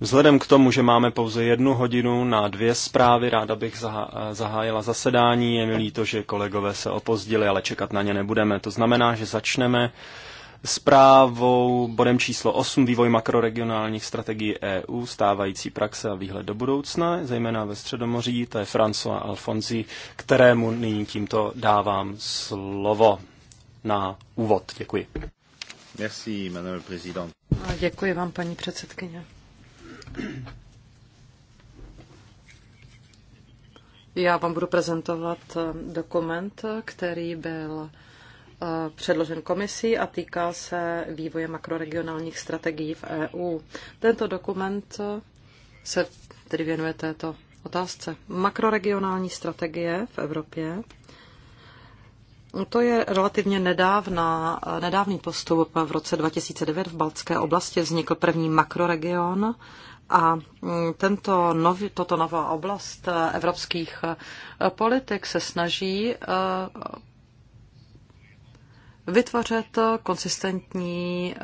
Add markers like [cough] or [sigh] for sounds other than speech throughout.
Vzhledem k tomu, že máme pouze jednu hodinu na dvě zprávy, ráda bych zahájila zasedání. Je mi líto, že kolegové se opozdili, ale čekat na ně nebudeme. To znamená, že začneme zprávou bodem číslo 8 vývoj makroregionálních strategií EU, stávající praxe a výhled do budoucna, zejména ve Středomoří, to je François Alfonsi, kterému nyní tímto dávám slovo na úvod. Děkuji. Merci, madame Děkuji vám, paní předsedkyně. Já vám budu prezentovat eh, dokument, který byl eh, předložen komisí a týká se vývoje makroregionálních strategií v EU. Tento dokument eh, se tedy věnuje této otázce. Makroregionální strategie v Evropě to je relativně nedávná, nedávný postup. V roce 2009 v Baltské oblasti vznikl první makroregion a mm, tento nový, toto nová oblast evropských eh, politik se snaží eh, vytvořit konsistentní eh,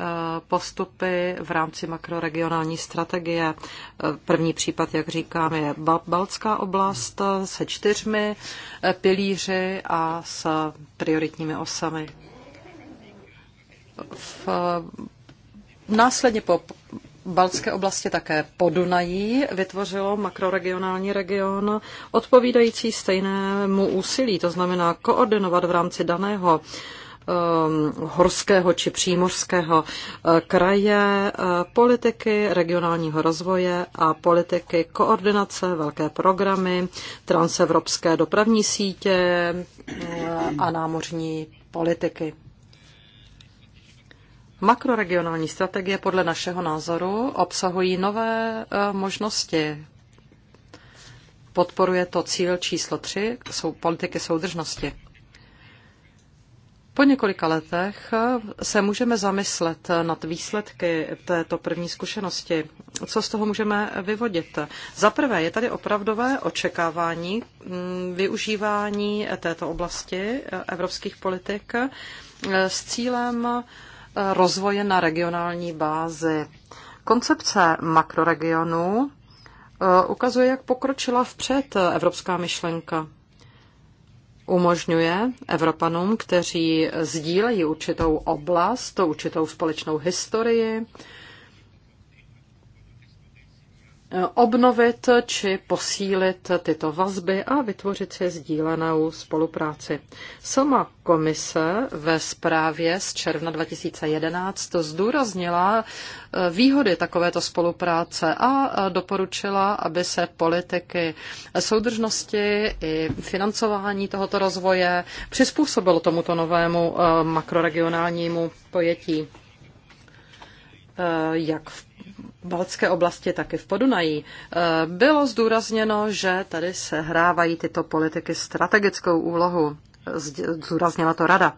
postupy v rámci makroregionální strategie. Eh, první případ, jak říkám, je Balcká oblast se čtyřmi eh, pilíři a s prioritními osami. V, následně po Balcké oblasti také Podunají vytvořilo makroregionální region odpovídající stejnému úsilí, to znamená koordinovat v rámci daného uh, Um, horského či přímořského uh, kraje, uh, politiky regionálního rozvoje a politiky koordinace, velké programy, transevropské dopravní sítě uh, a námořní politiky. Makroregionální strategie podle našeho názoru obsahují nové možnosti. Podporuje to cíl číslo 3, jsou politiky soudržnosti. Po několika letech se můžeme zamyslet nad výsledky této první zkušenosti. Co z toho můžeme vyvodit? Za prvé je tady opravdové očekávání mm, využívání této oblasti eh, evropských politik eh, s cílem eh, rozvoje na regionální bázi. Koncepce makroregionů ukazuje, jak pokročila vpřed evropská myšlenka umožňuje Evropanům, kteří sdílejí určitou oblast, určitou společnou historii, obnovit či posílit tyto vazby a vytvořit si sdílenou spolupráci. Sama komise ve zprávě z června 2011 zdůraznila eh, výhody takovéto spolupráce a eh, doporučila, aby se politiky soudržnosti i financování tohoto rozvoje přizpůsobilo tomuto novému eh, makroregionálnímu pojetí jak v Balcké oblasti, tak i v Podunají, eh, bylo zdůrazněno, že tady se hrávají tyto politiky strategickou úlohu. Zdůraznila to rada.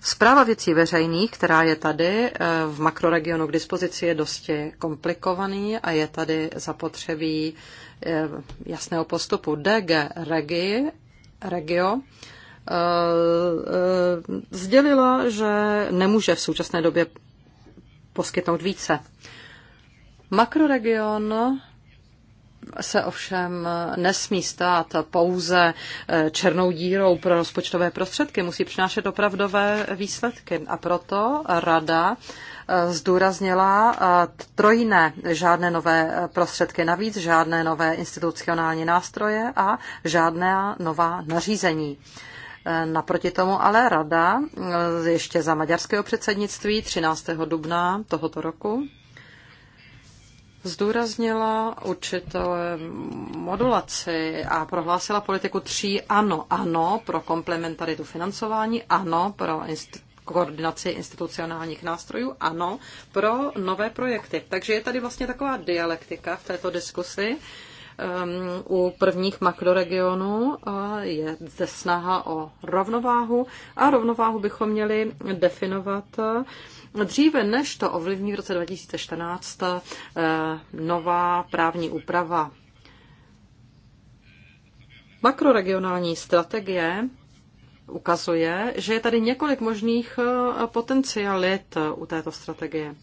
Zpráva věcí veřejných, která je tady eh, v makroregionu k dispozici, je dosti komplikovaný a je tady zapotřebí eh, jasného postupu. DG Regi, Regio sdělila, že nemůže v současné době poskytnout více. Makroregion se ovšem nesmí stát pouze eh, černou dírou pro rozpočtové prostředky, musí přinášet opravdové výsledky. A proto rada eh, zdůraznila eh, trojné žádné nové prostředky navíc, žádné nové institucionální nástroje a žádné nová nařízení. Naproti tomu ale rada ještě za maďarského předsednictví 13. dubna tohoto roku zdůraznila určité modulaci a prohlásila politiku tří ano, ano pro komplementaritu financování, ano pro inst- koordinaci institucionálních nástrojů, ano pro nové projekty. Takže je tady vlastně taková dialektika v této diskusi. Um, u prvních makroregionů je zde snaha o rovnováhu a rovnováhu bychom měli definovat uh, Dříve než to ovlivní v roce 2014 eh, nová právní úprava. Makroregionální strategie ukazuje, že je tady několik možných eh, potencialit eh, u této strategie.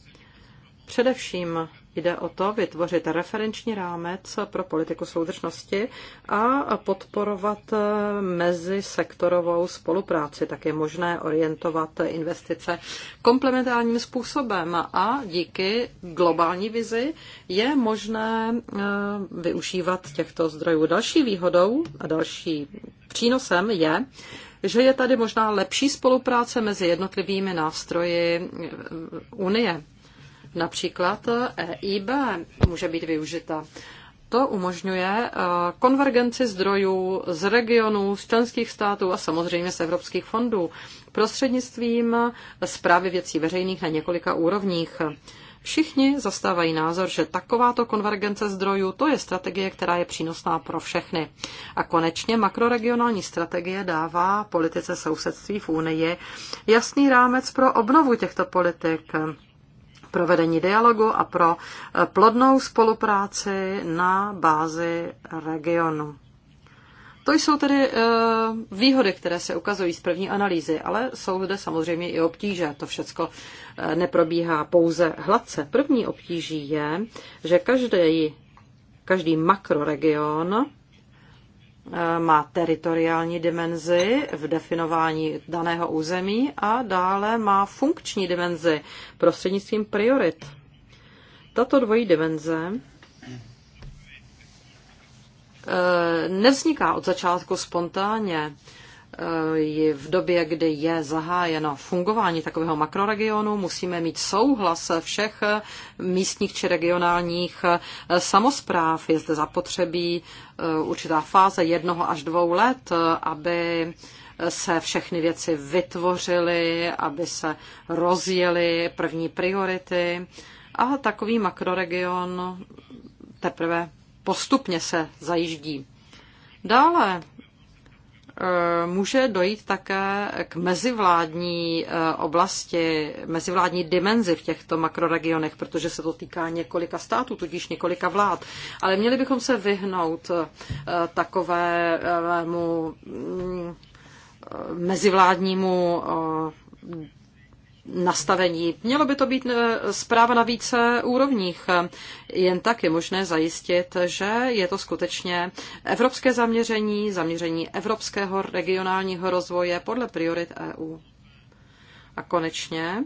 Především Jde o to vytvořit referenční rámec pro politiku soudržnosti a podporovat mezisektorovou spolupráci. Tak je možné orientovat investice komplementárním způsobem a díky globální vizi je možné eh, využívat těchto zdrojů. Další výhodou a další přínosem je, že je tady možná lepší spolupráce mezi jednotlivými nástroji eh, Unie. Například EIB eh, e může být využita. To umožňuje eh, konvergenci zdrojů z regionů, z členských států a samozřejmě z evropských fondů prostřednictvím eh, zprávy věcí veřejných na několika úrovních. Všichni zastávají názor, že takováto konvergence zdrojů to je strategie, která je přínosná pro všechny. A konečně makroregionální strategie dává politice sousedství v Unii jasný rámec pro obnovu těchto politik pro vedení dialogu a pro eh, plodnou spolupráci na bázi regionu. To jsou tedy eh, výhody, které se ukazují z první analýzy, ale jsou zde samozřejmě i obtíže. To všecko eh, neprobíhá pouze hladce. První obtíží je, že každý, každý makroregion Eh, má teritoriální dimenzi v definování daného území a dále má funkční dimenzi prostřednictvím priorit. Tato dvojí dimenze eh, nevzniká od začátku spontánně v době, kdy je zahájeno fungování takového makroregionu, musíme mít souhlas všech místních či regionálních samozpráv. Je zde zapotřebí eh, určitá fáze jednoho až dvou let, eh, aby se všechny věci vytvořily, aby se rozjeli první priority a takový makroregion teprve postupně se zajíždí. Dále Eh, může dojít také k mezivládní eh, oblasti, mezivládní dimenzi v těchto makroregionech, protože se to týká několika států, tudíž několika vlád. Ale měli bychom se vyhnout eh, takovému mm, mezivládnímu nastavení. Mělo by to být e, zpráva na více úrovních. Jen tak je možné zajistit, že je to skutečně evropské zaměření, zaměření evropského regionálního rozvoje podle priorit EU. A konečně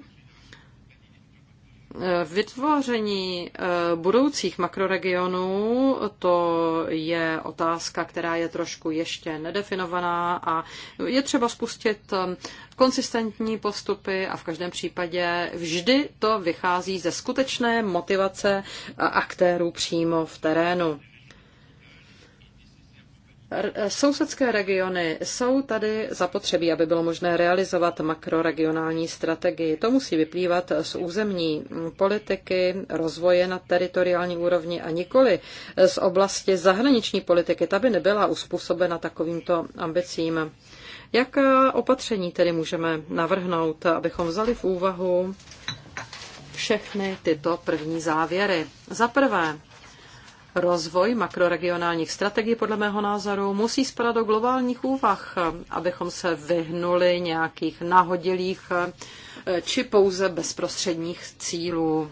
Vytvoření eh, budoucích makroregionů, to je otázka, která je trošku ještě nedefinovaná a je třeba spustit eh, konsistentní postupy a v každém případě vždy to vychází ze skutečné motivace aktérů přímo v terénu. Sousedské regiony jsou tady zapotřebí, aby bylo možné realizovat makroregionální strategii. To musí vyplývat z územní politiky, rozvoje na teritoriální úrovni a nikoli z oblasti zahraniční politiky. Ta by nebyla uspůsobena takovýmto ambicím. Jaká opatření tedy můžeme navrhnout, abychom vzali v úvahu všechny tyto první závěry? Za prvé, Rozvoj makroregionálních strategií, podle mého názoru, musí spadat do globálních úvah, abychom se vyhnuli nějakých nahodilých eh, či pouze bezprostředních cílů.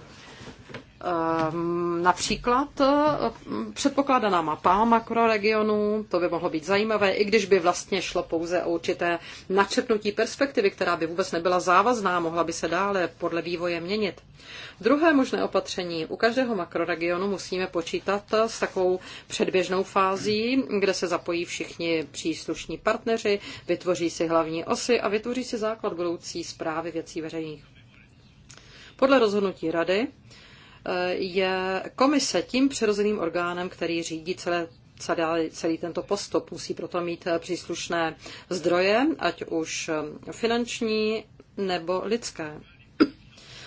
Ehm, například e, předpokládaná mapa makroregionů, to by mohlo být zajímavé, i když by vlastně šlo pouze o určité načrtnutí perspektivy, která by vůbec nebyla závazná, mohla by se dále podle vývoje měnit. Druhé možné opatření. U každého makroregionu musíme počítat s takovou předběžnou fází, kde se zapojí všichni příslušní partneři, vytvoří si hlavní osy a vytvoří si základ budoucí zprávy věcí veřejných. Podle rozhodnutí Rady je komise tím přirozeným orgánem, který řídí celé celý, celý tento postup. Musí proto mít příslušné zdroje, ať už finanční nebo lidské.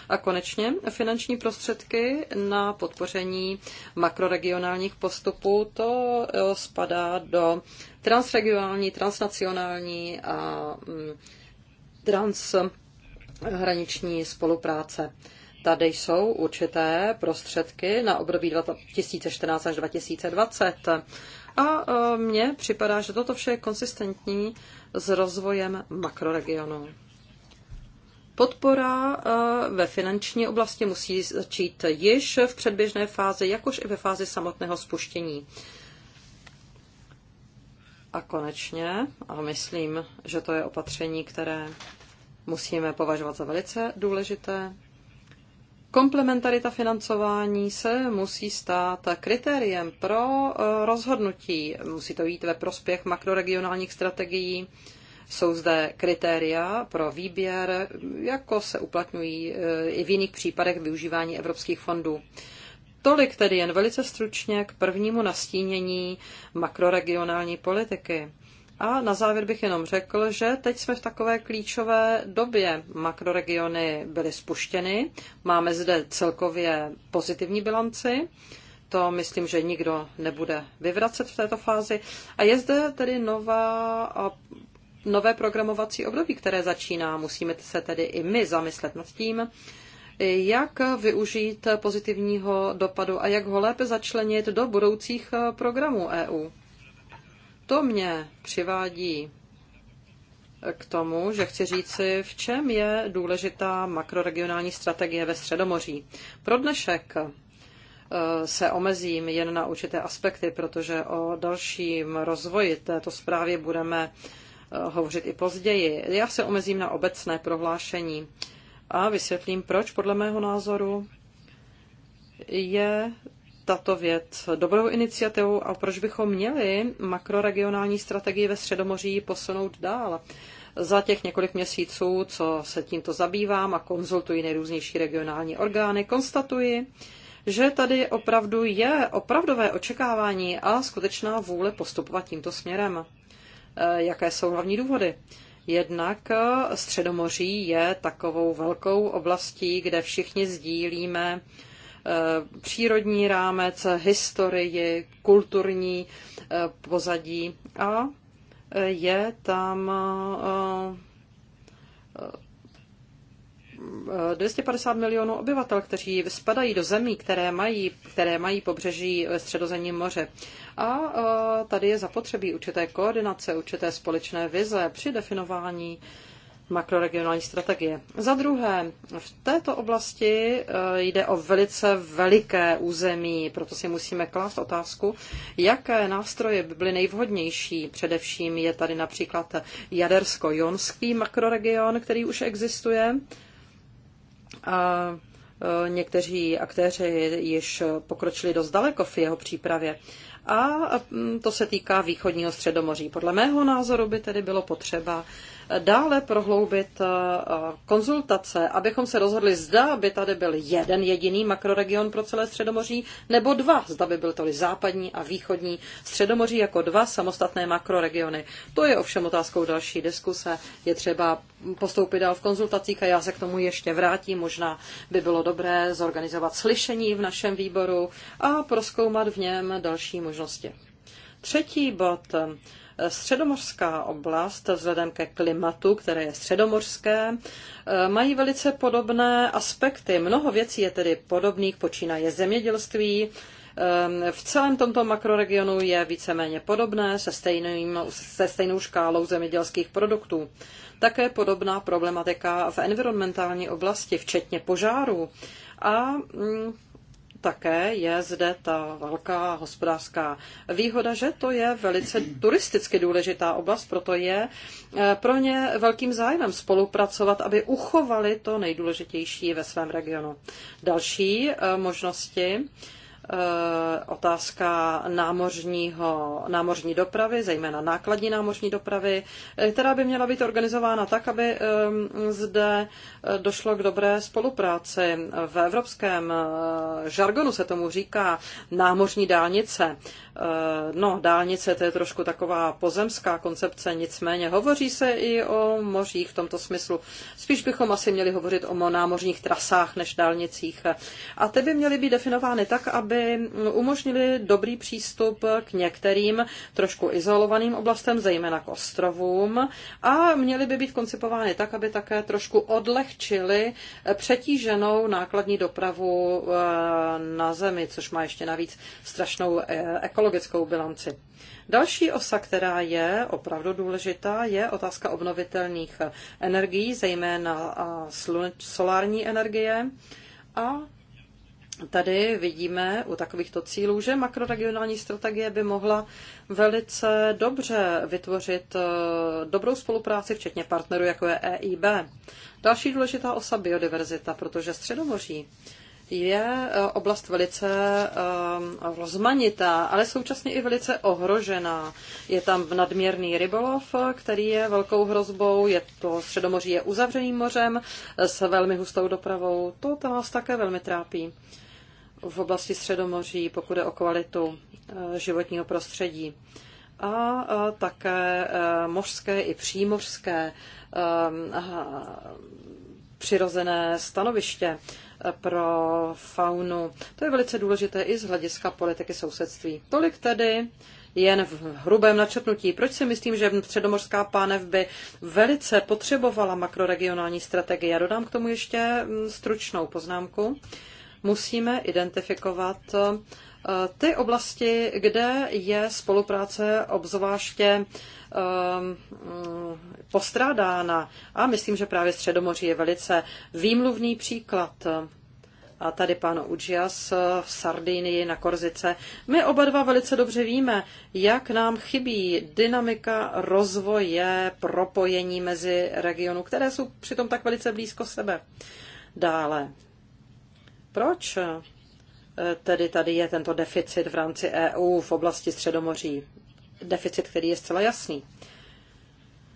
A konečně finanční prostředky na podpoření makroregionálních postupů, to eh, spadá do transregionální, transnacionální a mm, transhraniční spolupráce. Tady jsou určité prostředky na období 2014 až 2020. A e, mně připadá, že toto vše je konsistentní s rozvojem makroregionu. Podpora e, ve finanční oblasti musí začít již v předběžné fázi, jakož i ve fázi samotného spuštění. A konečně, a myslím, že to je opatření, které musíme považovat za velice důležité, Komplementarita financování se musí stát kritériem pro eh, rozhodnutí. Musí to jít ve prospěch makroregionálních strategií. Jsou zde kritéria pro výběr, jako se uplatňují eh, i v jiných případech využívání evropských fondů. Tolik tedy jen velice stručně k prvnímu nastínění makroregionální politiky. A na závěr bych jenom řekl, že teď jsme v takové klíčové době. Makroregiony byly spuštěny, máme zde celkově pozitivní bilanci, to myslím, že nikdo nebude vyvracet v této fázi. A je zde tedy nová nové programovací období, které začíná. Musíme se tedy i my zamyslet nad tím, jak využít pozitivního dopadu a jak ho lépe začlenit do budoucích programů EU to mě přivádí k tomu, že chci říci, v čem je důležitá makroregionální strategie ve Středomoří. Pro dnešek eh, se omezím jen na určité aspekty, protože o dalším rozvoji této zprávy budeme eh, hovořit i později. Já se omezím na obecné prohlášení a vysvětlím, proč podle mého názoru je tato věc dobrou iniciativou a proč bychom měli makroregionální strategii ve Středomoří posunout dál. Za těch několik měsíců, co se tímto zabývám a konzultuji nejrůznější regionální orgány, konstatuji, že tady opravdu je opravdové očekávání a skutečná vůle postupovat tímto směrem. Eh, jaké jsou hlavní důvody? Jednak eh, Středomoří je takovou velkou oblastí, kde všichni sdílíme Eh, přírodní rámec, historii, kulturní eh, pozadí a eh, je tam 250 milionů obyvatel, kteří spadají do zemí, které mají, které mají pobřeží středozemním moře. A tady je zapotřebí určité koordinace, určité společné vize při definování makroregionální strategie. Za druhé, v této oblasti eh, jde o velice veliké území, proto si musíme klást otázku, jaké nástroje by byly nejvhodnější. Především je tady například jadersko-jonský makroregion, který už existuje. A eh, někteří aktéři již pokročili dost daleko v jeho přípravě. A mm, to se týká východního středomoří. Podle mého názoru by tedy bylo potřeba dále prohloubit eh, konzultace, abychom se rozhodli, zda by tady byl jeden jediný makroregion pro celé Středomoří, nebo dva, zda by byl tady západní a východní Středomoří jako dva samostatné makroregiony. To je ovšem otázkou další diskuse. Je třeba postoupit dál v konzultacích a já se k tomu ještě vrátím. Možná by bylo dobré zorganizovat slyšení v našem výboru a proskoumat v něm další možnosti. Třetí bod. Středomořská oblast vzhledem ke klimatu, které je středomořské, eh, mají velice podobné aspekty. Mnoho věcí je tedy podobných, počínaje zemědělství, eh, v celém tomto makroregionu je víceméně podobné se, stejným, se stejnou škálou zemědělských produktů. Také podobná problematika v environmentální oblasti, včetně požáru. A mm, také je zde ta velká hospodářská výhoda, že to je velice turisticky důležitá oblast, proto je eh, pro ně velkým zájmem spolupracovat, aby uchovali to nejdůležitější ve svém regionu. Další eh, možnosti Eh, otázka námořního, námořní dopravy, zejména nákladní námořní dopravy, eh, která by měla být organizována tak, aby eh, zde došlo k dobré spolupráci. V evropském žargonu se tomu říká námořní dálnice. Eh, no, dálnice to je trošku taková pozemská koncepce, nicméně hovoří se i o mořích v tomto smyslu. Spíš bychom asi měli hovořit o námořních trasách než dálnicích. A ty by měly být definovány tak, aby umožnili dobrý přístup k některým trošku izolovaným oblastem, zejména k ostrovům, a měly by být koncipovány tak, aby také trošku odlehčili přetíženou nákladní dopravu eh, na zemi, což má ještě navíc strašnou eh, ekologickou ekologickou bilanci. Další osa, která je opravdu důležitá, je otázka obnovitelných energií, zejména sluneč, solární energie. A tady vidíme u takovýchto cílů, že makroregionální strategie by mohla velice dobře vytvořit e, dobrou spolupráci, včetně partnerů, jako je EIB. Další důležitá osa biodiverzita, protože Středomoří je e, oblast velice e, rozmanitá, ale současně i velice ohrožená. Je tam nadměrný rybolov, který je velkou hrozbou, je to Středomoří je uzavřeným mořem e, s velmi hustou dopravou. To nás také velmi trápí v oblasti Středomoří, pokud je o kvalitu životního prostředí. A také mořské i přímořské přirozené stanoviště pro faunu. To je velice důležité i z hlediska politiky sousedství. Tolik tedy jen v hrubém načrtnutí. Proč si myslím, že předomorská pánev by velice potřebovala makroregionální strategii? Já dodám k tomu ještě mm, stručnou poznámku. Musíme identifikovat eh, ty oblasti, kde je spolupráce obzvláště Um, postrádána. A myslím, že právě Středomoří je velice výmluvný příklad. A tady pán Ujias v Sardinii na Korzice. My oba dva velice dobře víme, jak nám chybí dynamika rozvoje, propojení mezi regionů, které jsou přitom tak velice blízko sebe. Dále. Proč eh, tedy tady je tento deficit v rámci EU v oblasti Středomoří? deficit, který je zcela jasný.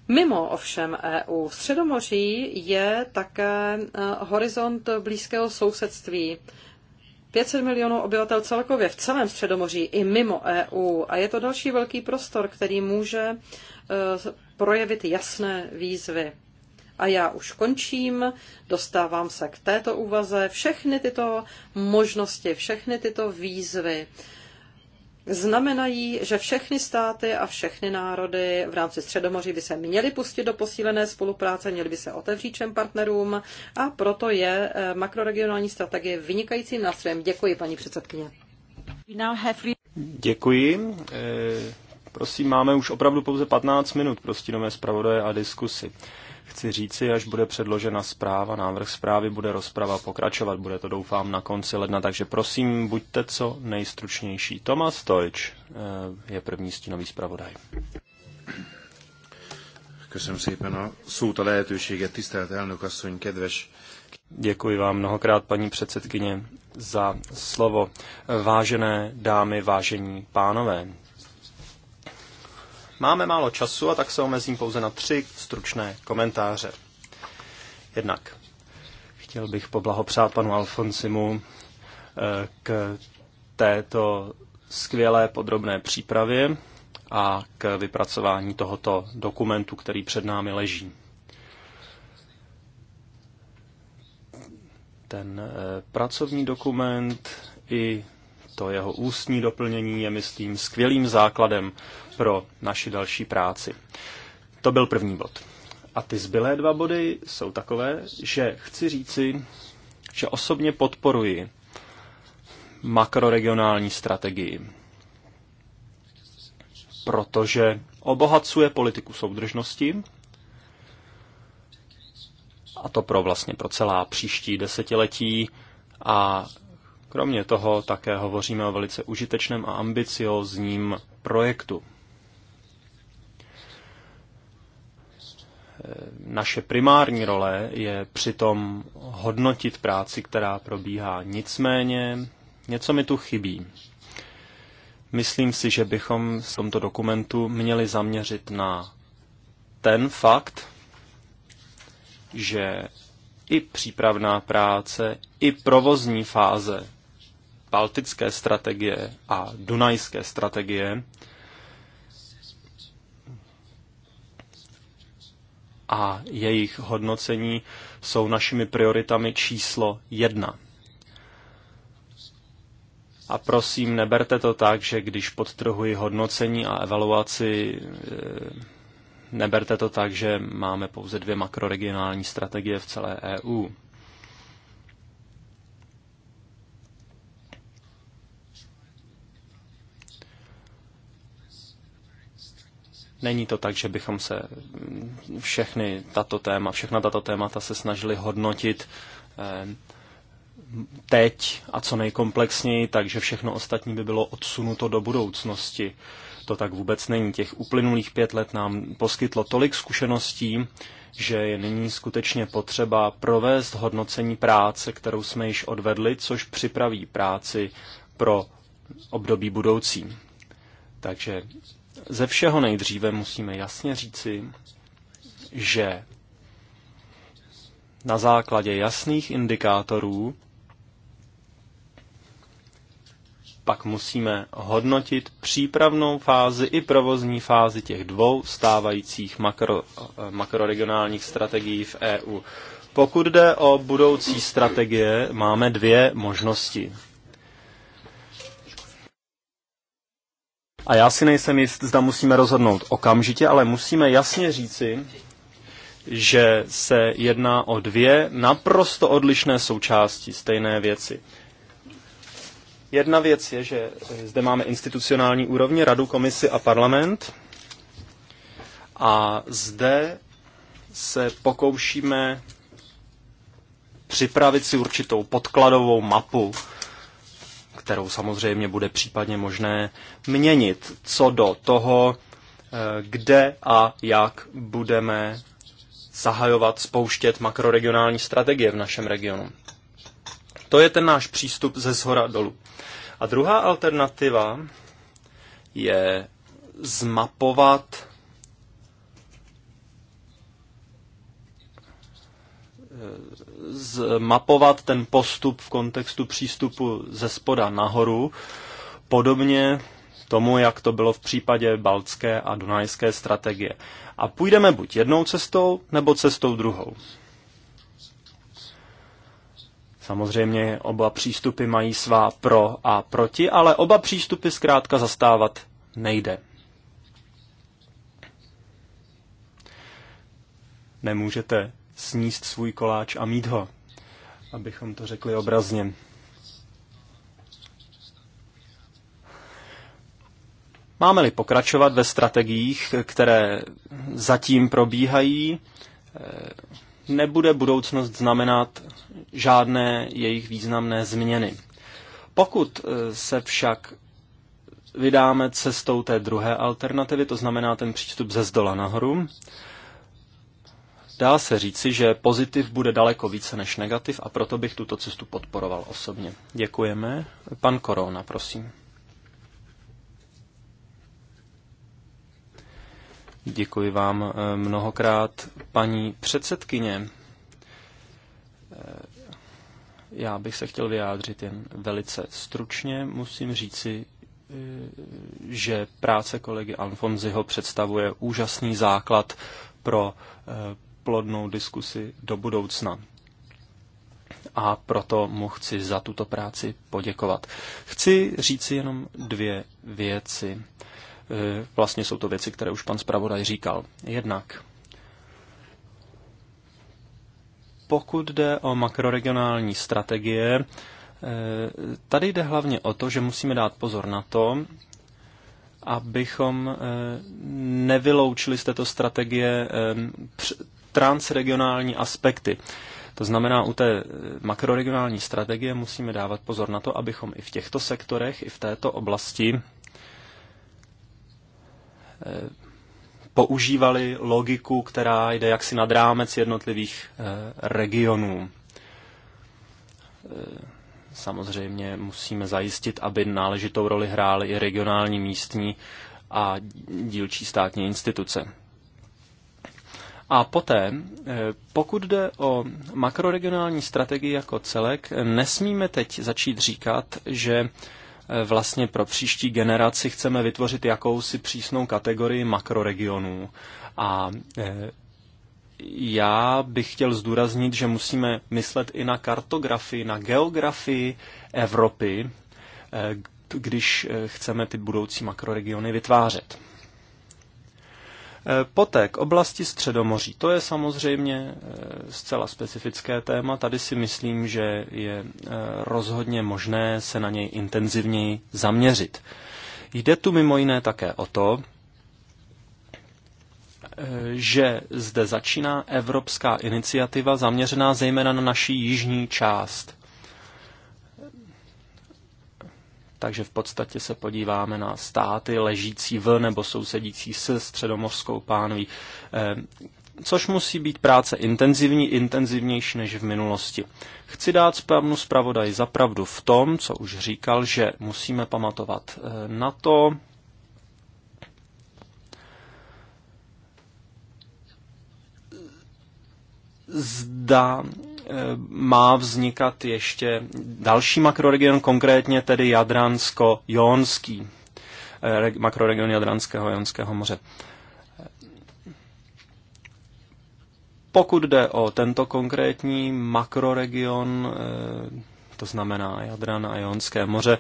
Mimo ovšem EU Středomoří je také e, horizont blízkého sousedství. 500 milionů obyvatel celkově v celém Středomoří i mimo EU. A je to další velký prostor, který může e, projevit jasné výzvy. A já už končím, dostávám se k této úvaze. Všechny tyto možnosti, všechny tyto výzvy znamenají, že všechny státy a všechny národy v rámci Středomoří by se měly pustit do posílené spolupráce, měly by se otevřít všem partnerům a proto je eh, makroregionální strategie vynikajícím nástrojem. Děkuji, paní předsedkyně. Děkuji. Eh, prosím, máme už opravdu pouze 15 minut pro stínové zpravodaje a diskusy chci říci, až bude předložena zpráva, návrh zprávy, bude rozprava pokračovat. Bude to, doufám, na konci ledna, takže prosím, buďte co nejstručnější. Tomas Tojč eh, je první stínový zpravodaj. Köszönöm szépen a szót, a lehetőséget, tisztelt elnök asszony, kedves Děkuji vám mnohokrát, paní předsedkyně, za slovo. Vážené dámy, vážení pánové, Máme málo času a tak se omezím pouze na tři stručné komentáře. Jednak chtěl bych poblahopřát panu Alfonsimu eh, k této skvělé podrobné přípravě a k vypracování tohoto dokumentu, který před námi leží. Ten eh, pracovní dokument i to jeho ústní doplnění je, myslím, skvělým základem pro naši další práci. To byl první bod. A ty zbylé dva body jsou takové, že chci říci, že osobně podporuji makroregionální strategii, protože obohacuje politiku soudržnosti, a to pro vlastně pro celá příští desetiletí a kromě toho také hovoříme o velice užitečném a ambiciozním projektu. Eh, naše primární role je přitom hodnotit práci, která probíhá. Nicméně něco mi tu chybí. Myslím si, že bychom v tomto dokumentu měli zaměřit na ten fakt, že i přípravná práce, i provozní fáze Baltické strategie a Dunajské strategie a jejich hodnocení jsou našimi prioritami číslo jedna. A prosím, neberte to tak, že když podtrhuji hodnocení a evaluaci, e, neberte to tak, že máme pouze dvě makroregionální strategie v celé EU. Není to tak, že bychom se mm, všechny tato téma, všechna tato témata se snažili hodnotit eh, teď a co nejkomplexněji, takže všechno ostatní by bylo odsunuto do budoucnosti. To tak vůbec není. Těch uplynulých pět let nám poskytlo tolik zkušeností, že je nyní skutečně potřeba provést hodnocení práce, kterou jsme již odvedli, což připraví práci pro období budoucí. Takže ze všeho nejdříve musíme jasně říci, že na základě jasných indikátorů pak musíme hodnotit přípravnou fázi i provozní fázi těch dvou stávajících makro, eh, makroregionálních strategií v EU. Pokud jde o budoucí strategie, máme dvě možnosti. A já si nejsem jist, zda musíme rozhodnout okamžitě, ale musíme jasně říci, že se jedná o dvě naprosto odlišné součásti stejné věci. Jedna věc je, že zde máme institucionální úrovně, radu, komisi a parlament. A zde se pokoušíme připravit si určitou podkladovou mapu kterou samozřejmě bude případně možné měnit co do toho, eh, kde a jak budeme zahajovat, spouštět makroregionální strategie v našem regionu. To je ten náš přístup ze zhora dolů. A druhá alternativa je zmapovat zmapovat ten postup v kontextu přístupu ze spoda nahoru, podobně tomu, jak to bylo v případě baltské a dunajské strategie. A půjdeme buď jednou cestou, nebo cestou druhou. Samozřejmě oba přístupy mají svá pro a proti, ale oba přístupy zkrátka zastávat nejde. Nemůžete sníst svůj koláč a mít ho, abychom to řekli obrazně. Máme-li pokračovat ve strategiích, které zatím probíhají, eh, nebude budoucnost znamenat žádné jejich významné změny. Pokud eh, se však vydáme cestou té druhé alternativy, to znamená ten přístup ze zdola nahoru, Dá se říci, že pozitiv bude daleko více než negativ a proto bych tuto cestu podporoval osobně. Děkujeme. Pan Korona, prosím. Děkuji vám eh, mnohokrát, paní předsedkyně. Eh, já bych se chtěl vyjádřit jen velice stručně. Musím říci, eh, že práce kolegy Alfonziho představuje úžasný základ pro plodnou diskusi do budoucna. A proto mu chci za tuto práci poděkovat. Chci říci jenom dvě věci. E, vlastně jsou to věci, které už pan zpravodaj říkal. Jednak, pokud jde o makroregionální strategie, e, tady jde hlavně o to, že musíme dát pozor na to, abychom e, nevyloučili z této strategie transregionální aspekty. To znamená, u té eh, makroregionální strategie musíme dávat pozor na to, abychom i v těchto sektorech, i v této oblasti eh, používali logiku, která jde jaksi nad rámec jednotlivých eh, regionů. Samozřejmě musíme zajistit, aby náležitou roli hrály i regionální, místní a dílčí státní instituce. A poté, eh, pokud jde o makroregionální strategii jako celek, nesmíme teď začít říkat, že eh, vlastně pro příští generaci chceme vytvořit jakousi přísnou kategorii makroregionů. A eh, já bych chtěl zdůraznit, že musíme myslet i na kartografii, na geografii Evropy, když chceme ty budoucí makroregiony vytvářet. Eh, poté k oblasti Středomoří. To je samozřejmě eh, zcela specifické téma. Tady si myslím, že je eh, rozhodně možné se na něj intenzivněji zaměřit. Jde tu mimo jiné také o to, že zde začíná evropská iniciativa zaměřená zejména na naší jižní část. takže v podstatě se podíváme na státy ležící v nebo sousedící s středomorskou pánví, eh, což musí být práce intenzivní, intenzivnější než v minulosti. Chci dát panu zpravodaj zapravdu v tom, co už říkal, že musíme pamatovat eh, na to, zda má vznikat ještě další makroregion, konkrétně tedy Jadransko-Jonský, eh, makroregion Jadranského a Jonského moře. Pokud jde o tento konkrétní makroregion, eh, to znamená Jadran a Jonské moře,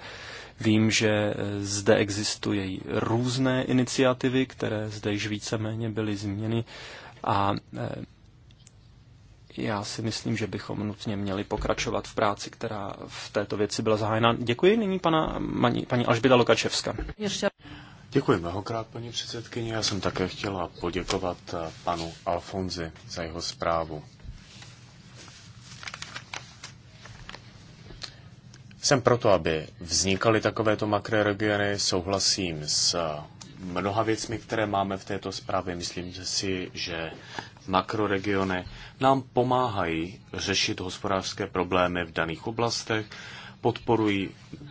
vím, že eh, zde existují různé iniciativy, které zde již víceméně byly změny a já si myslím, že bychom nutně měli pokračovat v práci, která v této věci byla zahájena. Děkuji nyní pana, paní, paní Alžběda Lokačevska. Ještě. Děkuji mnohokrát, paní předsedkyně. Já jsem také chtěla poděkovat eh, panu Alfonzi za jeho zprávu. Jsem proto, aby vznikaly takovéto makroregiony, souhlasím s eh, mnoha věcmi, které máme v této zprávě. Myslím si, že makroregiony nám pomáhají řešit hospodářské problémy v daných oblastech, podporují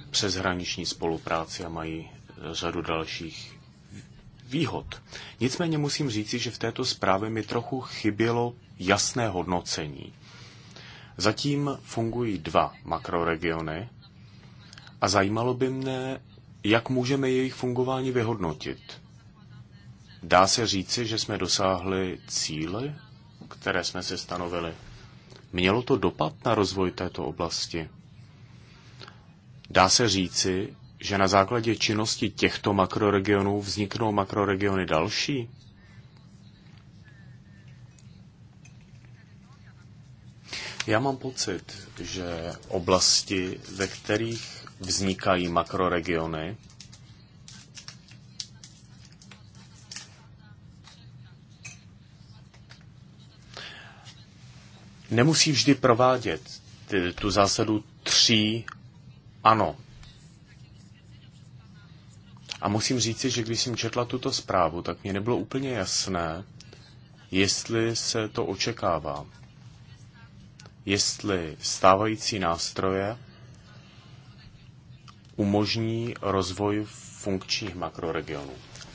přeshraniční spolupráci a mají eh, řadu dalších výhod. Nicméně musím říci, že v této zprávě mi trochu chybělo jasné hodnocení. Zatím fungují dva makroregiony a zajímalo by mne, jak můžeme jejich fungování vyhodnotit? Dá se říci, že jsme dosáhli cíle, které jsme si stanovili. Mělo to dopad na rozvoj této oblasti? Dá se říci, že na základě činnosti těchto makroregionů vzniknou makroregiony další? Já mám pocit, že oblasti, ve kterých vznikají makroregiony. Nemusí vždy provádět tu zásadu tří ano. A musím říci, že když jsem četla tuto zprávu, tak mě nebylo úplně jasné, jestli se to očekává. Jestli stávající nástroje umožní rozvoj funkčních makroregionů.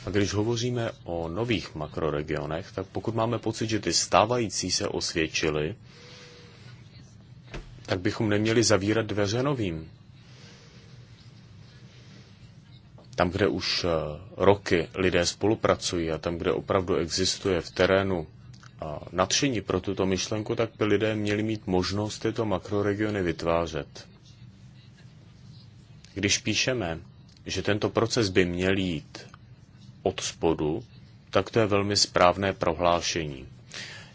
A když hovoříme o nových makroregionech, tak pokud máme pocit, že ty stávající se osvědčily, tak bychom neměli zavírat dveře novým. Tam, kde už eh, roky lidé spolupracují a tam, kde opravdu existuje v terénu nadšení pro tuto myšlenku, tak by lidé měli mít možnost tyto makroregiony vytvářet. Když píšeme, že tento proces by měl jít od spodu, tak to je velmi správné prohlášení.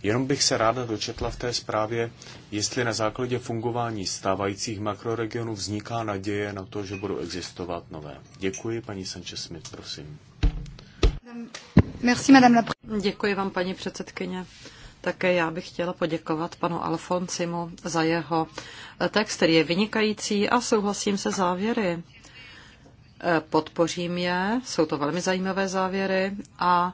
Jenom bych se ráda dočetla v té zprávě, jestli na základě fungování stávajících makroregionů vzniká naděje na to, že budou existovat nové. Děkuji, paní Sanchez Smith, prosím. Děkuji vám, paní předsedkyně. Také já bych chtěla poděkovat panu Alfonsimu za jeho eh, text, který je vynikající a souhlasím se závěry. Eh, podpořím je, jsou to velmi zajímavé závěry a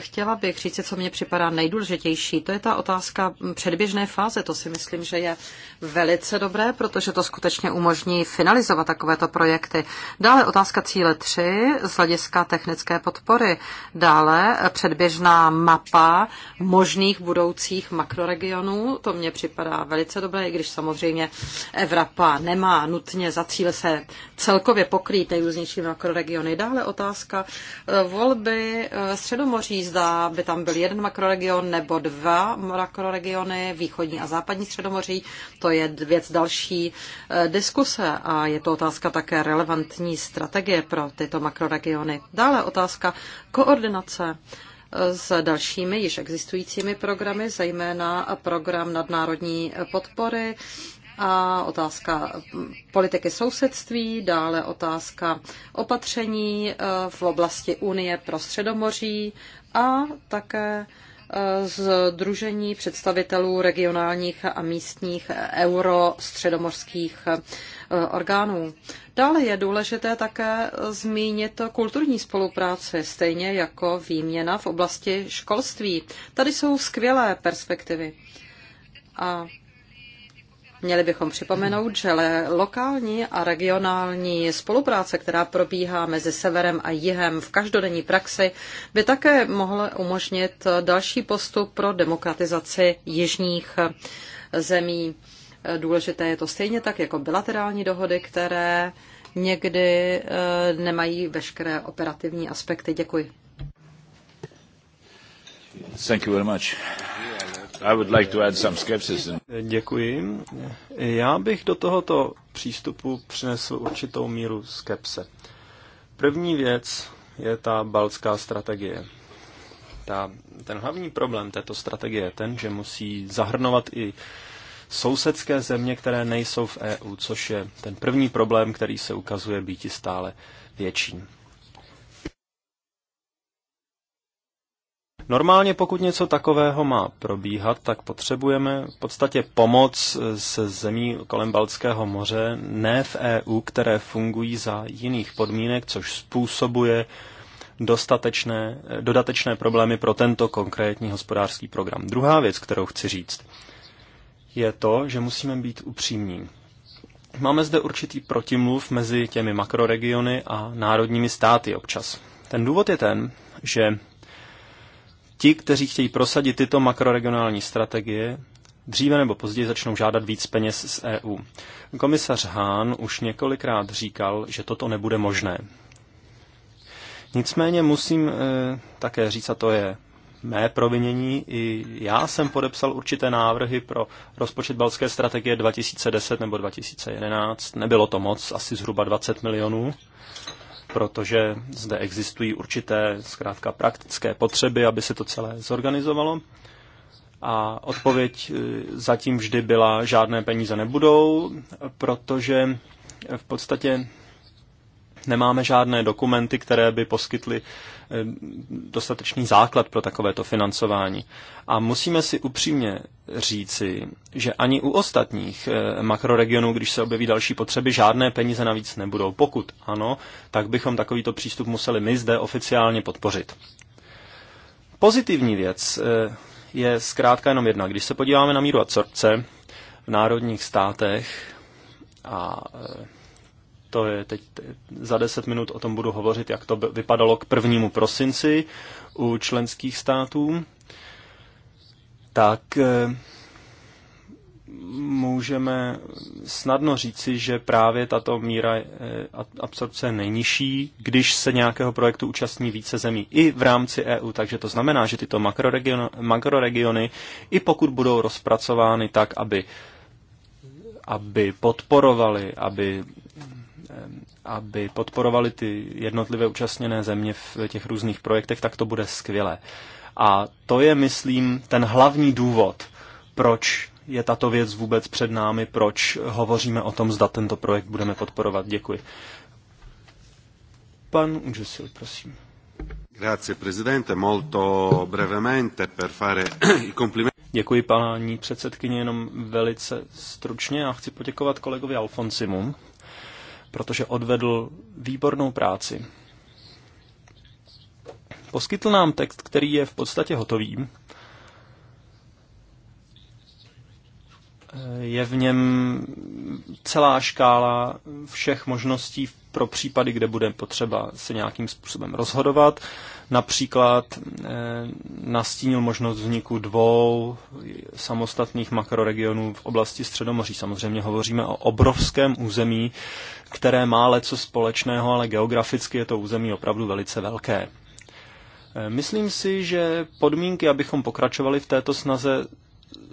Chtěla bych říct, co mě připadá nejdůležitější. To je ta otázka předběžné fáze. To si myslím, že je velice dobré, protože to skutečně umožní finalizovat takovéto projekty. Dále otázka cíle 3 z hlediska technické podpory. Dále předběžná mapa možných budoucích makroregionů. To mně připadá velice dobré, i když samozřejmě Evropa nemá nutně za cíl se celkově pokrýt nejrůznější makroregiony. Dále otázka volby eh, Středomoří zda by tam byl jeden makroregion nebo dva makroregiony, východní a západní středomoří. To je věc další eh, diskuse a je to otázka také relevantní strategie pro tyto makroregiony. Dále otázka koordinace eh, s dalšími již existujícími programy, zejména program nadnárodní podpory, a otázka hm, politiky sousedství, dále otázka opatření eh, v oblasti Unie pro Středomoří a také Združení e, představitelů regionálních a místních eurostředomorských e, orgánů. Dále je důležité také zmínit kulturní spolupráci, stejně jako výměna v oblasti školství. Tady jsou skvělé perspektivy. A Měli bychom připomenout, že lokální a regionální spolupráce, která probíhá mezi severem a jihem v každodenní praxi, by také mohla umožnit další postup pro demokratizaci jižních zemí. Důležité je to stejně tak jako bilaterální dohody, které někdy eh, nemají veškeré operativní aspekty. Děkuji. Thank you very much. I would like to add some skepticism. Děkuji. Já bych do tohoto přístupu přinesl určitou míru skepse. První věc je ta baltská strategie. Ta, ten hlavní problém této strategie je ten, že musí zahrnovat i sousedské země, které nejsou v EU, což je ten první problém, který se ukazuje býti stále větším. Normálně, pokud něco takového má probíhat, tak potřebujeme v podstatě pomoc eh, se zemí kolem Baltského moře, ne v EU, které fungují za jiných podmínek, což způsobuje dostatečné, eh, dodatečné problémy pro tento konkrétní hospodářský program. Druhá věc, kterou chci říct, je to, že musíme být upřímní. Máme zde určitý protimluv mezi těmi makroregiony a národními státy občas. Ten důvod je ten, že ti, kteří chtějí prosadit tyto makroregionální strategie, dříve nebo později začnou žádat víc peněz z EU. Komisař Hahn už několikrát říkal, že toto nebude možné. Nicméně musím e, také říct, a to je mé provinění, i já jsem podepsal určité návrhy pro rozpočet balské strategie 2010 nebo 2011. Nebylo to moc, asi zhruba 20 milionů protože zde existují určité zkrátka praktické potřeby, aby se to celé zorganizovalo. A odpověď e, zatím vždy byla, žádné peníze nebudou, protože v podstatě Nemáme žádné dokumenty, které by poskytly eh, dostatečný základ pro takovéto financování. A musíme si upřímně říci, že ani u ostatních eh, makroregionů, když se objeví další potřeby, žádné peníze navíc nebudou. Pokud ano, tak bychom takovýto přístup museli my zde oficiálně podpořit. Pozitivní věc eh, je zkrátka jenom jedna. Když se podíváme na míru absorpce v národních státech a to je teď za deset minut o tom budu hovořit, jak to vypadalo k prvnímu prosinci u členských států, tak eh, můžeme snadno říci, že právě tato míra eh, absorpce je nejnižší, když se nějakého projektu účastní více zemí i v rámci EU. Takže to znamená, že tyto makroregiony, makroregiony i pokud budou rozpracovány tak, aby aby podporovali, aby Ehm, aby podporovali ty jednotlivé účastněné země v těch různých projektech, tak to bude skvělé. A to je, myslím, ten hlavní důvod, proč je tato věc vůbec před námi, proč hovoříme o tom, zda tento projekt budeme podporovat. Děkuji. Pan Užesil, prosím. Grazie, prezidente, molto brevemente per fare i complimenti. Děkuji, paní předsedkyně, jenom velice stručně a chci poděkovat kolegovi Alfonsimu protože odvedl výbornou práci. Poskytl nám text, který je v podstatě hotový. Je v něm celá škála všech možností pro případy, kde bude potřeba se nějakým způsobem rozhodovat. Například eh, nastínil možnost vzniku dvou samostatných makroregionů v oblasti Středomoří. Samozřejmě hovoříme o obrovském území, které má leco společného, ale geograficky je to území opravdu velice velké. E, myslím si, že podmínky, abychom pokračovali v této snaze,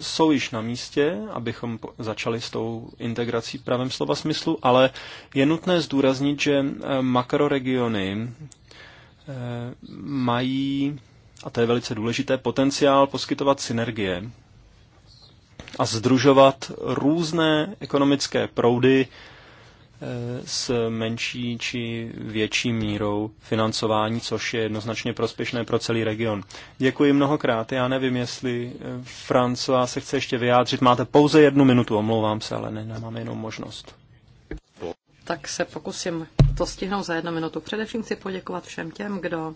jsou již na místě, abychom začali s tou integrací v pravém slova smyslu, ale je nutné zdůraznit, že e, makroregiony e, mají, a to je velice důležité, potenciál poskytovat synergie a združovat různé ekonomické proudy s menší či větší mírou financování, což je jednoznačně prospěšné pro celý region. Děkuji mnohokrát. Já nevím, jestli eh, Francois se chce ještě vyjádřit. Máte pouze jednu minutu, omlouvám se, ale ne, nemám jenom možnost. Tak se pokusím to stihnout za jednu minutu. Především chci poděkovat všem těm, kdo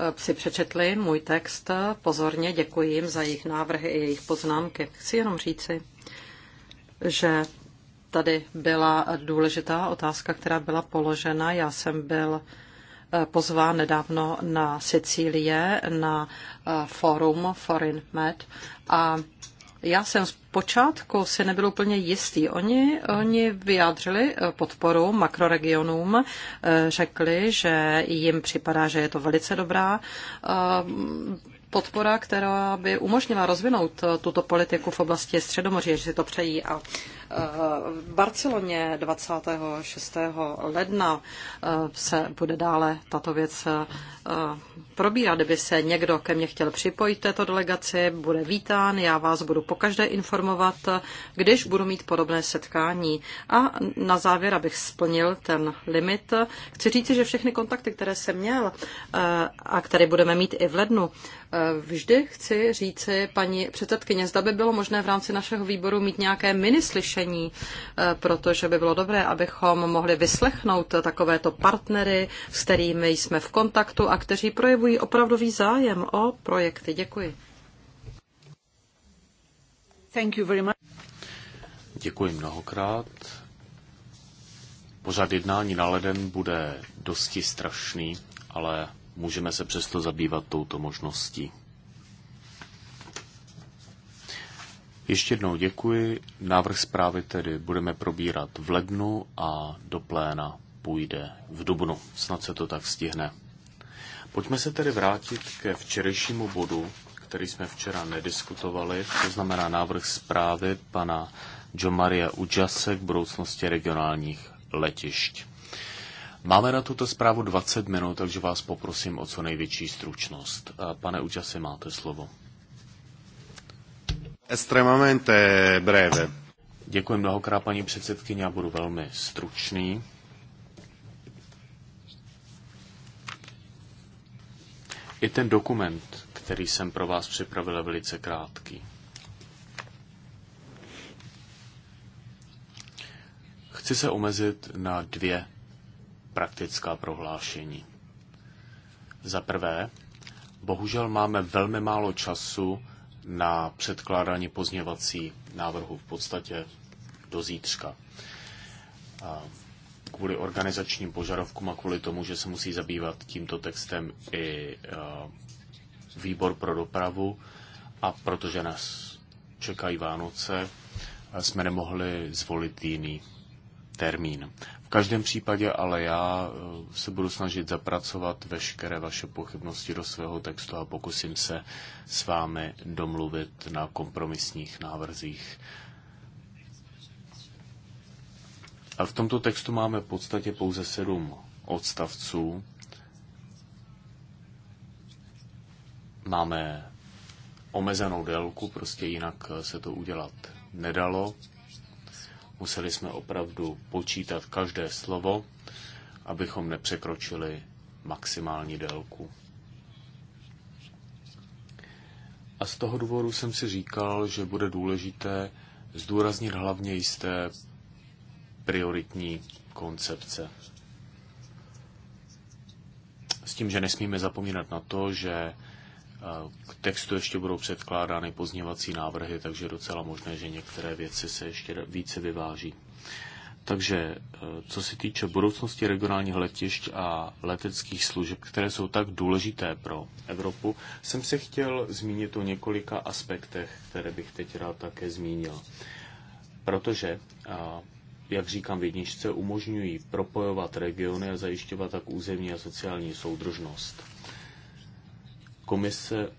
eh, si přečetli můj text. Pozorně děkuji jim za jejich návrhy i jejich poznámky. Chci jenom říci, že tady byla důležitá otázka, která byla položena. Já jsem byl eh, pozván nedávno na Sicílie na eh, forum Foreign Med a já jsem zpočátku si nebyl úplně jistý. Oni, oni vyjádřili eh, podporu makroregionům, řekli, že jim připadá, že je to velice dobrá podpora, která by umožnila rozvinout tuto politiku v oblasti Středomoří, že si to přejí. A v Barceloně 26. ledna eh, se bude dále tato věc eh, probírat. Kdyby se někdo ke mně chtěl připojit této delegaci, bude vítán. Já vás budu pokaždé informovat, když budu mít podobné setkání. A na závěr, abych splnil ten limit, chci říct, že všechny kontakty, které jsem měl eh, a které budeme mít i v lednu, vždy chci říci paní předsedkyně, zda by bylo možné v rámci našeho výboru mít nějaké minislyšení řešení, eh, protože by bylo dobré, abychom mohli vyslechnout takovéto partnery, s kterými jsme v kontaktu a kteří projevují opravdový zájem o projekty. Děkuji. Thank you very much. Děkuji mnohokrát. Pořád jednání na leden bude dosti strašný, ale můžeme se přesto zabývat touto možností. Ještě jednou děkuji. Návrh zprávy tedy budeme probírat v lednu a do pléna půjde v dubnu. Snad se to tak stihne. Pojďme se tedy vrátit ke včerejšímu bodu, který jsme včera nediskutovali, to znamená návrh zprávy pana Jo Maria Ujase k budoucnosti regionálních letišť. Máme na tuto zprávu 20 minut, takže vás poprosím o co největší stručnost. Pane Ujase, máte slovo. Extremamente breve. Děkuji mnohokrát, paní předsedkyně, já budu velmi stručný. I ten dokument, který jsem pro vás připravil, je velice krátký. Chci se omezit na dvě praktická prohlášení. Za prvé, bohužel máme velmi málo času na předkládání pozněvací návrhu v podstatě do zítřka. A kvůli organizačním požadavkům a kvůli tomu, že se musí zabývat tímto textem i e, výbor pro dopravu a protože nás čekají Vánoce, jsme nemohli zvolit jiný termín. V každém případě ale já eh, se budu snažit zapracovat veškeré vaše pochybnosti do svého textu a pokusím se s vámi domluvit na kompromisních návrzích. A v tomto textu máme v podstatě pouze sedm odstavců. Máme omezenou délku, prostě jinak se to udělat nedalo. Museli jsme opravdu počítat každé slovo, abychom nepřekročili maximální délku. A z toho důvodu jsem si říkal, že bude důležité zdůraznit hlavně jisté prioritní koncepce. S tím, že nesmíme zapomínat na to, že k textu ještě budou předkládány pozněvací návrhy, takže docela možné, že některé věci se ještě více vyváží. Takže e, co se týče budoucnosti regionálních letišť a leteckých služeb, které jsou tak důležité pro Evropu, jsem se chtěl zmínit o několika aspektech, které bych teď rád také zmínil. Protože, jak říkám v jedničce, umožňují propojovat regiony a zajišťovat tak územní a sociální soudržnost. Komise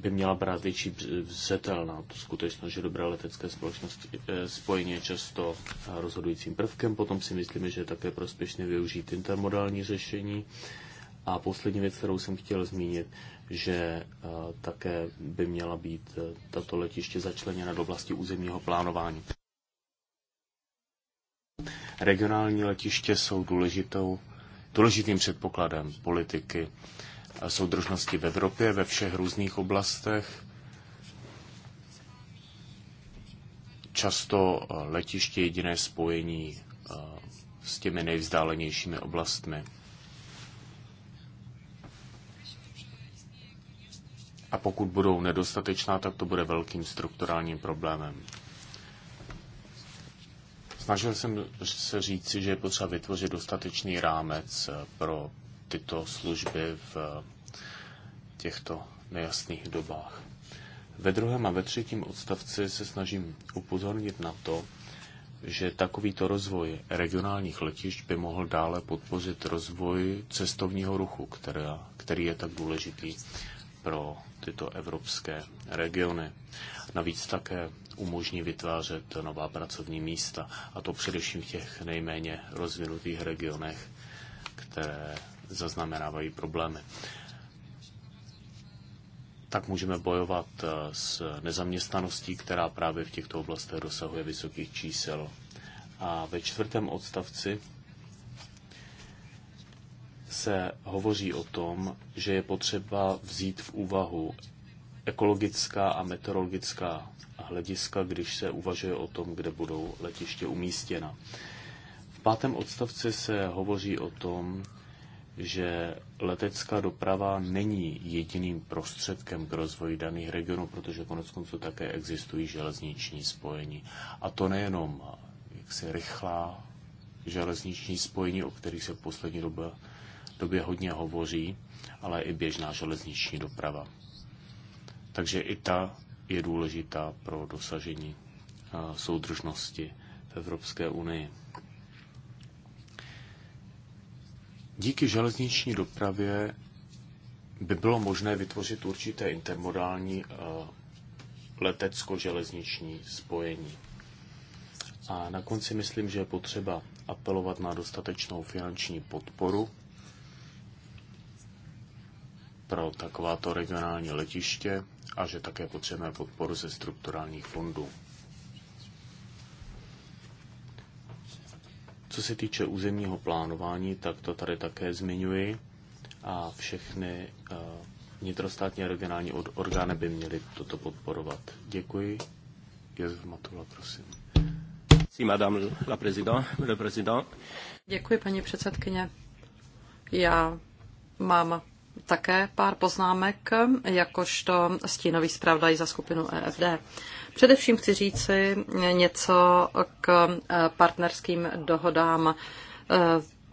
by měla brát větší vzetel na tu skutečnost, že dobré letecké společnosti eh, spojení je často rozhodujícím prvkem. Potom si myslíme, že je také prospěšné využít intermodální řešení. A poslední věc, kterou jsem chtěl zmínit, že eh, také by měla být eh, tato letiště začleněna do oblasti územního plánování. Regionální letiště jsou důležitou důležitým předpokladem politiky soudržnosti v Evropě ve všech různých oblastech. Často eh, letiště jediné spojení eh, s těmi nejvzdálenějšími oblastmi. A pokud budou nedostatečná, tak to bude velkým strukturálním problémem. Snažil jsem se říci, že je potřeba vytvořit dostatečný rámec eh, pro tyto služby v eh, těchto nejasných dobách. Ve druhém a ve třetím odstavci se snažím upozornit na to, že takovýto rozvoj regionálních letišť by mohl dále podpořit rozvoj cestovního ruchu, která, který je tak důležitý pro tyto evropské regiony. Navíc také umožní vytvářet nová pracovní místa, a to především v těch nejméně rozvinutých regionech, které zaznamenávají problémy. Tak můžeme bojovat eh, s nezaměstnaností, která právě v těchto oblastech dosahuje vysokých čísel. A ve čtvrtém odstavci se hovoří o tom, že je potřeba vzít v úvahu ekologická a meteorologická hlediska, když se uvažuje o tom, kde budou letiště umístěna. V pátém odstavci se hovoří o tom, že letecká doprava není jediným prostředkem k rozvoji daných regionů, protože konec konců také existují železniční spojení. A to nejenom jaksi rychlá železniční spojení, o kterých se v poslední době, době hodně hovoří, ale i běžná železniční doprava. Takže i ta je důležitá pro dosažení soudržnosti v Evropské unii. Díky železniční dopravě by bylo možné vytvořit určité intermodální letecko-železniční spojení. A na konci myslím, že je potřeba apelovat na dostatečnou finanční podporu pro takováto regionální letiště, a že také potřebujeme podporu ze strukturálních fondů. Co se týče územního plánování, tak to tady také zmiňuji a všechny eh, vnitrostátní a regionální orgány by měly toto podporovat. Děkuji. Josef Matula, prosím. Si, madame la président, le président. Děkuji, paní předsedkyně. Já mám také pár poznámek, jakožto stínový zpravdaj za skupinu EFD. Především chci říci něco k eh, partnerským dohodám. Eh,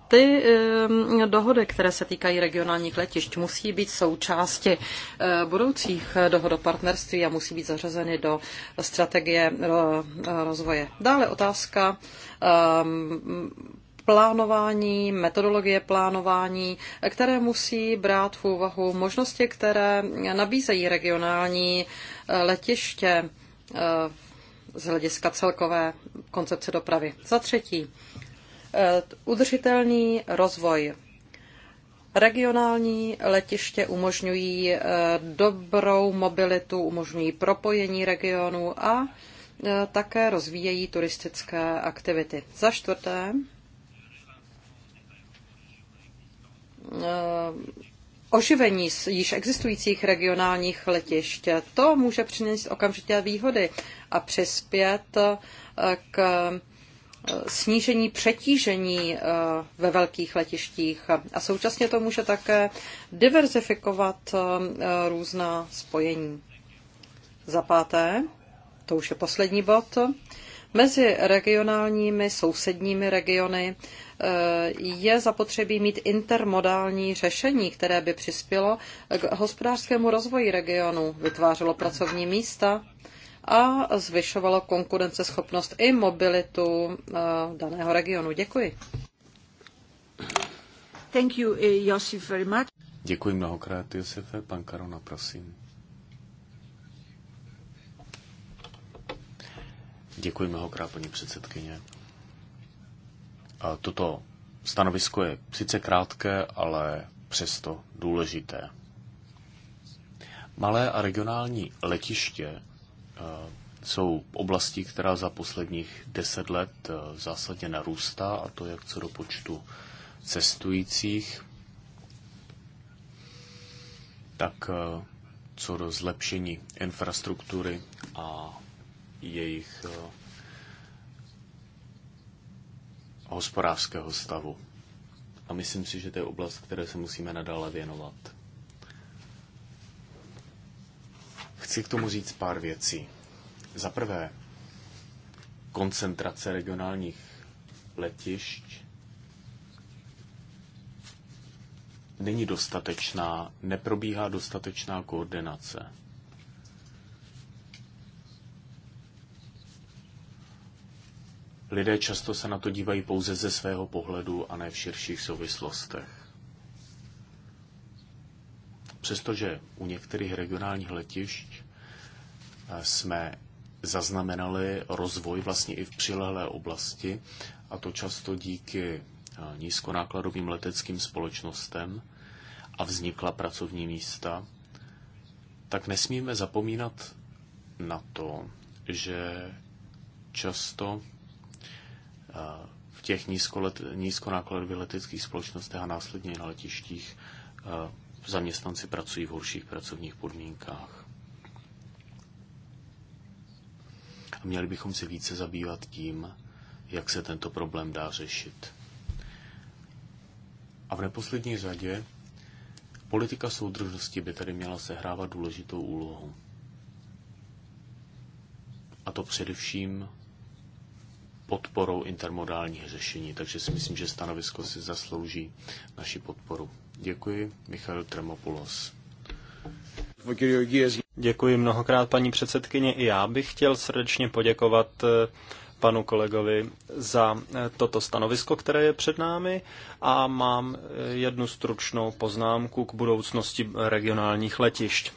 ty eh, dohody, které se týkají regionálních letišť, musí být součástí budoucích dohod o partnerství a musí být zařazeny do strategie rozvoje. Dále otázka plánování, metodologie plánování, které musí brát v úvahu možnosti, které nabízejí regionální eh, letiště eh, z hlediska celkové koncepce dopravy. Za třetí, eh, udržitelný rozvoj. Regionální letiště umožňují dobrou mobilitu, umožňují propojení regionu a také rozvíjejí turistické aktivity. Za čtvrté, Eh, oživení již existujících regionálních letišť. To může přinést okamžité výhody a přispět eh, k eh, snížení přetížení ve velkých letištích a současně to může také diverzifikovat různá spojení. Za páté, to už je poslední bod, mezi regionálními sousedními regiony eh, je zapotřebí mít intermodální řešení, které by přispělo k hospodářskému rozvoji regionu, vytvářelo pracovní místa a zvyšovalo konkurenceschopnost i mobilitu eh, daného regionu. Děkuji. Thank you, eh, Josif, very much. Děkuji mnohokrát, Josefe. Pan Karona, prosím. Děkuji mnohokrát, paní předsedkyně. A toto stanovisko je sice krátké, ale přesto důležité. Malé a regionální letiště eh, jsou oblasti, která za posledních deset let v eh, zásadě narůstá, a to jak co do počtu cestujících, tak eh, co do zlepšení infrastruktury a jejich eh, hospodářského stavu. A myslím si, že to je oblast, které se musíme nadále věnovat. Chci k tomu říct pár věcí. Za prvé, koncentrace regionálních letišť není dostatečná, neprobíhá dostatečná koordinace. Lidé často se na to dívají pouze ze svého pohledu a ne v širších souvislostech. Přestože u některých regionálních letišť eh, jsme zaznamenali rozvoj vlastně i v přilehlé oblasti, a to často díky eh, nízkonákladovým leteckým společnostem a vznikla pracovní místa, tak nesmíme zapomínat na to, že často v těch nízkonákladových leteckých společnostech a následně na letištích zaměstnanci pracují v horších pracovních podmínkách. A měli bychom se více zabývat tím, jak se tento problém dá řešit. A v neposlední řadě politika soudržnosti by tady měla sehrávat důležitou úlohu. A to především podporou intermodálních řešení, takže si myslím, že stanovisko si zaslouží naši podporu. Děkuji, Michal Tremopoulos. Děkuji mnohokrát, paní předsedkyně. I já bych chtěl srdečně poděkovat eh, panu kolegovi za eh, toto stanovisko, které je před námi a mám eh, jednu stručnou poznámku k budoucnosti regionálních letišť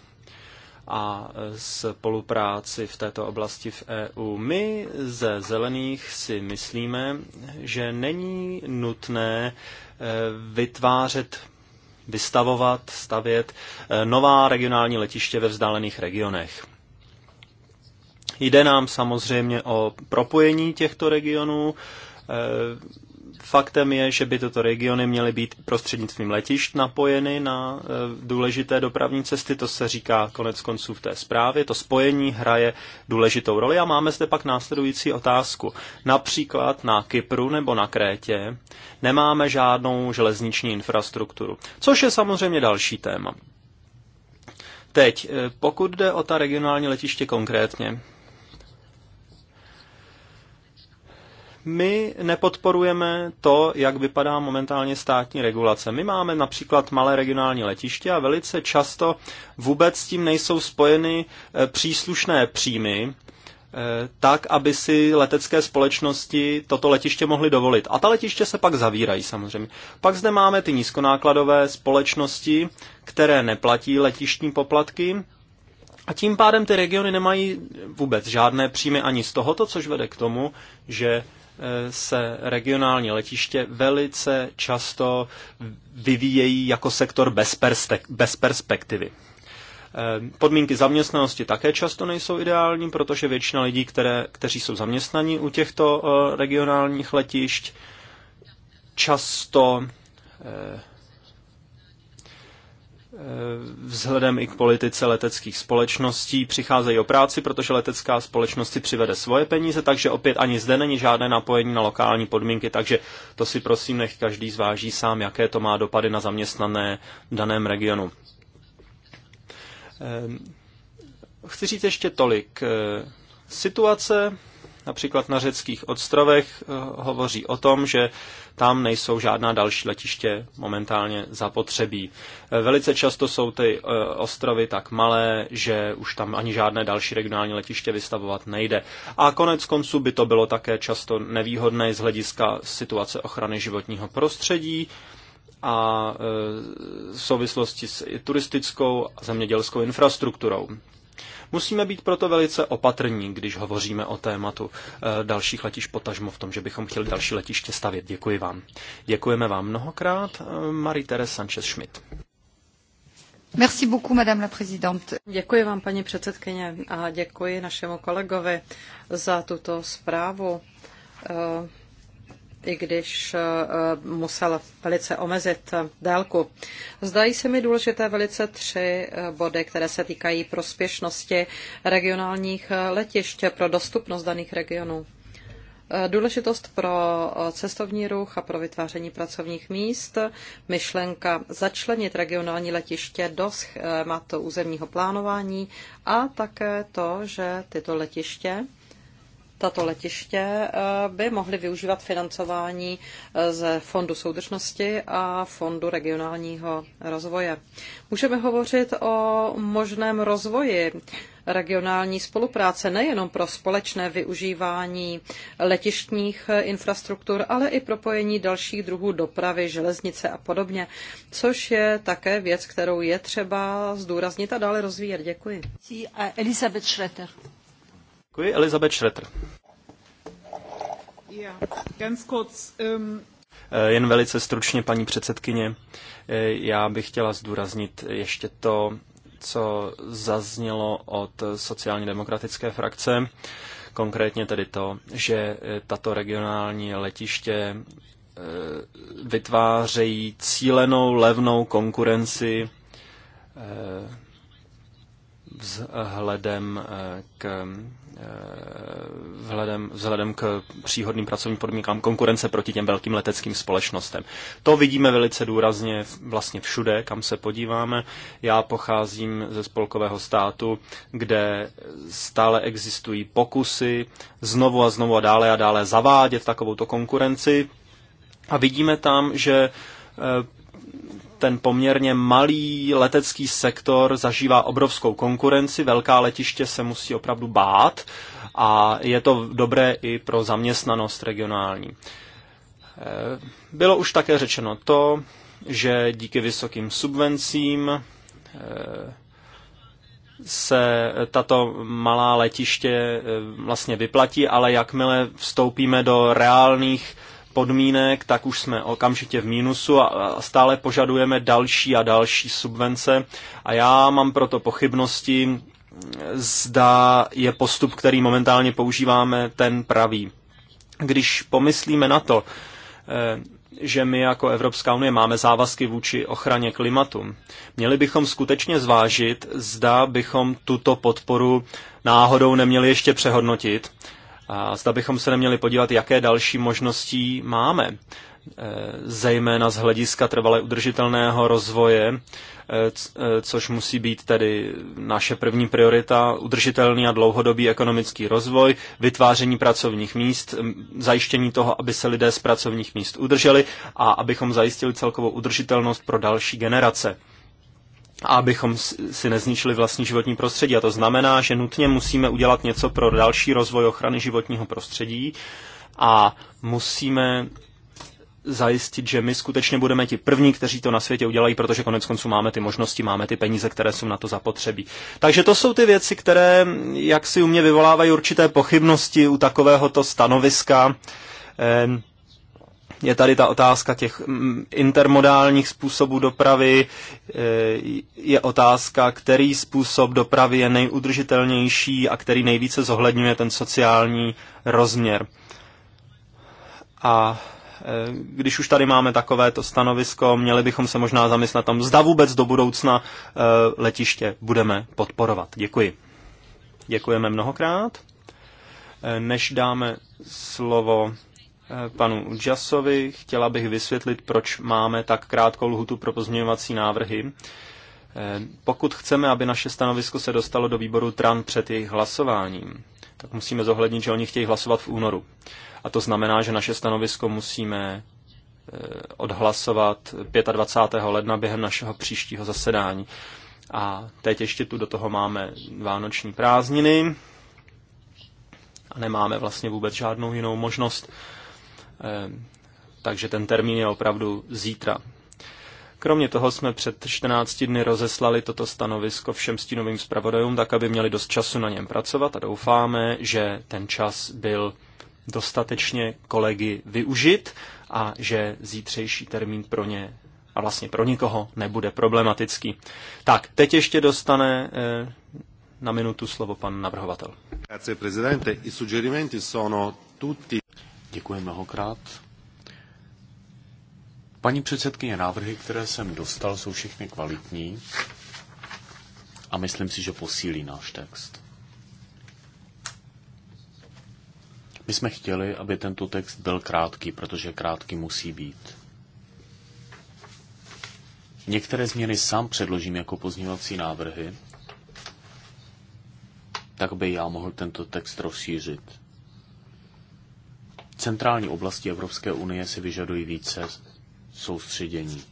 a e, spolupráci v této oblasti v EU. My ze Zelených si myslíme, že není nutné e, vytvářet vystavovat, stavět e, nová regionální letiště ve vzdálených regionech. Jde nám samozřejmě o propojení těchto regionů, Faktem je, že by tyto regiony měly být prostřednictvím letišť napojeny na eh, důležité dopravní cesty, to se říká konec konců v té zprávě, to spojení hraje důležitou roli a máme zde pak následující otázku. Například na Kypru nebo na Krétě nemáme žádnou železniční infrastrukturu, což je samozřejmě další téma. Teď, eh, pokud jde o ta regionální letiště konkrétně, My nepodporujeme to, jak vypadá momentálně státní regulace. My máme například malé regionální letiště a velice často vůbec s tím nejsou spojeny eh, příslušné příjmy, eh, tak, aby si letecké společnosti toto letiště mohly dovolit. A ta letiště se pak zavírají samozřejmě. Pak zde máme ty nízkonákladové společnosti, které neplatí letištní poplatky a tím pádem ty regiony nemají vůbec žádné příjmy ani z tohoto, což vede k tomu, že se regionální letiště velice často vyvíjejí jako sektor bez, perstek- bez perspektivy. Eh, podmínky zaměstnanosti také často nejsou ideální, protože většina lidí, které, kteří jsou zaměstnaní u těchto eh, regionálních letišť, často eh, Eh, vzhledem i k politice leteckých společností přicházejí o práci, protože letecká společnost si přivede svoje peníze, takže opět ani zde není žádné napojení na lokální podmínky, takže to si prosím nech každý zváží sám, jaké to má dopady na zaměstnané v daném regionu. Eh, chci říct ještě tolik. Eh, situace například na řeckých ostrovech, eh, hovoří o tom, že tam nejsou žádná další letiště momentálně zapotřebí. Eh, velice často jsou ty eh, ostrovy tak malé, že už tam ani žádné další regionální letiště vystavovat nejde. A konec konců by to bylo také často nevýhodné z hlediska situace ochrany životního prostředí, a v souvislosti s turistickou a zemědělskou infrastrukturou. Musíme být proto velice opatrní, když hovoříme o tématu eh, dalších letišť potažmo v tom, že bychom chtěli další letiště stavět. Děkuji vám. Děkujeme vám mnohokrát. Eh, marie Teresa Sanchez-Schmidt. Merci beaucoup, madame la présidente. Děkuji vám, paní předsedkyně, a děkuji našemu kolegovi za tuto zprávu. Eh, i když eh, musel velice omezit délku. Zdají se mi důležité velice tři eh, body, které se týkají prospěšnosti regionálních eh, letišť pro dostupnost daných regionů. Důležitost pro cestovní ruch a pro vytváření pracovních míst, myšlenka začlenit regionální letiště do schématu územního plánování a také to, že tyto letiště tato letiště eh, by mohly využívat financování eh, z Fondu soudržnosti a Fondu regionálního rozvoje. Můžeme hovořit o možném rozvoji regionální spolupráce nejenom pro společné využívání letištních eh, infrastruktur, ale i propojení dalších druhů dopravy, železnice a podobně, což je také věc, kterou je třeba zdůraznit a dále rozvíjet. Děkuji. Elizabeth Schreter. Děkuji, Elizabeth Schroeter. Ähm, eh, jen velice stručně, paní předsedkyně, eh, já bych chtěla zdůraznit ještě to, co zaznělo od sociálně demokratické frakce, konkrétně tedy to, že eh, tato regionální letiště vytvářejí cílenou levnou konkurenci vzhledem k vzhledem, vzhledem k příhodným pracovním podmínkám konkurence proti těm velkým leteckým společnostem. To vidíme velice důrazně vlastně všude, kam se podíváme. Já pocházím ze spolkového státu, kde stále existují pokusy znovu a znovu a dále a dále zavádět takovouto konkurenci. A vidíme tam, že eh, ten poměrně malý letecký sektor zažívá obrovskou konkurenci, velká letiště se musí opravdu bát a je to dobré i pro zaměstnanost regionální. Eh, bylo už také řečeno to, že díky vysokým subvencím eh, se tato malá letiště eh, vlastně vyplatí, ale jakmile vstoupíme do reálných podmínek, tak už jsme okamžitě v mínusu a stále požadujeme další a další subvence. A já mám proto pochybnosti, zda je postup, který momentálně používáme, ten pravý. Když pomyslíme na to, eh, že my jako Evropská unie máme závazky vůči ochraně klimatu, měli bychom skutečně zvážit, zda bychom tuto podporu náhodou neměli ještě přehodnotit a zda bychom se neměli podívat, jaké další možnosti máme, e, zejména z hlediska trvale udržitelného rozvoje, e, e, což musí být tedy naše první priorita, udržitelný a dlouhodobý ekonomický rozvoj, vytváření pracovních míst, zajištění toho, aby se lidé z pracovních míst udrželi a abychom zajistili celkovou udržitelnost pro další generace a abychom si nezničili vlastní životní prostředí. A to znamená, že nutně musíme udělat něco pro další rozvoj ochrany životního prostředí a musíme zajistit, že my skutečně budeme ti první, kteří to na světě udělají, protože konec konců máme ty možnosti, máme ty peníze, které jsou na to zapotřebí. Takže to jsou ty věci, které jak si u mě vyvolávají určité pochybnosti u takovéhoto stanoviska. Ehm je tady ta otázka těch mm, intermodálních způsobů dopravy, e, je otázka, který způsob dopravy je nejudržitelnější a který nejvíce zohledňuje ten sociální rozměr. A e, když už tady máme takovéto stanovisko, měli bychom se možná zamyslet tam, zda vůbec do budoucna e, letiště budeme podporovat. Děkuji. Děkujeme mnohokrát. Než dáme slovo panu Jasovi. Chtěla bych vysvětlit, proč máme tak krátkou lhutu pro pozměňovací návrhy. Eh, pokud chceme, aby naše stanovisko se dostalo do výboru TRAN před jejich hlasováním, tak musíme zohlednit, že oni chtějí hlasovat v únoru. A to znamená, že naše stanovisko musíme eh, odhlasovat 25. ledna během našeho příštího zasedání. A teď ještě tu do toho máme vánoční prázdniny a nemáme vlastně vůbec žádnou jinou možnost Ehm, takže ten termín je opravdu zítra. Kromě toho jsme před 14 dny rozeslali toto stanovisko všem stínovým zpravodajům, tak aby měli dost času na něm pracovat a doufáme, že ten čas byl dostatečně kolegy využit a že zítřejší termín pro ně a vlastně pro nikoho nebude problematický. Tak, teď ještě dostane eh, na minutu slovo pan navrhovatel. Děkuji mnohokrát. Paní předsedkyně, návrhy, které jsem dostal, jsou všechny kvalitní a myslím si, že posílí náš text. My jsme chtěli, aby tento text byl krátký, protože krátký musí být. Některé změny sám předložím jako pozměňovací návrhy, tak by já mohl tento text rozšířit centrální oblasti Evropské unie si vyžadují více soustředění.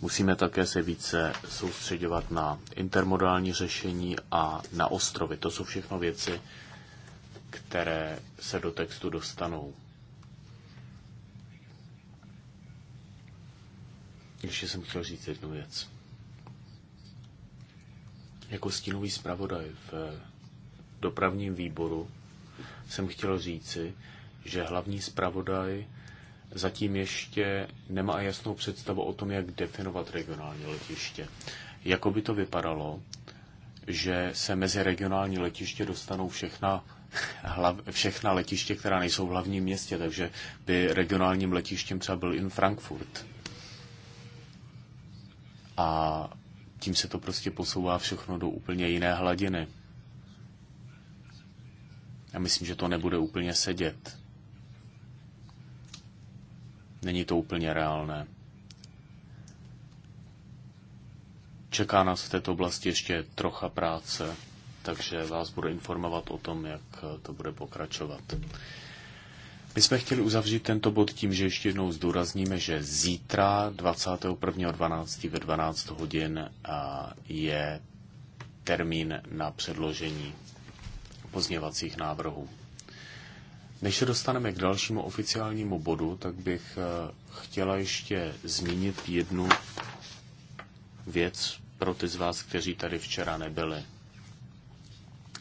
Musíme také se více soustředovat na intermodální řešení a na ostrovy. To jsou všechno věci, které se do textu dostanou. Ještě jsem chtěl říct jednu věc. Jako stínový zpravodaj v dopravním výboru jsem chtěl říci, že hlavní zpravodaj zatím ještě nemá jasnou představu o tom, jak definovat regionální letiště. Jako by to vypadalo, že se mezi regionální letiště dostanou všechna, hlav, všechna letiště, která nejsou v hlavním městě, takže by regionálním letištěm třeba byl in Frankfurt. A tím se to prostě posouvá všechno do úplně jiné hladiny. Já myslím, že to nebude úplně sedět. Není to úplně reálné. Čeká nás v této oblasti ještě trocha práce, takže vás budu informovat o tom, jak to bude pokračovat. My jsme chtěli uzavřít tento bod tím, že ještě jednou zdůrazníme, že zítra 21.12. ve 12 hodin je termín na předložení pozněvacích návrhů. Než se dostaneme k dalšímu oficiálnímu bodu, tak bych eh, chtěla ještě zmínit jednu věc pro ty z vás, kteří tady včera nebyli.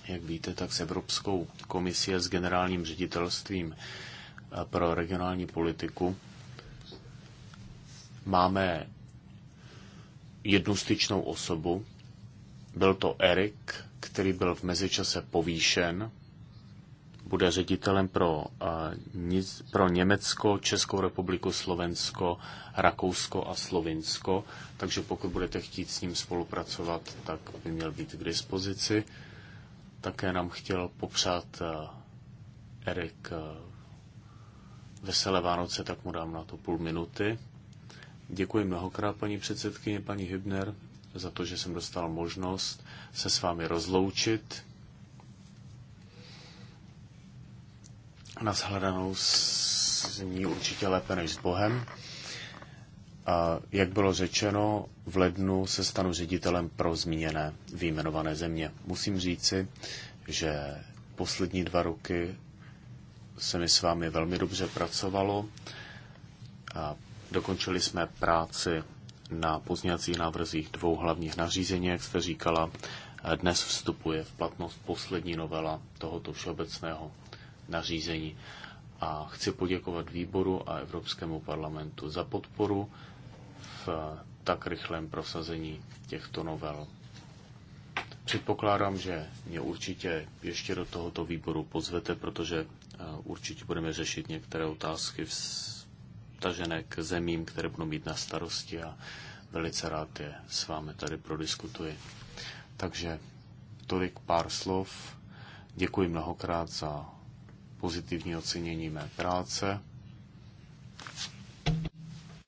Jak víte, tak s Evropskou komisí a s generálním ředitelstvím eh, pro regionální politiku máme jednu styčnou osobu. Byl to Erik, který byl v mezičase povýšen, bude ředitelem pro, eh, pro Německo, Českou republiku, Slovensko, Rakousko a Slovinsko, takže pokud budete chtít s ním spolupracovat, tak by měl být k dispozici. Také nám chtěl popřát eh, Erik eh, veselé Vánoce, tak mu dám na to půl minuty. Děkuji mnohokrát, paní předsedkyně, paní Hybner, za to, že jsem dostal možnost se s vámi rozloučit na shledanou zní určitě lépe než s Bohem. A jak bylo řečeno, v lednu se stanu ředitelem pro zmíněné výjmenované země. Musím říci, že poslední dva roky se mi s vámi velmi dobře pracovalo. A dokončili jsme práci na pozněcích návrzích dvou hlavních nařízení, jak jste říkala. Dnes vstupuje v platnost poslední novela tohoto všeobecného nařízení. A chci poděkovat výboru a Evropskému parlamentu za podporu v tak rychlém prosazení těchto novel. Předpokládám, že mě určitě ještě do tohoto výboru pozvete, protože eh, určitě budeme řešit některé otázky přitažené k zemím, které budou mít na starosti a velice rád je s vámi tady prodiskutuji. Takže tolik pár slov. Děkuji mnohokrát za pozitivní ocenění mé práce.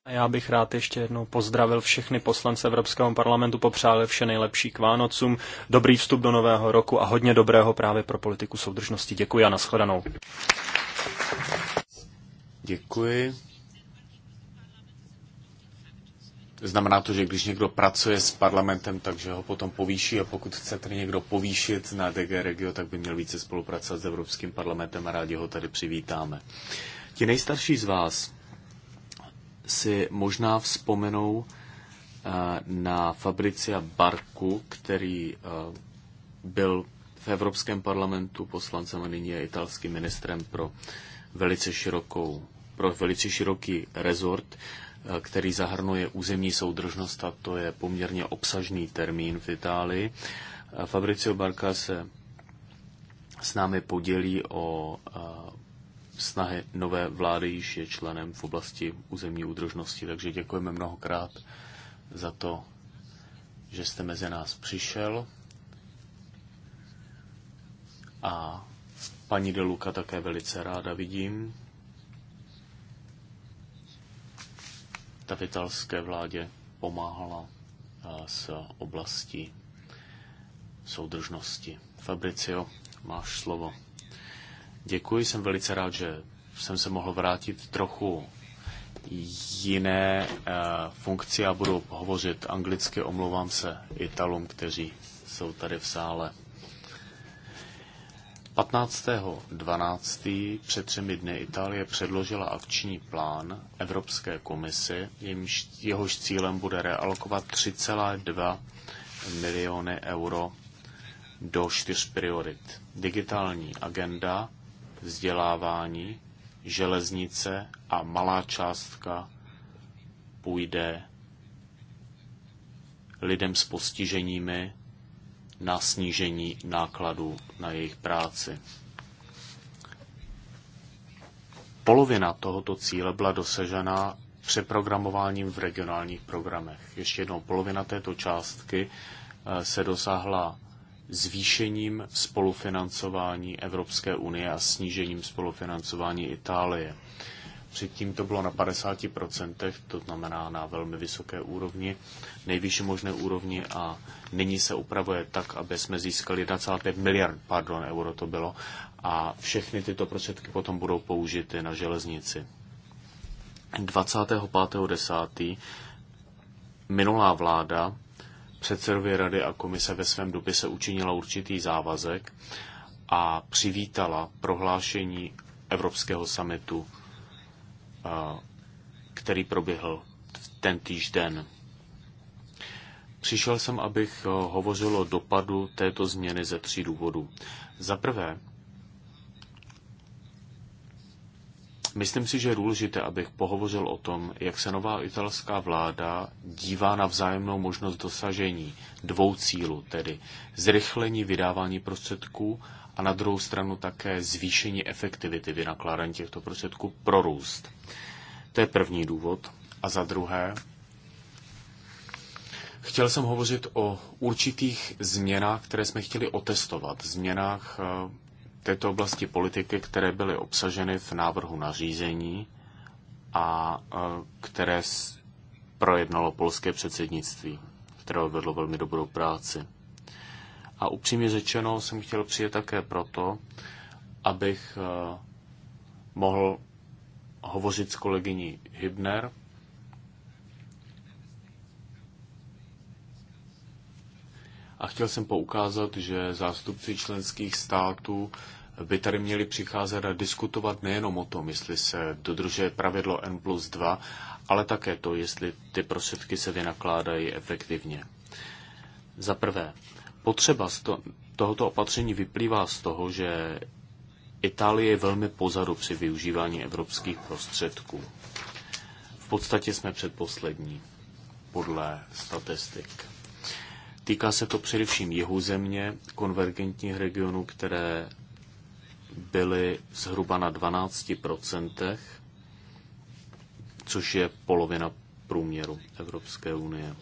A já bych rád ještě jednou pozdravil všechny poslance Evropského parlamentu, popřál vše nejlepší k Vánocům, dobrý vstup do nového roku a hodně dobrého právě pro politiku soudržnosti. Děkuji a nashledanou. Děkuji. Znamená to, že když někdo pracuje s parlamentem, takže ho potom povýší a pokud chce tedy někdo povýšit na DG Regio, tak by měl více spolupracovat s Evropským parlamentem a rádi ho tady přivítáme. Ti nejstarší z vás si možná vzpomenou eh, na Fabricia Barku, který eh, byl v Evropském parlamentu poslancem a nyní je italským ministrem pro velice širokou pro velice široký rezort který zahrnuje územní soudržnost a to je poměrně obsažný termín v Itálii. Fabricio Barka se s námi podělí o snahy nové vlády, již je členem v oblasti územní údržnosti, takže děkujeme mnohokrát za to, že jste mezi nás přišel. A paní Deluka také velice ráda vidím. ta v italské vládě pomáhala z eh, oblasti soudržnosti. Fabricio, máš slovo. Děkuji, jsem velice rád, že jsem se mohl vrátit trochu jiné uh, funkci a budu hovořit anglicky, omlouvám se Italům, kteří jsou tady v sále. 15.12. před třemi dny Itálie předložila akční plán Evropské komisi, jimž, jehož cílem bude realokovat 3,2 miliony euro do čtyř priorit. Digitální agenda, vzdělávání, železnice a malá částka půjde lidem s postiženími na snížení nákladů na jejich práci. Polovina tohoto cíle byla dosažena přeprogramováním v regionálních programech. Ještě jednou, polovina této částky eh, se dosáhla zvýšením spolufinancování Evropské unie a snížením spolufinancování Itálie. Předtím to bylo na 50%, to znamená na velmi vysoké úrovni, nejvyšší možné úrovni a nyní se upravuje tak, aby jsme získali 1,5 miliard, pardon, euro to bylo, a všechny tyto prostředky potom budou použity na železnici. 25.10. minulá vláda předsedově rady a komise ve svém dopise učinila určitý závazek a přivítala prohlášení Evropského samitu který proběhl ten týžden. Přišel jsem, abych eh, hovořil o dopadu této změny ze tří důvodů. Za prvé, myslím si, že je důležité, abych pohovořil o tom, jak se nová italská vláda dívá na vzájemnou možnost dosažení dvou cílů, tedy zrychlení vydávání prostředků a na druhou stranu také zvýšení efektivity vynakládání těchto prostředků pro růst. To je první důvod. A za druhé, chtěl jsem hovořit o určitých změnách, které jsme chtěli otestovat. Změnách eh, této oblasti politiky, které byly obsaženy v návrhu nařízení a eh, které projednalo polské předsednictví, které odvedlo velmi dobrou práci. A upřímně řečeno jsem chtěl přijet také proto, abych eh, mohl hovořit s kolegyní Hybner. A chtěl jsem poukázat, že zástupci členských států by tady měli přicházet a diskutovat nejenom o tom, jestli se dodržuje pravidlo N plus 2, ale také to, jestli ty prostředky se vynakládají efektivně. Za prvé, Potřeba z to, tohoto opatření vyplývá z toho, že Itálie je velmi pozadu při využívání evropských prostředků. V podstatě jsme předposlední podle statistik. Týká se to především jihu země, konvergentních regionů, které byly zhruba na 12%, což je polovina průměru Evropské unie.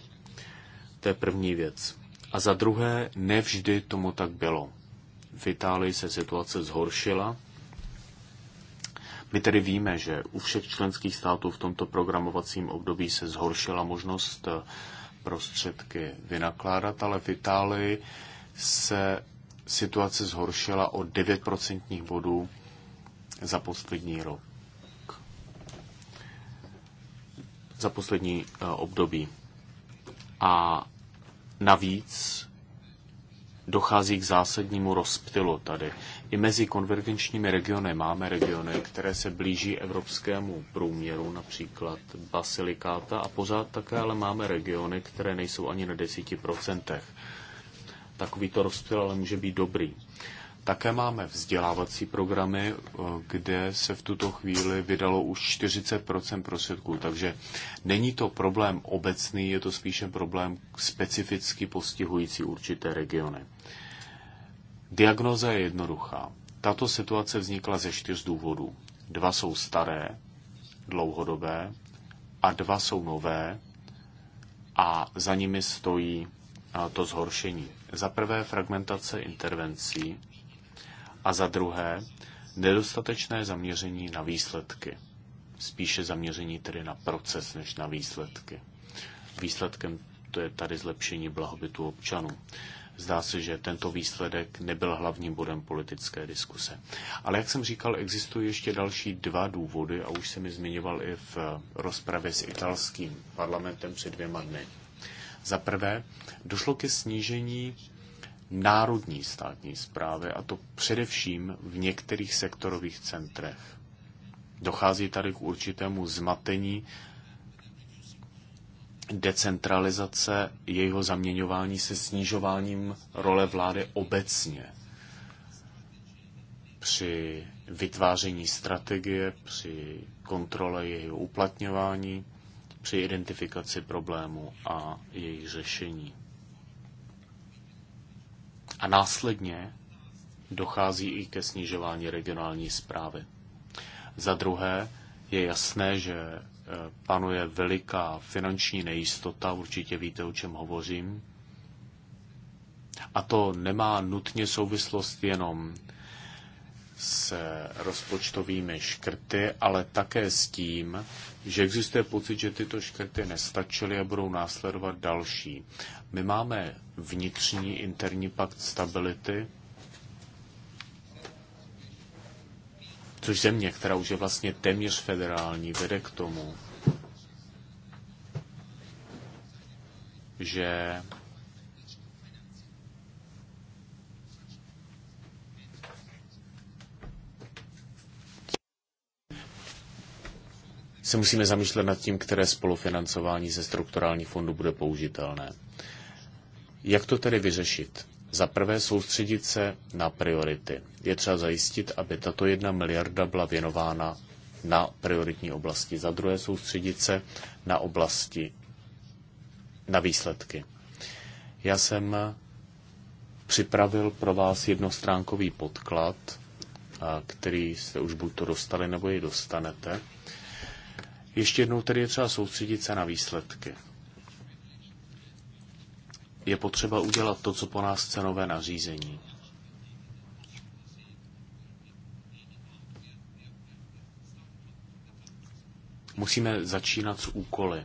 To je první věc. A za druhé, nevždy tomu tak bylo. V Itálii se situace zhoršila. My tedy víme, že u všech členských států v tomto programovacím období se zhoršila možnost eh, prostředky vynakládat, ale v Itálii se situace zhoršila o 9% bodů za poslední rok. Za poslední eh, období. A Navíc dochází k zásadnímu rozptylu tady. I mezi konvergenčními regiony máme regiony, které se blíží evropskému průměru, například Basilikáta, a pořád také ale máme regiony, které nejsou ani na 10%. Takovýto rozptyl ale může být dobrý. Také máme vzdělávací programy, eh, kde se v tuto chvíli vydalo už 40 prostředků, takže není to problém obecný, je to spíše problém specificky postihující určité regiony. Diagnoza je jednoduchá. Tato situace vznikla ze čtyř důvodů. Dva jsou staré, dlouhodobé, a dva jsou nové, a za nimi stojí eh, to zhoršení. Za prvé fragmentace intervencí, a za druhé, nedostatečné zaměření na výsledky. Spíše zaměření tedy na proces, než na výsledky. Výsledkem to je tady zlepšení blahobytu občanů. Zdá se, že tento výsledek nebyl hlavním bodem politické diskuse. Ale jak jsem říkal, existují ještě další dva důvody a už jsem je zmiňoval i v rozpravě s italským parlamentem před dvěma dny. Za prvé, došlo ke snížení národní státní zprávy, a to především v některých sektorových centrech. Dochází tady k určitému zmatení decentralizace, jejího zaměňování se snižováním role vlády obecně při vytváření strategie, při kontrole jejího uplatňování, při identifikaci problému a jejich řešení. A následně dochází i ke snižování regionální zprávy. Za druhé, je jasné, že e, panuje veliká finanční nejistota, určitě víte, o čem hovořím. A to nemá nutně souvislost jenom s rozpočtovými škrty, ale také s tím, že existuje pocit, že tyto škrty nestačily a budou následovat další. My máme vnitřní interní pakt stability, což země, která už je vlastně téměř federální, vede k tomu, že se musíme zamýšlet nad tím, které spolufinancování ze strukturálních fondů bude použitelné. Jak to tedy vyřešit? Za prvé soustředit se na priority. Je třeba zajistit, aby tato jedna miliarda byla věnována na prioritní oblasti. Za druhé soustředit se na oblasti, na výsledky. Já jsem připravil pro vás jednostránkový podklad, který jste už buď to dostali, nebo ji dostanete. Ještě jednou tedy je třeba soustředit se na výsledky je potřeba udělat to, co po nás chce nové nařízení. Musíme začínat s úkoly.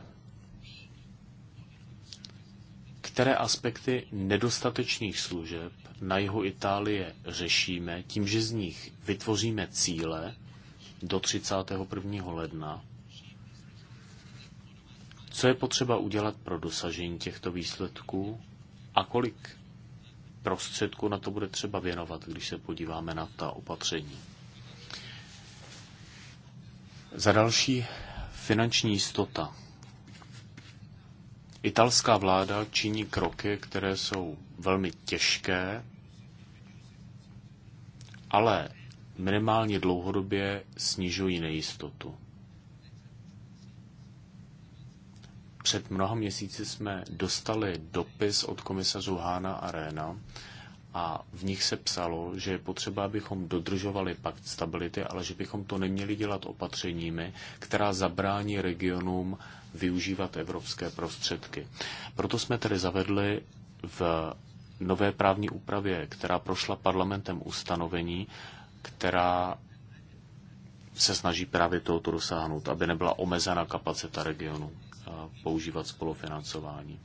Které aspekty nedostatečných služeb na jihu Itálie řešíme tím, že z nich vytvoříme cíle do 31. ledna co je potřeba udělat pro dosažení těchto výsledků a kolik prostředků na to bude třeba věnovat, když se podíváme na ta opatření? Za další, finanční jistota. Italská vláda činí kroky, které jsou velmi těžké, ale minimálně dlouhodobě snižují nejistotu. Před mnoha měsíci jsme dostali dopis od komisařů Hána a Réna a v nich se psalo, že je potřeba, abychom dodržovali pakt stability, ale že bychom to neměli dělat opatřeními, která zabrání regionům využívat evropské prostředky. Proto jsme tedy zavedli v nové právní úpravě, která prošla parlamentem ustanovení, která se snaží právě tohoto dosáhnout, aby nebyla omezena kapacita regionu používat spolufinancování.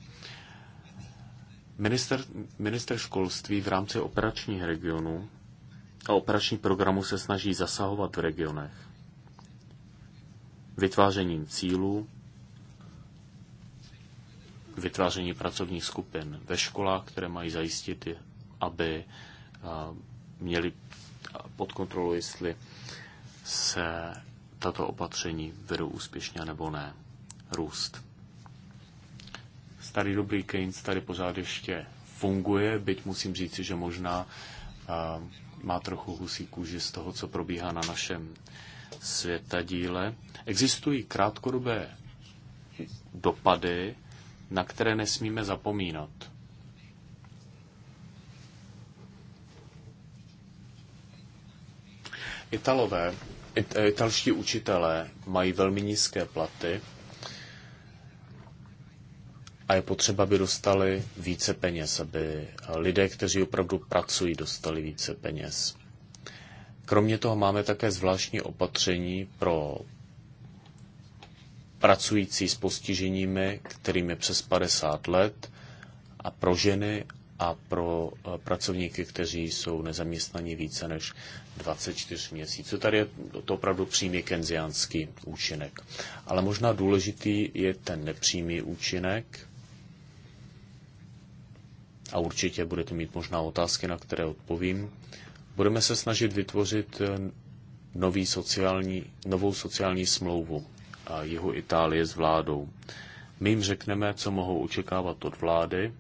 Minister, minister školství v rámci operačních regionů a operační programu se snaží zasahovat v regionech vytvářením cílů, vytváření pracovních skupin ve školách, které mají zajistit, aby měli pod kontrolou, jestli se tato opatření vedou úspěšně nebo ne růst. Starý dobrý Keynes tady pořád ještě funguje, byť musím říci, že možná eh, má trochu husí kůži z toho, co probíhá na našem světadíle. Existují krátkodobé dopady, na které nesmíme zapomínat. Italové, eh, italští učitelé mají velmi nízké platy a je potřeba, aby dostali více peněz, aby lidé, kteří opravdu pracují, dostali více peněz. Kromě toho máme také zvláštní opatření pro pracující s postiženími, kterým je přes 50 let, a pro ženy a pro eh, pracovníky, kteří jsou nezaměstnaní více než 24 měsíců. Tady je to opravdu přímý kenziánský účinek. Ale možná důležitý je ten nepřímý účinek, a určitě budete mít možná otázky, na které odpovím. Budeme se snažit vytvořit eh, nový sociální, novou sociální smlouvu jihu Itálie s vládou. My jim řekneme, co mohou očekávat od vlády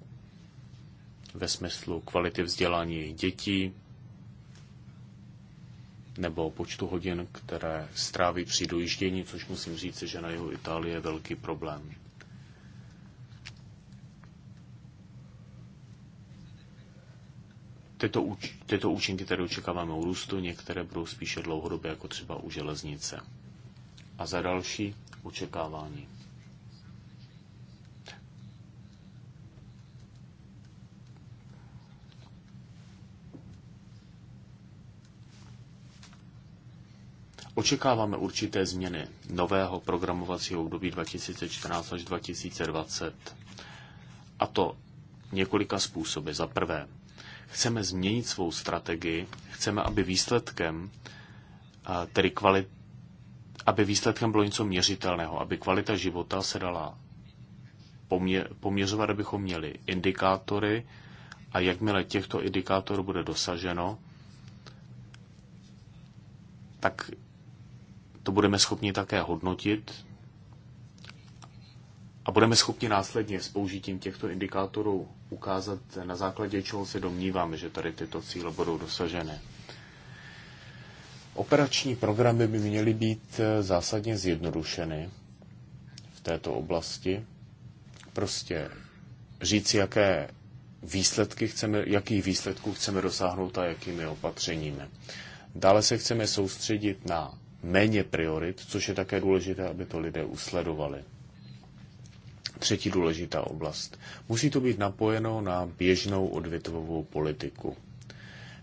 ve smyslu kvality vzdělání jejich dětí nebo počtu hodin, které stráví při dojíždění, což musím říct, že na jihu Itálie je velký problém. Tyto, úč- tyto účinky které očekáváme u růstu, některé budou spíše dlouhodobě, jako třeba u železnice. A za další očekávání. Očekáváme určité změny nového programovacího období 2014 až 2020. A to několika způsoby. Za prvé, chceme změnit svou strategii, chceme, aby výsledkem, tedy kvalit, aby výsledkem bylo něco měřitelného, aby kvalita života se dala poměřovat, abychom měli indikátory a jakmile těchto indikátorů bude dosaženo, tak to budeme schopni také hodnotit a budeme schopni následně s použitím těchto indikátorů ukázat, na základě čeho se domníváme, že tady tyto cíle budou dosaženy. Operační programy by měly být eh, zásadně zjednodušeny v této oblasti. Prostě říct, jaké výsledky chceme, jakých výsledků chceme dosáhnout a jakými opatřeními. Dále se chceme soustředit na méně priorit, což je také důležité, aby to lidé usledovali třetí důležitá oblast. Musí to být napojeno na běžnou odvětvovou politiku.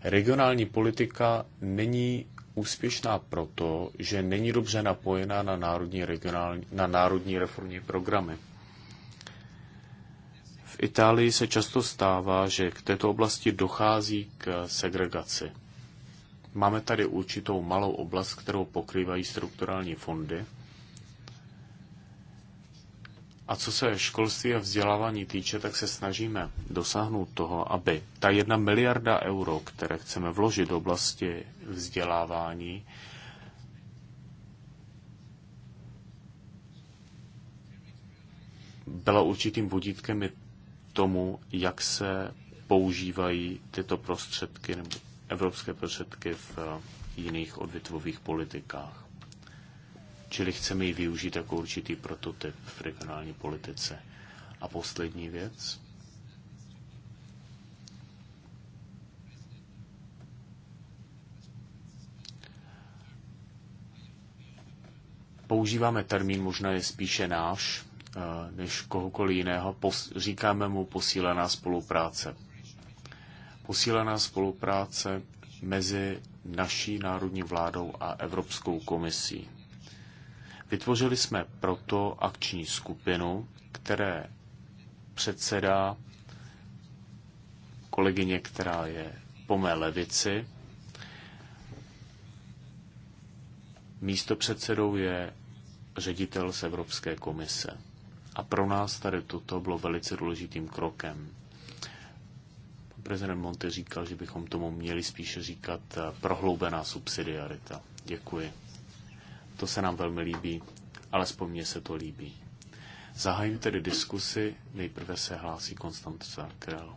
Regionální politika není úspěšná proto, že není dobře napojená na národní, regionální, na národní reformní programy. V Itálii se často stává, že k této oblasti dochází k segregaci. Máme tady určitou malou oblast, kterou pokrývají strukturální fondy, a co se školství a vzdělávání týče, tak se snažíme dosáhnout toho, aby ta jedna miliarda euro, které chceme vložit do oblasti vzdělávání, byla určitým vodítkem tomu, jak se používají tyto prostředky nebo evropské prostředky v jiných odvětvových politikách čili chceme ji využít jako určitý prototyp v regionální politice. A poslední věc. Používáme termín, možná je spíše náš, eh, než kohokoliv jiného. Pos- říkáme mu posílená spolupráce. Posílená spolupráce mezi naší národní vládou a Evropskou komisí. Vytvořili jsme proto akční skupinu, které předsedá kolegyně, která je po mé levici. Místo předsedou je ředitel z Evropské komise. A pro nás tady toto bylo velice důležitým krokem. Prezident Monte říkal, že bychom tomu měli spíše říkat prohloubená subsidiarita. Děkuji. To se nám velmi líbí, ale mně se to líbí. Zahájím tedy diskusi, nejprve se hlásí Konstant Krell.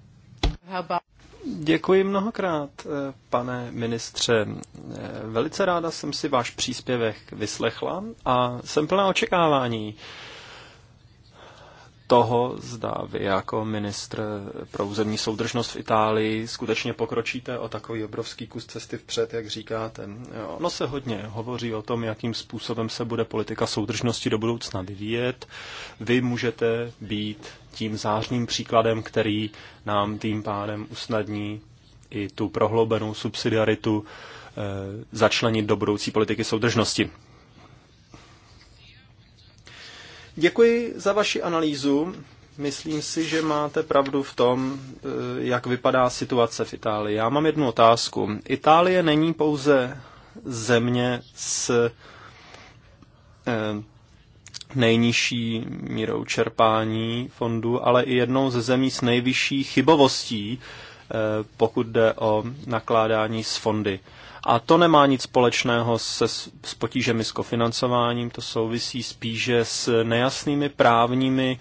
Děkuji mnohokrát, eh, pane ministře. Eh, velice ráda jsem si váš příspěvek vyslechla a jsem plná očekávání toho, zda vy jako ministr pro územní soudržnost v Itálii skutečně pokročíte o takový obrovský kus cesty vpřed, jak říkáte. Ono se hodně hovoří o tom, jakým způsobem se bude politika soudržnosti do budoucna vyvíjet. Vy můžete být tím zářným příkladem, který nám tím pádem usnadní i tu prohloubenou subsidiaritu eh, začlenit do budoucí politiky soudržnosti. Děkuji za vaši analýzu. Myslím si, že máte pravdu v tom, eh, jak vypadá situace v Itálii. Já mám jednu otázku. Itálie není pouze země s eh, nejnižší mírou čerpání fondů, ale i jednou ze zemí s nejvyšší chybovostí Eh, pokud jde o nakládání s fondy. A to nemá nic společného se, s potížemi s kofinancováním, to souvisí spíše s nejasnými právními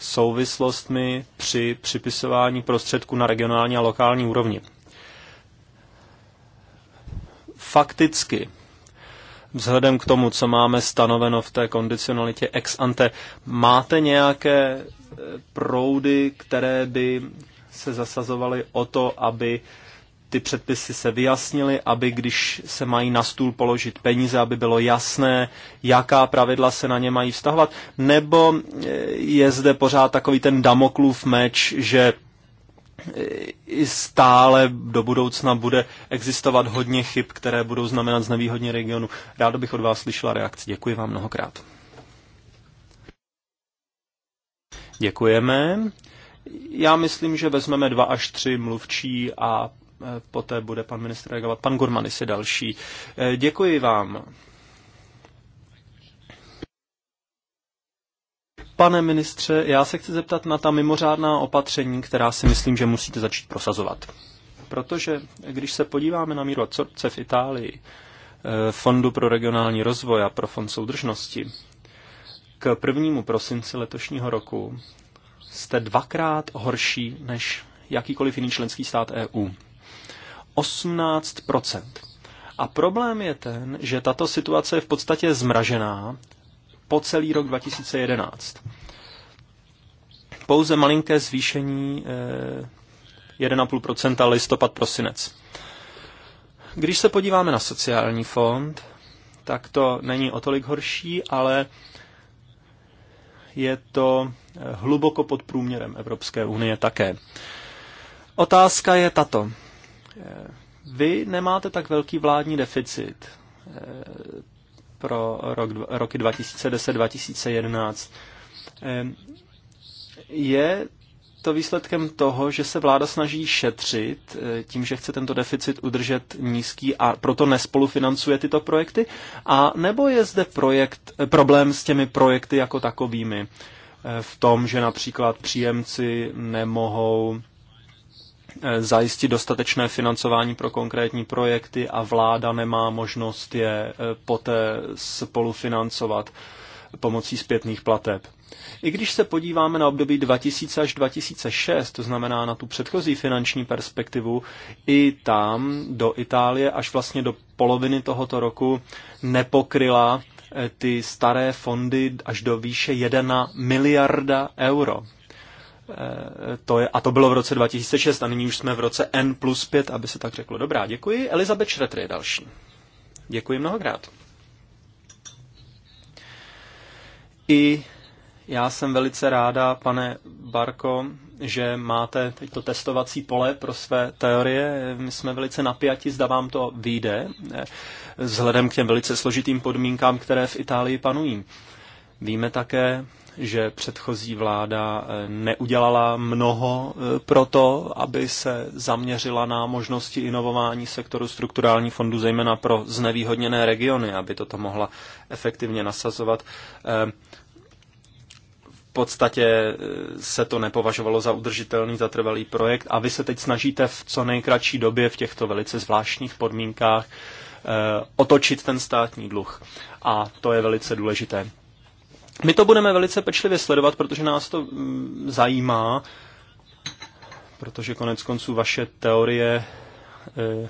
souvislostmi při připisování prostředků na regionální a lokální úrovni. Fakticky, vzhledem k tomu, co máme stanoveno v té kondicionalitě ex ante, máte nějaké eh, proudy, které by se zasazovali o to, aby ty předpisy se vyjasnily, aby když se mají na stůl položit peníze, aby bylo jasné, jaká pravidla se na ně mají vztahovat, nebo eh, je zde pořád takový ten damoklův meč, že eh, i stále do budoucna bude existovat hodně chyb, které budou znamenat znevýhodně regionu. Rád bych od vás slyšela reakci. Děkuji vám mnohokrát. Děkujeme. Já myslím, že vezmeme dva až tři mluvčí a e, poté bude pan ministr reagovat. Pan Gurmanis je další. E, děkuji vám. Pane ministře, já se chci zeptat na ta mimořádná opatření, která si myslím, že musíte začít prosazovat. Protože když se podíváme na míru absorpce v Itálii, e, Fondu pro regionální rozvoj a pro Fond soudržnosti, k prvnímu prosinci letošního roku jste dvakrát horší než jakýkoliv jiný členský stát EU. 18 A problém je ten, že tato situace je v podstatě zmražená po celý rok 2011. Pouze malinké zvýšení eh, 1,5 listopad prosinec. Když se podíváme na sociální fond, tak to není o tolik horší, ale eh, je to eh, hluboko pod průměrem Evropské unie také. Otázka je tato. Eh, vy nemáte tak velký vládní deficit eh, pro rok, roky 2010-2011. Je to výsledkem toho, že se vláda snaží šetřit eh, tím, že chce tento deficit udržet nízký a proto nespolufinancuje tyto projekty? A nebo je zde projekt, eh, problém s těmi projekty jako takovými? Eh, v tom, že například příjemci nemohou zajistit dostatečné financování pro konkrétní projekty a vláda nemá možnost je poté spolufinancovat pomocí zpětných plateb. I když se podíváme na období 2000 až 2006, to znamená na tu předchozí finanční perspektivu, i tam do Itálie až vlastně do poloviny tohoto roku nepokryla eh, ty staré fondy až do výše 1 miliarda euro. Eh, to je, a to bylo v roce 2006 a nyní už jsme v roce N plus 5, aby se tak řeklo. Dobrá, děkuji. Elizabeth Šretr je další. Děkuji mnohokrát. I já jsem velice ráda, pane Barko, že máte teď to testovací pole pro své teorie. My jsme velice napjati, zda vám to vyjde, eh, vzhledem k těm velice složitým podmínkám, které v Itálii panují. Víme také, že předchozí vláda eh, neudělala mnoho eh, pro to, aby se zaměřila na možnosti inovování sektoru strukturální fondu, zejména pro znevýhodněné regiony, aby toto mohla efektivně nasazovat podstatě eh, se to nepovažovalo za udržitelný, za trvalý projekt a vy se teď snažíte v co nejkratší době v těchto velice zvláštních podmínkách eh, otočit ten státní dluh. A to je velice důležité. My to budeme velice pečlivě sledovat, protože nás to mm, zajímá, protože konec konců vaše teorie eh,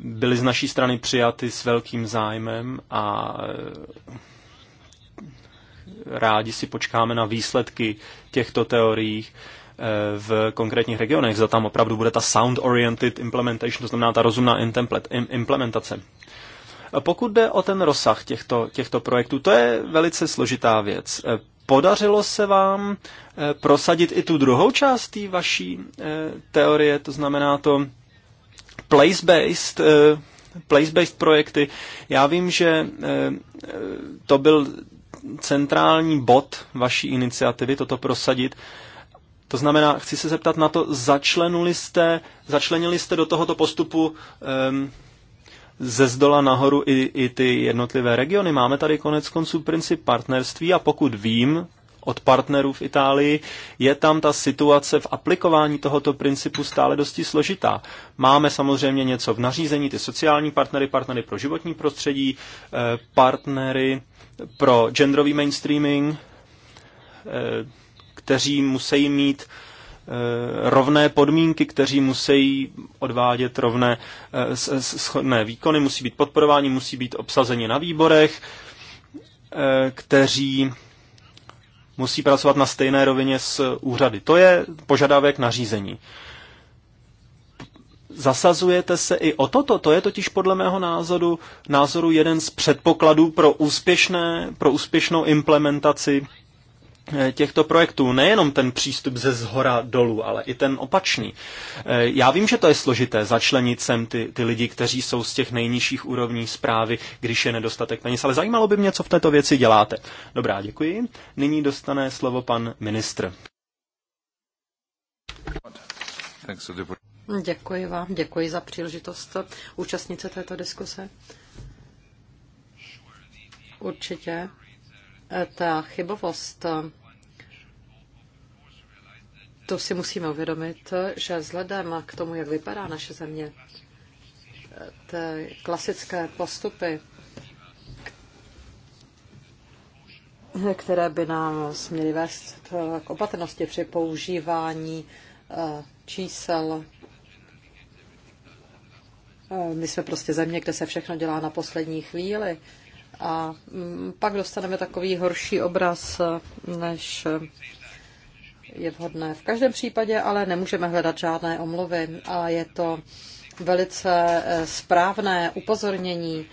byly z naší strany přijaty s velkým zájmem a rádi si počkáme na výsledky těchto teorií eh, v konkrétních regionech, za tam opravdu bude ta sound-oriented implementation, to znamená ta rozumná implementace. Eh, pokud jde o ten rozsah těchto, těchto projektů, to je velice složitá věc. Eh, podařilo se vám prosadit i tu druhou část té vaší teorie, to znamená to place-based place-based projekty. Já vím, že to byl centrální bod vaší iniciativy toto prosadit. To znamená, chci se zeptat na to, začlenuli jste, začlenili jste do tohoto postupu um, ze zdola nahoru i, i ty jednotlivé regiony. Máme tady konec konců princip partnerství a pokud vím, od partnerů v Itálii, je tam ta situace v aplikování tohoto principu stále dosti složitá. Máme samozřejmě něco v nařízení, ty sociální partnery, partnery pro životní prostředí, eh, partnery pro genderový mainstreaming, eh, kteří musí mít eh, rovné podmínky, kteří musí odvádět rovné schodné výkony, musí být podporováni, musí být obsazeni na výborech, kteří musí pracovat na stejné rovině s úřady. To je požadavek na řízení. Zasazujete se i o toto? To je totiž podle mého názoru, názoru jeden z předpokladů pro, úspěšné, pro úspěšnou implementaci Eh, těchto projektů. Nejenom ten přístup ze zhora dolů, ale i ten opačný. Eh, já vím, že to je složité začlenit sem ty, ty lidi, kteří jsou z těch nejnižších úrovní zprávy, když je nedostatek peněz, ale zajímalo by mě, co v této věci děláte. Dobrá, děkuji. Nyní dostane slovo pan ministr. Děkuji vám, děkuji za příležitost účastnit se této diskuse. Určitě ta chybovost, to si musíme uvědomit, že vzhledem k tomu, jak vypadá naše země, ty klasické postupy, které by nám směly vést k opatrnosti při používání eh, čísel. Eh, my jsme prostě země, kde se všechno dělá na poslední chvíli a mm, pak dostaneme takový horší obraz, než je vhodné. V každém případě ale nemůžeme hledat žádné omluvy a je to velice eh, správné upozornění,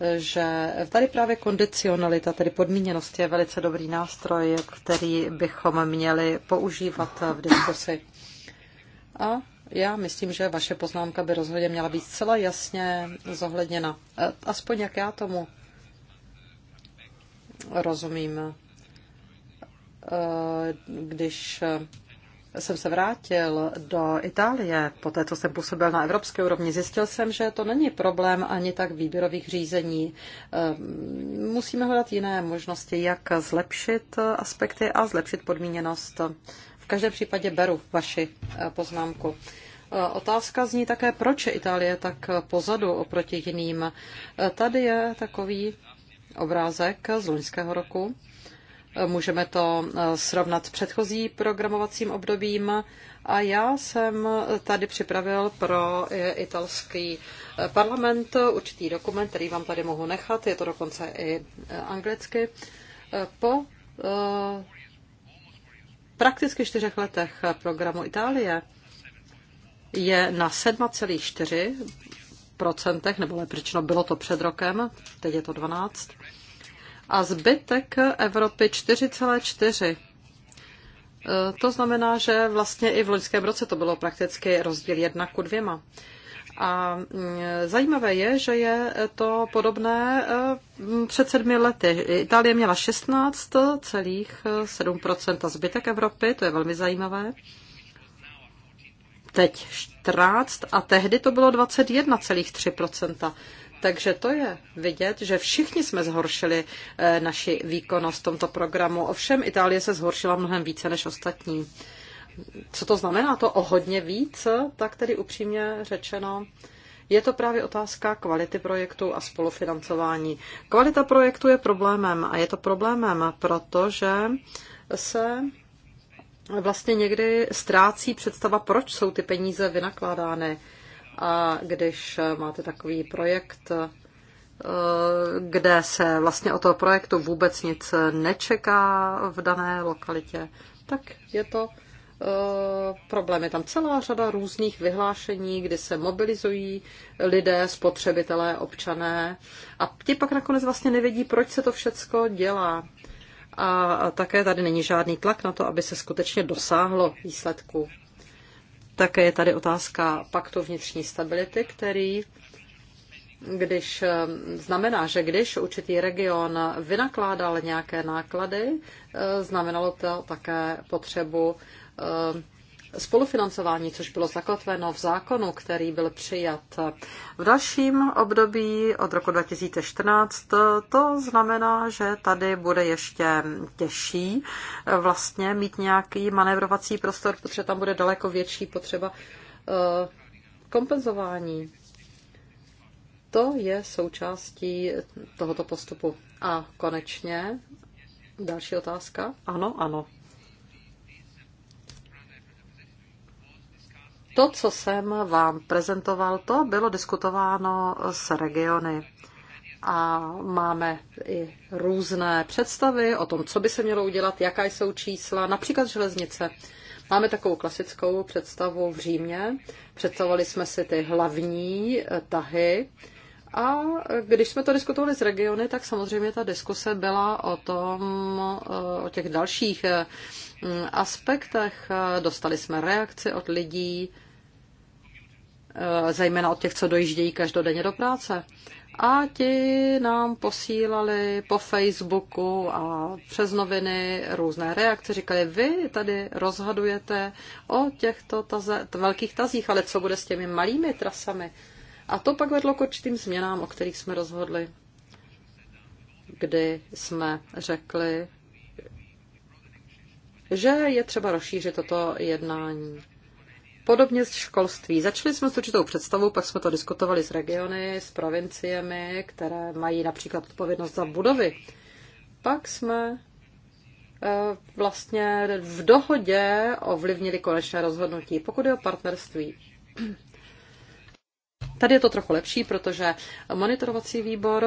eh, že tady právě kondicionalita, tedy podmíněnost je velice dobrý nástroj, který bychom měli používat v diskusi. A já myslím, že vaše poznámka by rozhodně měla být zcela jasně zohledněna. Eh, aspoň jak já tomu Rozumím. Eh, když jsem se vrátil do Itálie, po té, co jsem působil na evropské úrovni, zjistil jsem, že to není problém ani tak výběrových řízení. Eh, musíme hledat jiné možnosti, jak zlepšit aspekty a zlepšit podmíněnost. V každém případě beru vaši eh, poznámku. Otázka zní také, proč je Itálie tak pozadu oproti jiným. Tady je takový obrázek z loňského roku. Můžeme to eh, srovnat s předchozí programovacím obdobím a já jsem tady připravil pro eh, italský eh, parlament určitý dokument, který vám tady mohu nechat, je to dokonce i anglicky, po prakticky čtyřech letech programu Itálie je na 7,4 procentech, nebo lépe řečeno bylo to před rokem, teď je to 12. A zbytek Evropy 4,4. Eh, to znamená, že vlastně i v loňském roce to bylo prakticky rozdíl 1 ku dvěma. A mm, zajímavé je, že je to podobné eh, před sedmi lety. Itálie měla 16,7% eh, a zbytek Evropy, to je velmi zajímavé teď 14 a tehdy to bylo 21,3%. Takže to je vidět, že všichni jsme zhoršili eh, naši výkonnost v tomto programu. Ovšem Itálie se zhoršila mnohem více než ostatní. Co to znamená? To o hodně víc, tak tedy upřímně řečeno. Je to právě otázka kvality projektu a spolufinancování. Kvalita projektu je problémem a je to problémem, protože se vlastně někdy ztrácí představa, proč jsou ty peníze vynakládány. A když máte takový projekt, eh, kde se vlastně o toho projektu vůbec nic nečeká v dané lokalitě, tak je to eh, problém. Je tam celá řada různých vyhlášení, kdy se mobilizují lidé, spotřebitelé, občané a ti pak nakonec vlastně nevědí, proč se to všecko dělá a také tady není žádný tlak na to, aby se skutečně dosáhlo výsledku. Také je tady otázka paktu vnitřní stability, který když eh, znamená, že když určitý region vynakládal nějaké náklady, eh, znamenalo to také potřebu eh, spolufinancování, což bylo zakotveno v zákonu, který byl přijat v dalším období od roku 2014. To znamená, že tady bude ještě těžší vlastně mít nějaký manévrovací prostor, protože tam bude daleko větší potřeba eh, kompenzování. To je součástí tohoto postupu. A konečně další otázka. Ano, ano. To, co jsem vám prezentoval, to bylo diskutováno s regiony. A máme i různé představy o tom, co by se mělo udělat, jaká jsou čísla, například železnice. Máme takovou klasickou představu v Římě. Představovali jsme si ty hlavní eh, tahy. A když jsme to diskutovali s regiony, tak samozřejmě ta diskuse byla o tom, eh, o těch dalších eh, mm, aspektech. Dostali jsme reakci od lidí, Eh, zejména od těch, co dojíždějí každodenně do práce. A ti nám posílali po Facebooku a přes noviny různé reakce. Říkali, vy tady rozhodujete o těchto taze, velkých tazích, ale co bude s těmi malými trasami? A to pak vedlo k určitým změnám, o kterých jsme rozhodli, kdy jsme řekli, že je třeba rozšířit toto jednání. Podobně z školství. Začali jsme s určitou představou, pak jsme to diskutovali s regiony, s provinciemi, které mají například odpovědnost za budovy. Pak jsme eh, vlastně v dohodě ovlivnili konečné rozhodnutí, pokud je o partnerství. Tady je to trochu lepší, protože monitorovací výbor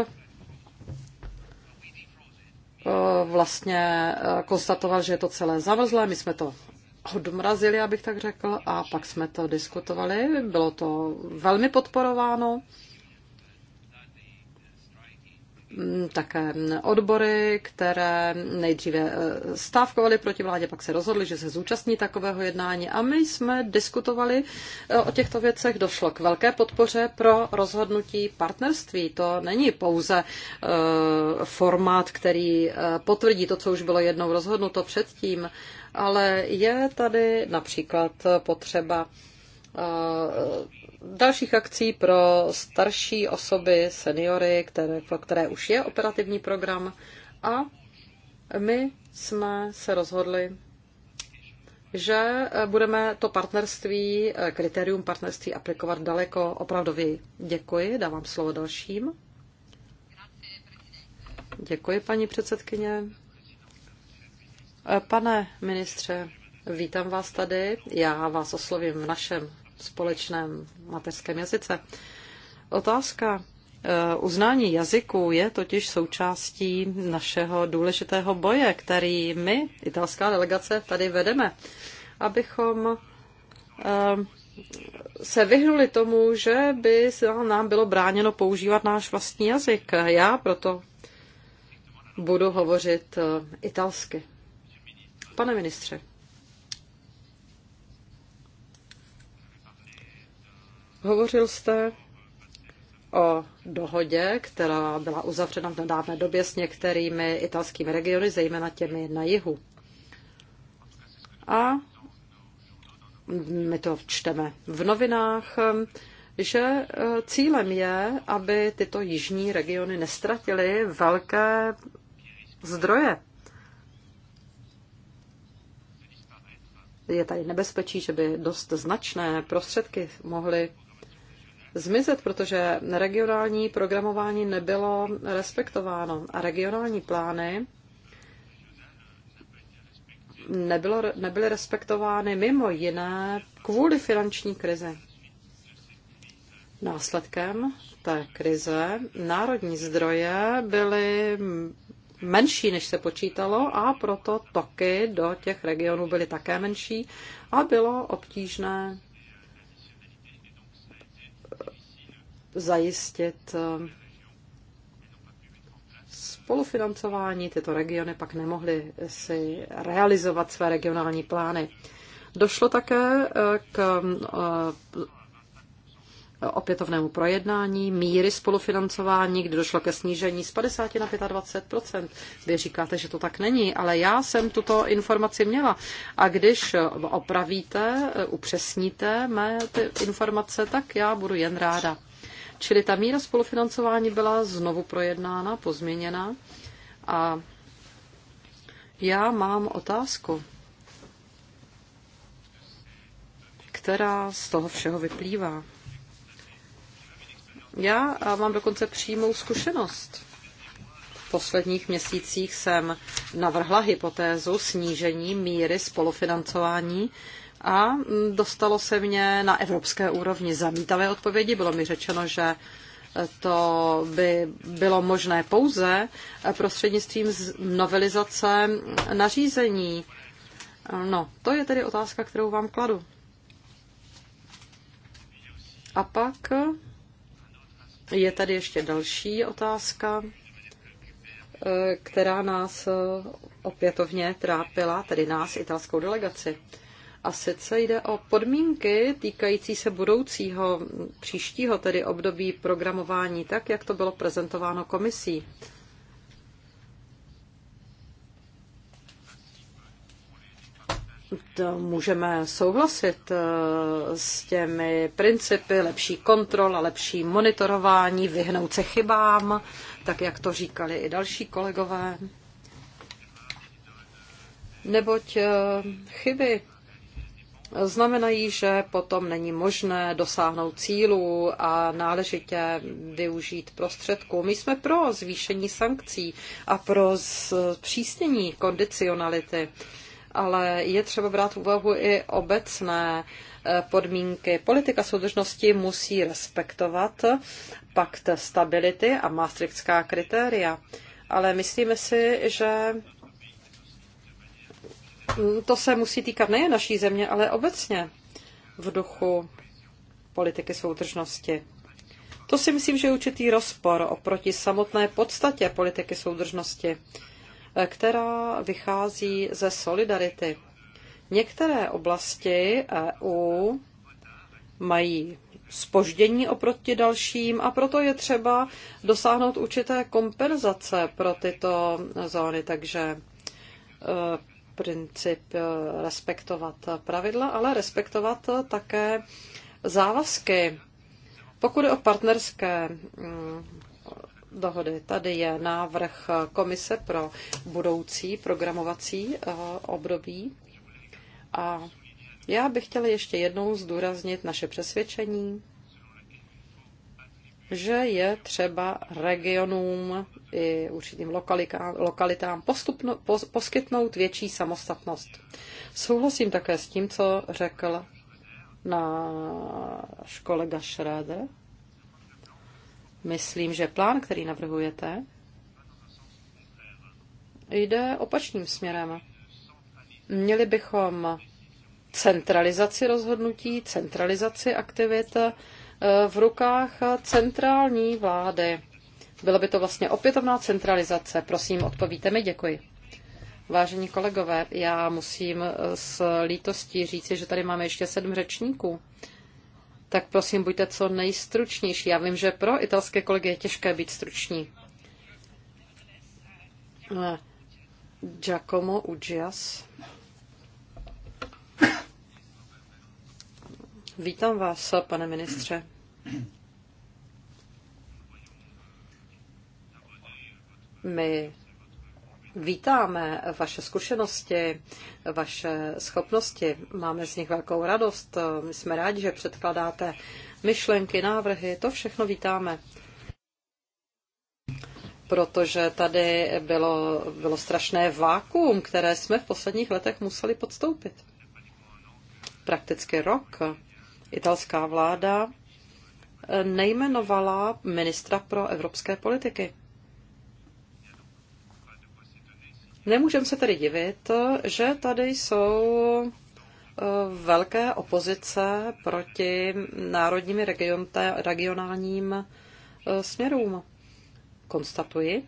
eh, vlastně eh, konstatoval, že je to celé zavrzlé, my jsme to ho domrazili, abych tak řekl, a pak jsme to diskutovali. Bylo to velmi podporováno. Mm, také odbory, které nejdříve eh, stávkovaly proti vládě, pak se rozhodly, že se zúčastní takového jednání a my jsme diskutovali eh, o těchto věcech. Došlo k velké podpoře pro rozhodnutí partnerství. To není pouze eh, formát, který potvrdí to, co už bylo jednou rozhodnuto předtím, ale je tady například potřeba dalších akcí pro starší osoby, seniory, které, pro které už je operativní program. A my jsme se rozhodli, že budeme to partnerství, kritérium partnerství aplikovat daleko opravdověji. Děkuji, dávám slovo dalším. Děkuji, paní předsedkyně. Pane ministře, vítám vás tady. Já vás oslovím v našem společném mateřském jazyce. Otázka eh, uznání jazyků je totiž součástí našeho důležitého boje, který my, italská delegace, tady vedeme, abychom eh, se vyhnuli tomu, že by nám bylo bráněno používat náš vlastní jazyk. Já proto budu hovořit eh, italsky. Pane ministře, Hovořil jste o dohodě, která byla uzavřena v nedávné době s některými italskými regiony, zejména těmi na jihu. A my to čteme v novinách, že eh, cílem je, aby tyto jižní regiony nestratily velké zdroje. Je tady nebezpečí, že by dost značné prostředky mohly zmizet, protože regionální programování nebylo respektováno a regionální plány nebylo, nebyly respektovány mimo jiné kvůli finanční krizi. Následkem té krize národní zdroje byly menší, než se počítalo a proto toky do těch regionů byly také menší a bylo obtížné zajistit eh, spolufinancování. Tyto regiony pak nemohly si realizovat své regionální plány. Došlo také eh, k eh, opětovnému projednání míry spolufinancování, kdy došlo ke snížení z 50 na 25 Vy říkáte, že to tak není, ale já jsem tuto informaci měla. A když opravíte, upřesníte mé ty informace, tak já budu jen ráda. Čili ta míra spolufinancování byla znovu projednána, pozměněna. A já mám otázku, která z toho všeho vyplývá. Já mám dokonce přímou zkušenost. V posledních měsících jsem navrhla hypotézu snížení míry spolufinancování a dostalo se mě na evropské úrovni zamítavé odpovědi. Bylo mi řečeno, že to by bylo možné pouze prostřednictvím novelizace nařízení. No, to je tedy otázka, kterou vám kladu. A pak je tady ještě další otázka, eh, která nás eh, opětovně trápila, tedy nás, italskou delegaci. A sice jde o podmínky týkající se budoucího příštího, tedy období programování, tak jak to bylo prezentováno komisí. To můžeme souhlasit eh, s těmi principy lepší kontrol a lepší monitorování, vyhnout se chybám, tak jak to říkali i další kolegové. Neboť eh, chyby znamenají, že potom není možné dosáhnout cílů a náležitě využít prostředků. My jsme pro zvýšení sankcí a pro zpřísnění kondicionality, ale je třeba brát v úvahu i obecné eh, podmínky. Politika soudržnosti musí respektovat pakt stability a maastrichtská kritéria, ale myslíme si, že Mm, to se musí týkat nejen naší země, ale obecně v duchu politiky soudržnosti. To si myslím, že je určitý rozpor oproti samotné podstatě politiky soudržnosti, eh, která vychází ze solidarity. Některé oblasti EU mají spoždění oproti dalším a proto je třeba dosáhnout určité kompenzace pro tyto zóny. Takže eh, princip eh, respektovat pravidla, ale respektovat také závazky. Pokud je o partnerské mm, dohody, tady je návrh komise pro budoucí programovací eh, období. A já bych chtěla ještě jednou zdůraznit naše přesvědčení, že je třeba regionům i určitým lokalitám, lokalitám postupno, pos, poskytnout větší samostatnost. Souhlasím také s tím, co řekl na kolega Schröder. Myslím, že plán, který navrhujete, jde opačným směrem. Měli bychom centralizaci rozhodnutí, centralizaci aktivit, E, v rukách centrální vlády. Byla by to vlastně opětovná centralizace. Prosím, odpovíte mi, děkuji. Vážení kolegové, já musím e, s lítostí říci, že tady máme ještě sedm řečníků. Tak prosím, buďte co nejstručnější. Já vím, že pro italské kolegy je těžké být struční. E, Giacomo Ugias. Vítám vás, pane ministře. My vítáme vaše zkušenosti, vaše schopnosti. Máme z nich velkou radost. My jsme rádi, že předkladáte myšlenky, návrhy. To všechno vítáme protože tady bylo, bylo strašné vákuum, které jsme v posledních letech museli podstoupit. Prakticky rok italská vláda eh, nejmenovala ministra pro evropské politiky. Nemůžeme se tedy divit, že tady jsou eh, velké opozice proti národním region, regionálním eh, směrům. Konstatuji,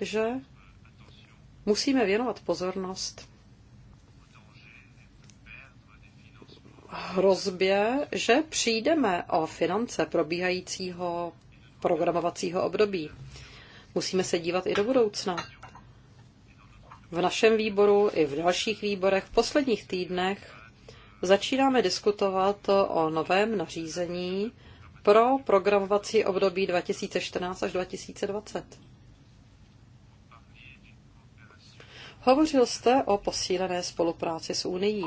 že musíme věnovat pozornost hrozbě, že přijdeme o finance probíhajícího programovacího období. Musíme se dívat i do budoucna. V našem výboru i v dalších výborech v posledních týdnech začínáme diskutovat o novém nařízení pro programovací období 2014 až 2020. Hovořil jste o posílené spolupráci s Unií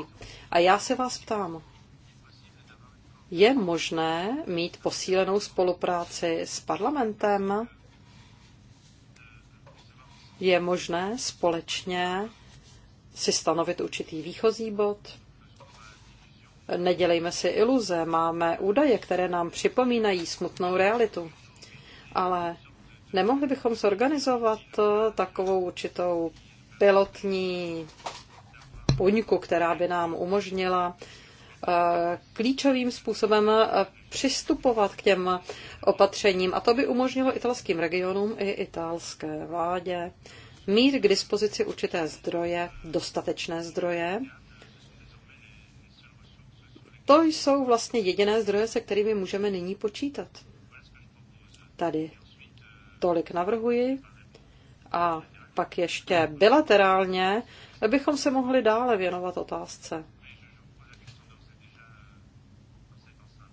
a já se vás ptám, je možné mít posílenou spolupráci s parlamentem? Je možné společně si stanovit určitý výchozí bod? Nedělejme si iluze, máme údaje, které nám připomínají smutnou realitu. Ale nemohli bychom zorganizovat eh, takovou určitou pilotní puňku, která by nám umožnila klíčovým způsobem přistupovat k těm opatřením. A to by umožnilo italským regionům i italské vládě mít k dispozici určité zdroje, dostatečné zdroje. To jsou vlastně jediné zdroje, se kterými můžeme nyní počítat. Tady tolik navrhuji a pak ještě bilaterálně bychom se mohli dále věnovat otázce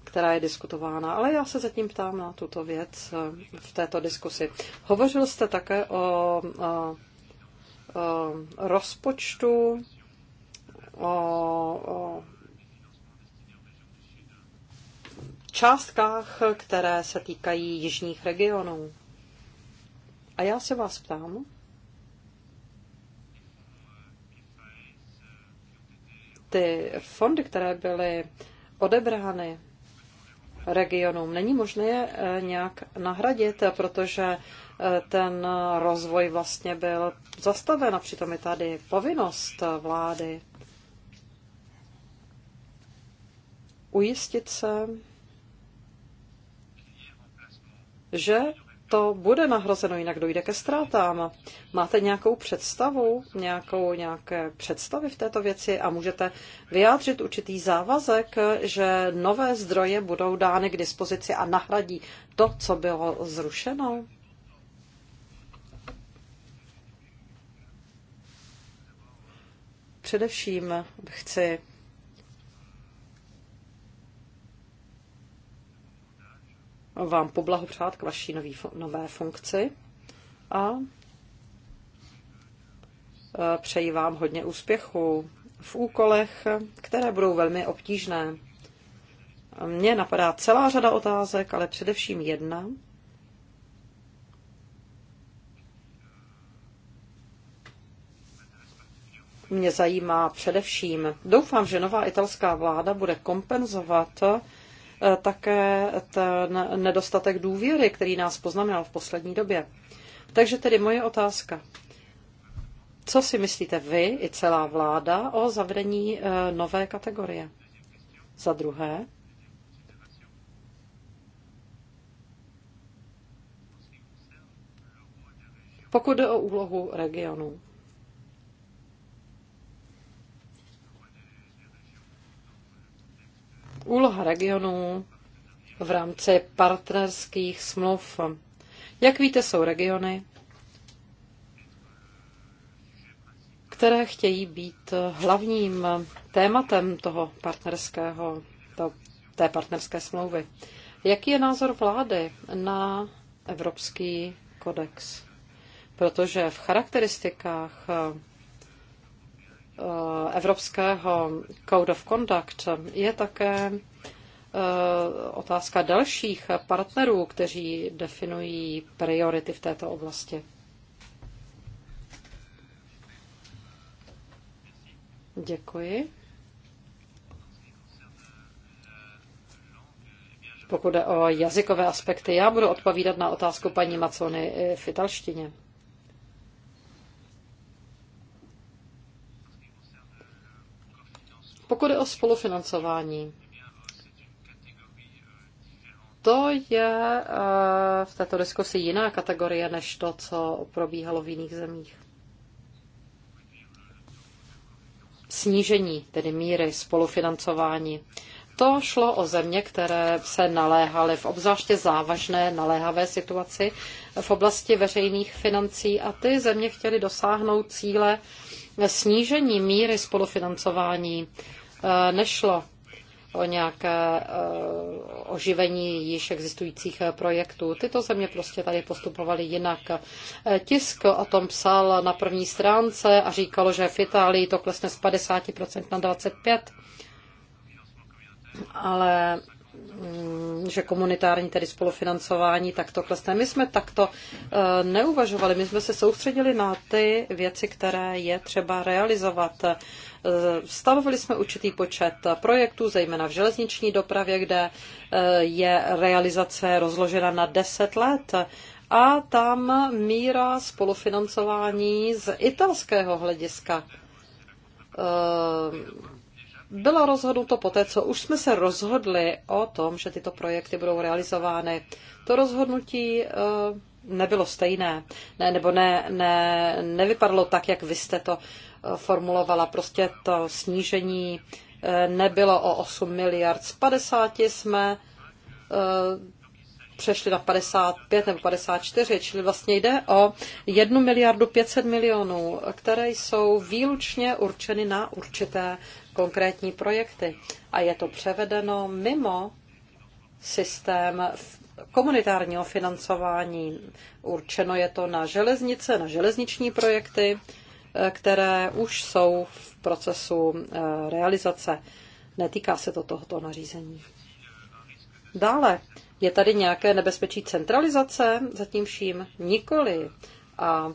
která je diskutována, ale já se zatím ptám na tuto věc eh, v této diskusi. Hovořil jste také o, o, o rozpočtu, o, o částkách, které se týkají jižních regionů. A já se vás ptám, ty fondy, které byly odebrány regionům. Není možné je eh, nějak nahradit, protože eh, ten rozvoj vlastně byl zastaven a přitom je tady povinnost eh, vlády ujistit se, že to bude nahrazeno, jinak dojde ke ztrátám. Máte nějakou představu, nějakou, nějaké představy v této věci a můžete vyjádřit určitý závazek, že nové zdroje budou dány k dispozici a nahradí to, co bylo zrušeno? Především chci vám poblahopřát k vaší nový, nové funkci a e, přeji vám hodně úspěchu v úkolech, které budou velmi obtížné. Mně napadá celá řada otázek, ale především jedna. Mě zajímá především, doufám, že nová italská vláda bude kompenzovat Eh, také ten nedostatek důvěry, který nás poznamenal v poslední době. Takže tedy moje otázka. Co si myslíte vy i celá vláda o zavedení eh, nové kategorie? Za druhé, pokud jde o úlohu regionů. Úloha regionů v rámci partnerských smluv. Jak víte, jsou regiony, které chtějí být hlavním tématem toho partnerského, to, té partnerské smlouvy. Jaký je názor vlády na Evropský kodex? Protože v charakteristikách Eh, evropského Code of Conduct je také eh, otázka dalších partnerů, kteří definují priority v této oblasti. Děkuji. Pokud jde o jazykové aspekty, já budu odpovídat na otázku paní Macony v italštině. Pokud je o spolufinancování, to je eh, v této diskusi jiná kategorie než to, co probíhalo v jiných zemích. Snížení tedy míry spolufinancování. To šlo o země, které se naléhaly v obzvláště závažné naléhavé situaci v oblasti veřejných financí a ty země chtěly dosáhnout cíle snížení míry spolufinancování. Eh, nešlo o nějaké eh, oživení již existujících eh, projektů. Tyto země prostě tady postupovaly jinak. Tisk o tom psal na první stránce a říkalo, že v Itálii to klesne z 50% na 25%. Ale Mm, že komunitární tedy spolufinancování takto klesne. My jsme takto eh, neuvažovali, my jsme se soustředili na ty věci, které je třeba realizovat. Eh, stavovali jsme určitý počet projektů, zejména v železniční dopravě, kde eh, je realizace rozložena na 10 let a tam míra spolufinancování z italského hlediska bylo rozhodnuto poté, co už jsme se rozhodli o tom, že tyto projekty budou realizovány. To rozhodnutí eh, nebylo stejné, ne, nebo ne, ne, nevypadlo tak, jak vy jste to eh, formulovala. Prostě to snížení eh, nebylo o 8 miliard. Z 50 jsme přešli na 55 nebo 54, čili vlastně jde o 1 miliardu 500 milionů, které jsou výlučně určeny na určité konkrétní projekty a je to převedeno mimo systém komunitárního financování. Určeno je to na železnice, na železniční projekty, eh, které už jsou v procesu eh, realizace. Netýká se to tohoto nařízení. Dále, je tady nějaké nebezpečí centralizace? Zatím vším nikoli. A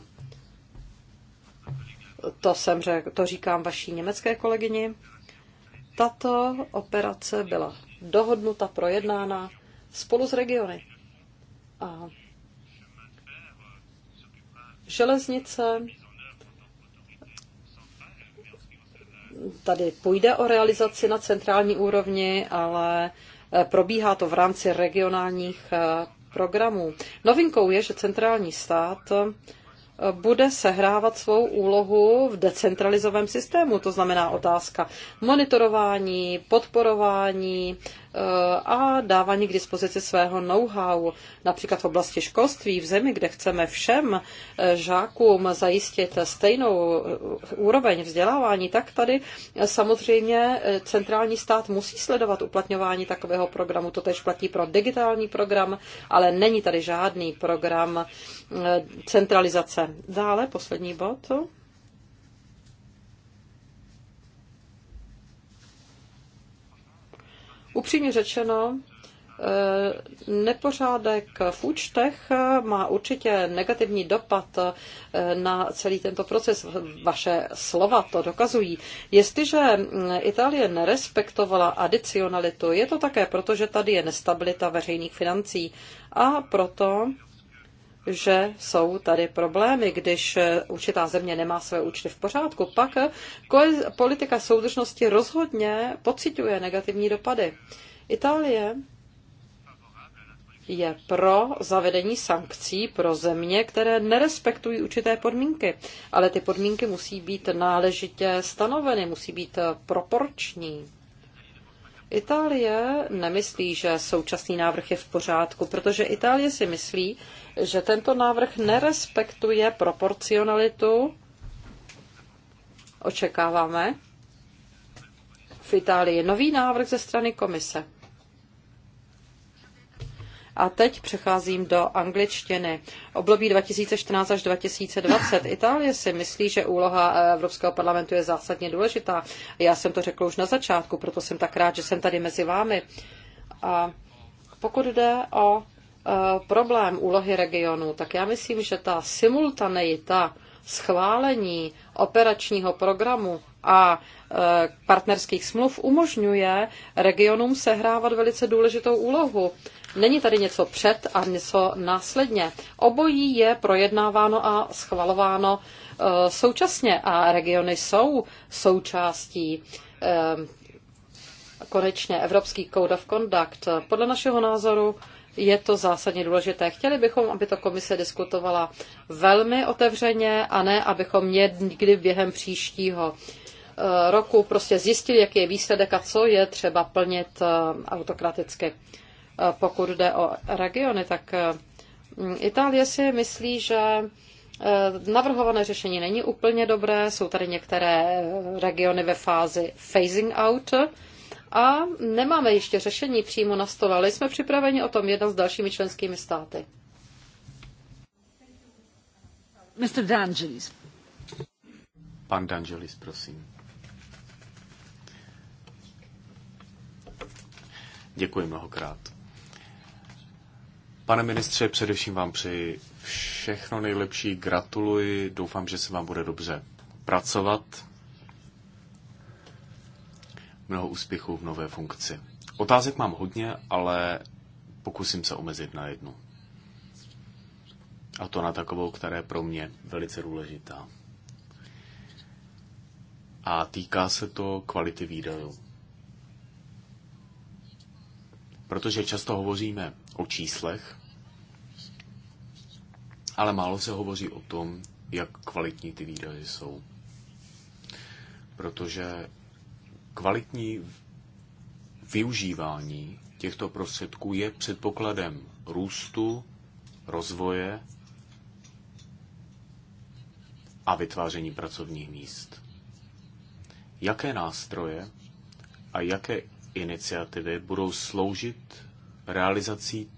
to, jsem řek, to říkám vaší německé kolegyni. Tato operace byla dohodnuta, projednána spolu s regiony. A železnice tady půjde o realizaci na centrální úrovni, ale eh, probíhá to v rámci regionálních eh, programů. Novinkou je, že centrální stát bude sehrávat svou úlohu v decentralizovaném systému. To znamená otázka monitorování, podporování, Eh, a dávání k dispozici svého know-how, například v oblasti školství v zemi, kde chceme všem eh, žákům zajistit stejnou eh, úroveň vzdělávání, tak tady samozřejmě centrální stát musí sledovat uplatňování takového programu. To tež platí pro digitální program, ale není tady žádný program centralizace. Dále poslední bod. Upřímně řečeno, eh, nepořádek v účtech má určitě negativní dopad eh, na celý tento proces. Vaše slova to dokazují. Jestliže mm, Itálie nerespektovala adicionalitu, je to také proto, že tady je nestabilita veřejných financí a proto že jsou tady problémy, když eh, určitá země nemá své účty v pořádku, pak eh, politika soudržnosti rozhodně pociťuje negativní dopady. Itálie je pro zavedení sankcí pro země, které nerespektují určité podmínky. Ale ty podmínky musí být náležitě stanoveny, musí být eh, proporční. Itálie nemyslí, že současný návrh je v pořádku, protože Itálie si myslí, že tento návrh nerespektuje proporcionalitu. Očekáváme v Itálii nový návrh ze strany komise. A teď přecházím do angličtiny. Období 2014 až 2020. Itálie si myslí, že úloha eh, Evropského parlamentu je zásadně důležitá. Já jsem to řekl už na začátku, proto jsem tak rád, že jsem tady mezi vámi. A pokud jde o eh, problém úlohy regionu, tak já myslím, že ta simultaneita schválení operačního programu a eh, partnerských smluv umožňuje regionům sehrávat velice důležitou úlohu. Není tady něco před a něco následně. Obojí je projednáváno a schvalováno eh, současně a regiony jsou součástí eh, konečně Evropský Code of Conduct. Podle našeho názoru je to zásadně důležité. Chtěli bychom, aby to komise diskutovala velmi otevřeně a ne, abychom někdy během příštího eh, roku prostě zjistili, jaký je výsledek a co je třeba plnit autokraticky. Eh, pokud jde o regiony, tak eh, mm, Itálie si myslí, že eh, Navrhované řešení není úplně dobré, jsou tady některé regiony ve fázi phasing out a nemáme ještě řešení přímo na stole, ale jsme připraveni o tom jednat s dalšími členskými státy. Mr. D'Angelis. Pan D'Angelis, prosím. Děkuji mnohokrát. Pane ministře, především vám přeji všechno nejlepší, gratuluji, doufám, že se vám bude dobře pracovat. Mnoho úspěchů v nové funkci. Otázek mám hodně, ale pokusím se omezit na jednu. A to na takovou, která je pro mě velice důležitá. A týká se to kvality výdajů. Protože často hovoříme o číslech, ale málo se hovoří o tom, jak kvalitní ty výdaje jsou. Protože kvalitní využívání těchto prostředků je předpokladem růstu, rozvoje a vytváření pracovních míst. Jaké nástroje a jaké iniciativy budou sloužit realizací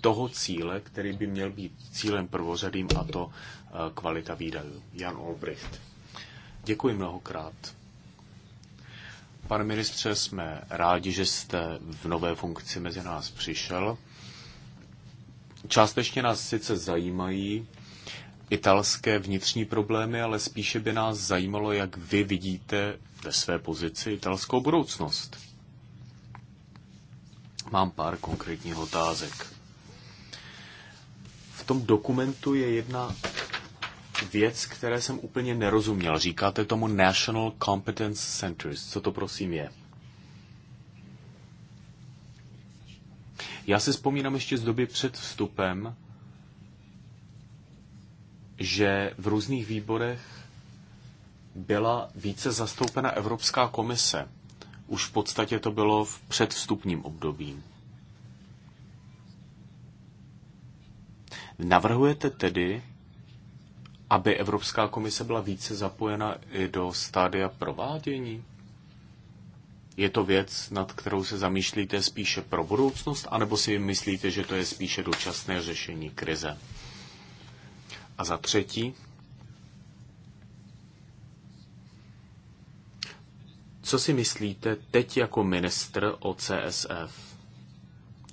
toho cíle, který by měl být cílem prvořadým, a to eh, kvalita výdajů. Jan Olbricht. Děkuji mnohokrát. Pane ministře, jsme rádi, že jste v nové funkci mezi nás přišel. Částečně nás sice zajímají italské vnitřní problémy, ale spíše by nás zajímalo, jak vy vidíte ve své pozici italskou budoucnost. Mám pár konkrétních otázek. V tom dokumentu je jedna věc, které jsem úplně nerozuměl. Říkáte tomu National Competence Centers. Co to prosím je? Já si vzpomínám ještě z doby před vstupem, že v různých výborech byla více zastoupena Evropská komise. Už v podstatě to bylo v předvstupním období. Navrhujete tedy, aby Evropská komise byla více zapojena i do stádia provádění? Je to věc, nad kterou se zamýšlíte spíše pro budoucnost, anebo si myslíte, že to je spíše dočasné řešení krize? A za třetí, Co si myslíte teď jako ministr o CSF?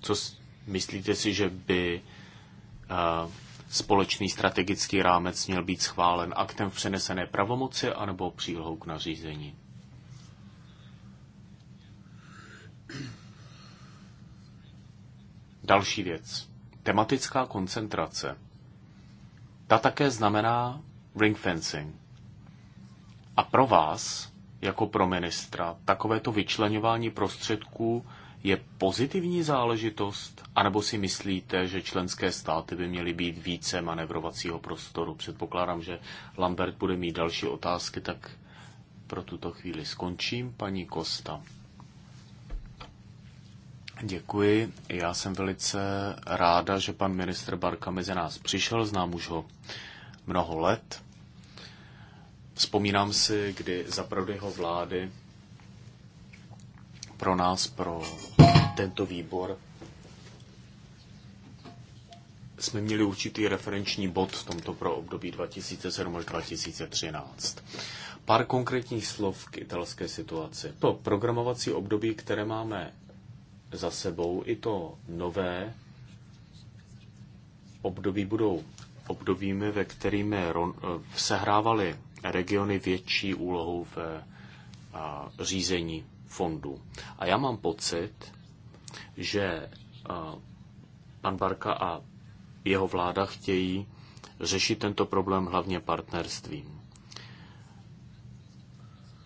Co myslíte si, že by eh, společný strategický rámec měl být schválen aktem v přenesené pravomoci anebo přílohou k nařízení? Další věc. Tematická koncentrace. Ta také znamená ring fencing. A pro vás jako pro ministra takovéto vyčlenování prostředků je pozitivní záležitost, anebo si myslíte, že členské státy by měly být více manevrovacího prostoru? Předpokládám, že Lambert bude mít další otázky, tak pro tuto chvíli skončím. Paní Kosta. Děkuji. Já jsem velice ráda, že pan ministr Barka mezi nás přišel. Znám už ho mnoho let. Vzpomínám si, kdy za jeho vlády pro nás, pro tento výbor, jsme měli určitý referenční bod v tomto pro období 2007 až 2013. Pár konkrétních slov k italské situaci. To programovací období, které máme za sebou, i to nové období budou obdobími, ve kterými eh, sehrávaly regiony větší úlohu v řízení fondů. A já mám pocit, že pan Barka a jeho vláda chtějí řešit tento problém hlavně partnerstvím.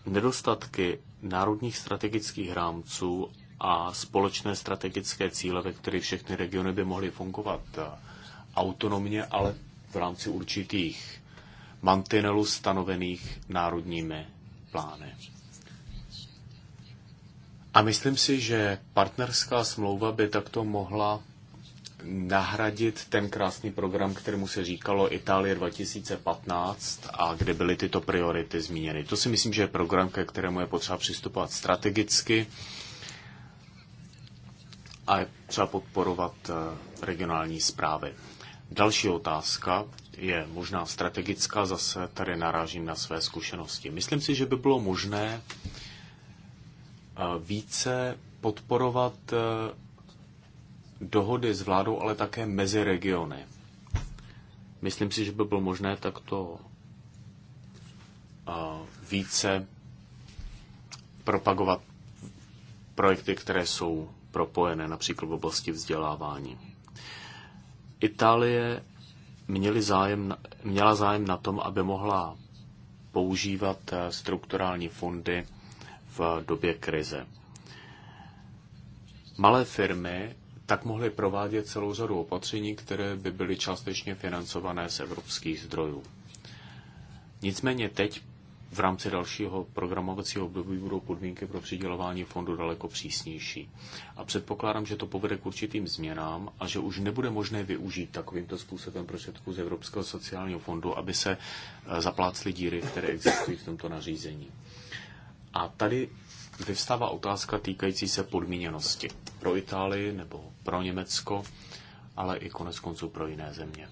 Nedostatky národních strategických rámců a společné strategické cíle, ve kterých všechny regiony by mohly fungovat autonomně, ale v rámci určitých mantinelu stanovených národními plány. A myslím si, že partnerská smlouva by takto mohla nahradit ten krásný program, kterému se říkalo Itálie 2015 a kde byly tyto priority zmíněny. To si myslím, že je program, ke kterému je potřeba přistupovat strategicky a je třeba podporovat eh, regionální zprávy. Další otázka je možná strategická, zase tady narážím na své zkušenosti. Myslím si, že by bylo možné eh, více podporovat eh, dohody s vládou, ale také mezi regiony. Myslím si, že by bylo možné takto eh, více propagovat projekty, které jsou propojené například v oblasti vzdělávání. Itálie měli zájem, měla zájem na tom, aby mohla používat eh, strukturální fondy v době krize. Malé firmy tak mohly provádět celou řadu opatření, které by byly částečně financované z evropských zdrojů. Nicméně teď v rámci dalšího programovacího období budou podmínky pro přidělování fondu daleko přísnější. A předpokládám, že to povede k určitým změnám a že už nebude možné využít takovýmto způsobem prostředků z Evropského sociálního fondu, aby se eh, zaplácly díry, které existují v tomto nařízení. A tady vyvstává otázka týkající se podmíněnosti pro Itálii nebo pro Německo, ale i konec konců pro jiné země.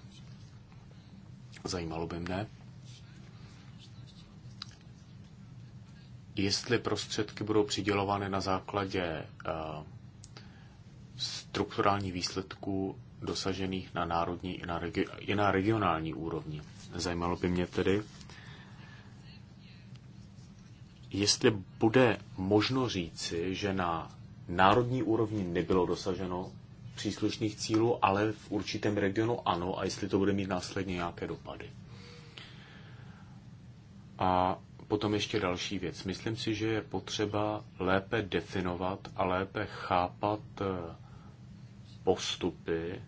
Zajímalo by mne, jestli prostředky budou přidělovány na základě eh, strukturálních výsledků dosažených na národní i na, regi- i na regionální úrovni. Zajímalo by mě tedy, jestli bude možno říci, že na národní úrovni nebylo dosaženo příslušných cílů, ale v určitém regionu ano, a jestli to bude mít následně nějaké dopady. A Potom ještě další věc. Myslím si, že je potřeba lépe definovat a lépe chápat eh, postupy,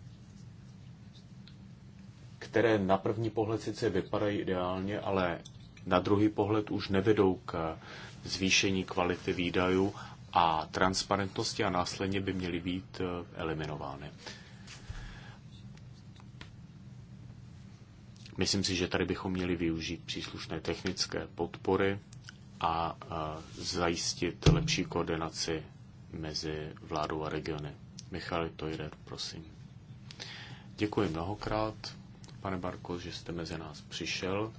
které na první pohled sice vypadají ideálně, ale na druhý pohled už nevedou k zvýšení kvality výdajů a transparentnosti a následně by měly být eh, eliminovány. Myslím si, že tady bychom měli využít příslušné technické podpory a zajistit lepší koordinaci mezi vládou a regiony. Michal Tojder, prosím. Děkuji mnohokrát, pane Barko, že jste mezi nás přišel.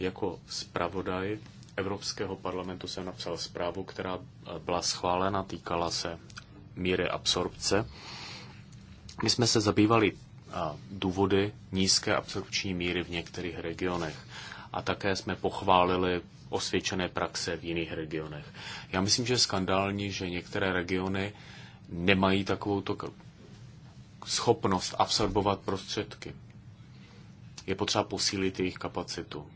Jako zpravodaj Evropského parlamentu jsem napsal zprávu, která byla schválena, týkala se míry absorpce. My jsme se zabývali důvody nízké absorpční míry v některých regionech. A také jsme pochválili osvědčené praxe v jiných regionech. Já myslím, že je skandální, že některé regiony nemají takovou schopnost absorbovat prostředky. Je potřeba posílit jejich kapacitu.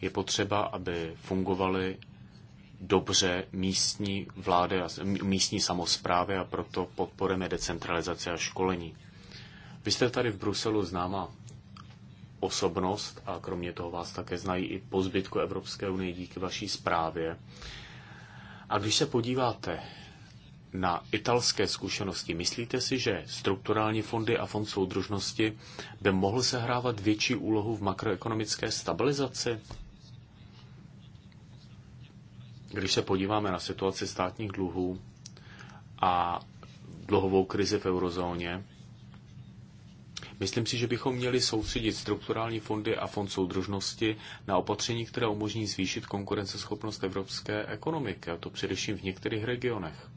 Je potřeba, aby fungovaly dobře místní vlády a místní samozprávy a proto podporujeme decentralizaci a školení. Vy jste tady v Bruselu známa osobnost a kromě toho vás také znají i po zbytku Evropské unie díky vaší zprávě. A když se podíváte na italské zkušenosti, myslíte si, že strukturální fondy a fond soudržnosti by mohl sehrávat větší úlohu v makroekonomické stabilizaci? Když se podíváme na situaci státních dluhů a dluhovou krizi v eurozóně, Myslím si, že bychom měli soustředit strukturální fondy a fond soudržnosti na opatření, které umožní zvýšit konkurenceschopnost evropské ekonomiky, a to především v některých regionech.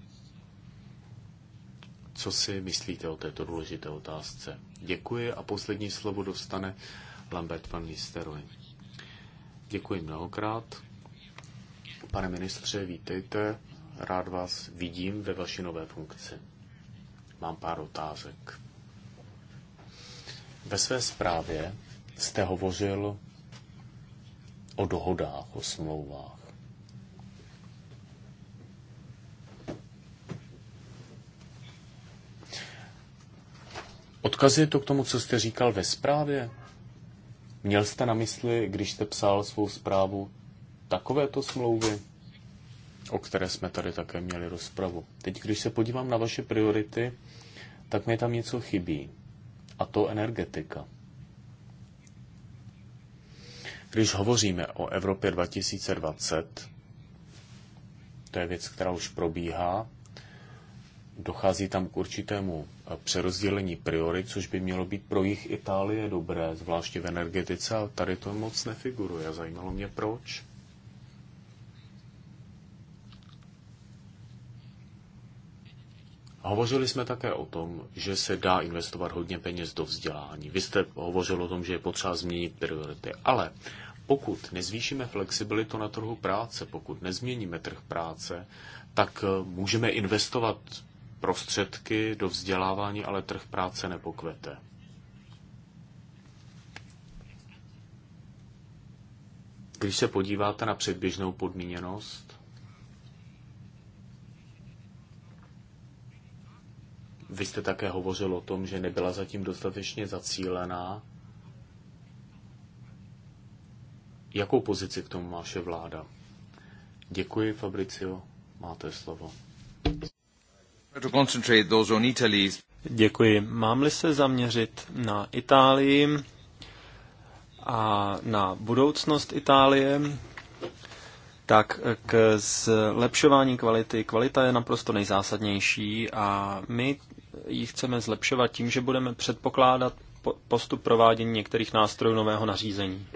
Co si myslíte o této důležité otázce? Děkuji a poslední slovo dostane Lambert van Nistelrooy. Děkuji mnohokrát. Pane ministře, vítejte. Rád vás vidím ve vaší nové funkci. Mám pár otázek. Ve své zprávě jste hovořil o dohodách, o smlouvách. Odkazuje to k tomu, co jste říkal ve zprávě? Měl jste na mysli, když jste psal svou zprávu, takovéto smlouvy, o které jsme tady také měli rozpravu? Teď, když se podívám na vaše priority, tak mi tam něco chybí a to energetika. Když hovoříme o Evropě 2020, to je věc, která už probíhá, dochází tam k určitému eh, přerozdělení priorit, což by mělo být pro jich Itálie dobré, zvláště v energetice, ale tady to moc nefiguruje. Zajímalo mě proč. Hovořili jsme také o tom, že se dá investovat hodně peněz do vzdělání. Vy jste hovořil o tom, že je potřeba změnit priority, ale pokud nezvýšíme flexibilitu na trhu práce, pokud nezměníme trh práce, tak eh, můžeme investovat prostředky do vzdělávání, ale trh práce nepokvete. Když se podíváte na předběžnou podmíněnost, Vy jste také hovořil o tom, že nebyla zatím dostatečně zacílená. Jakou pozici k tomu má vaše vláda? Děkuji, Fabricio. Máte slovo. Děkuji. Mám-li se zaměřit na Itálii a na budoucnost Itálie, tak k zlepšování kvality. Kvalita je naprosto nejzásadnější a my ji chceme zlepšovat tím, že budeme předpokládat postup provádění některých nástrojů nového nařízení.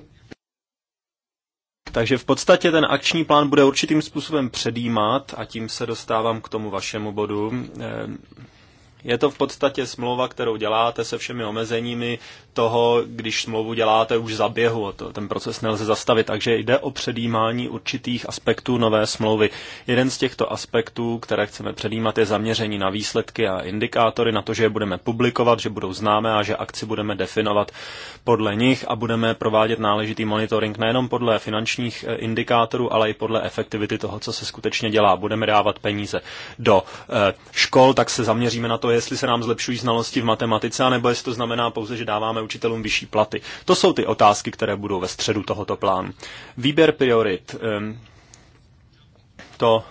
Takže v podstatě ten akční plán bude určitým způsobem předjímat, a tím se dostávám k tomu vašemu bodu, je to v podstatě smlouva, kterou děláte se všemi omezeními toho, když smlouvu děláte už za běhu. To, ten proces nelze zastavit, takže jde o předjímání určitých aspektů nové smlouvy. Jeden z těchto aspektů, které chceme předjímat, je zaměření na výsledky a indikátory, na to, že je budeme publikovat, že budou známé a že akci budeme definovat podle nich a budeme provádět náležitý monitoring nejenom podle finančních eh, indikátorů, ale i podle efektivity toho, co se skutečně dělá. Budeme dávat peníze do eh, škol, tak se zaměříme na to, jestli se nám zlepšují znalosti v matematice, anebo jestli to znamená pouze, že dáváme učitelům vyšší platy. To jsou ty otázky, které budou ve středu tohoto plánu. Výběr priorit. Ehm, to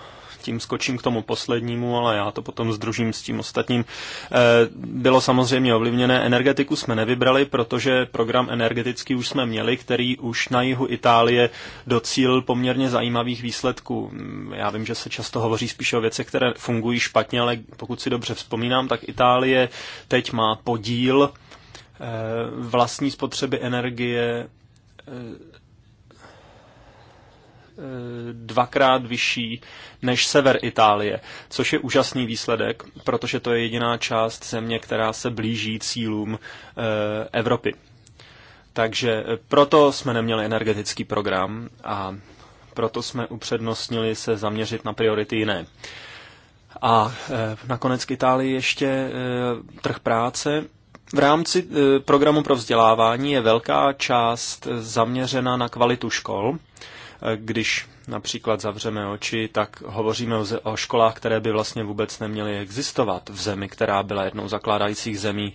tím skočím k tomu poslednímu, ale já to potom združím s tím ostatním. Eh, bylo samozřejmě ovlivněné, energetiku jsme nevybrali, protože program energetický už jsme měli, který už na jihu Itálie docílil poměrně zajímavých výsledků. Mm, já vím, že se často hovoří spíše o věcech, které fungují špatně, ale pokud si dobře vzpomínám, tak Itálie teď má podíl eh, vlastní spotřeby energie eh, Eh, dvakrát vyšší než sever Itálie, což je úžasný výsledek, protože to je jediná část země, která se blíží cílům eh, Evropy. Takže eh, proto jsme neměli energetický program a proto jsme upřednostnili se zaměřit na priority jiné. A nakonec k Itálii ještě trh práce. V rámci programu pro vzdělávání je velká část zaměřena na kvalitu škol když například zavřeme oči, tak hovoříme o školách, které by vlastně vůbec neměly existovat v zemi, která byla jednou zakládajících zemí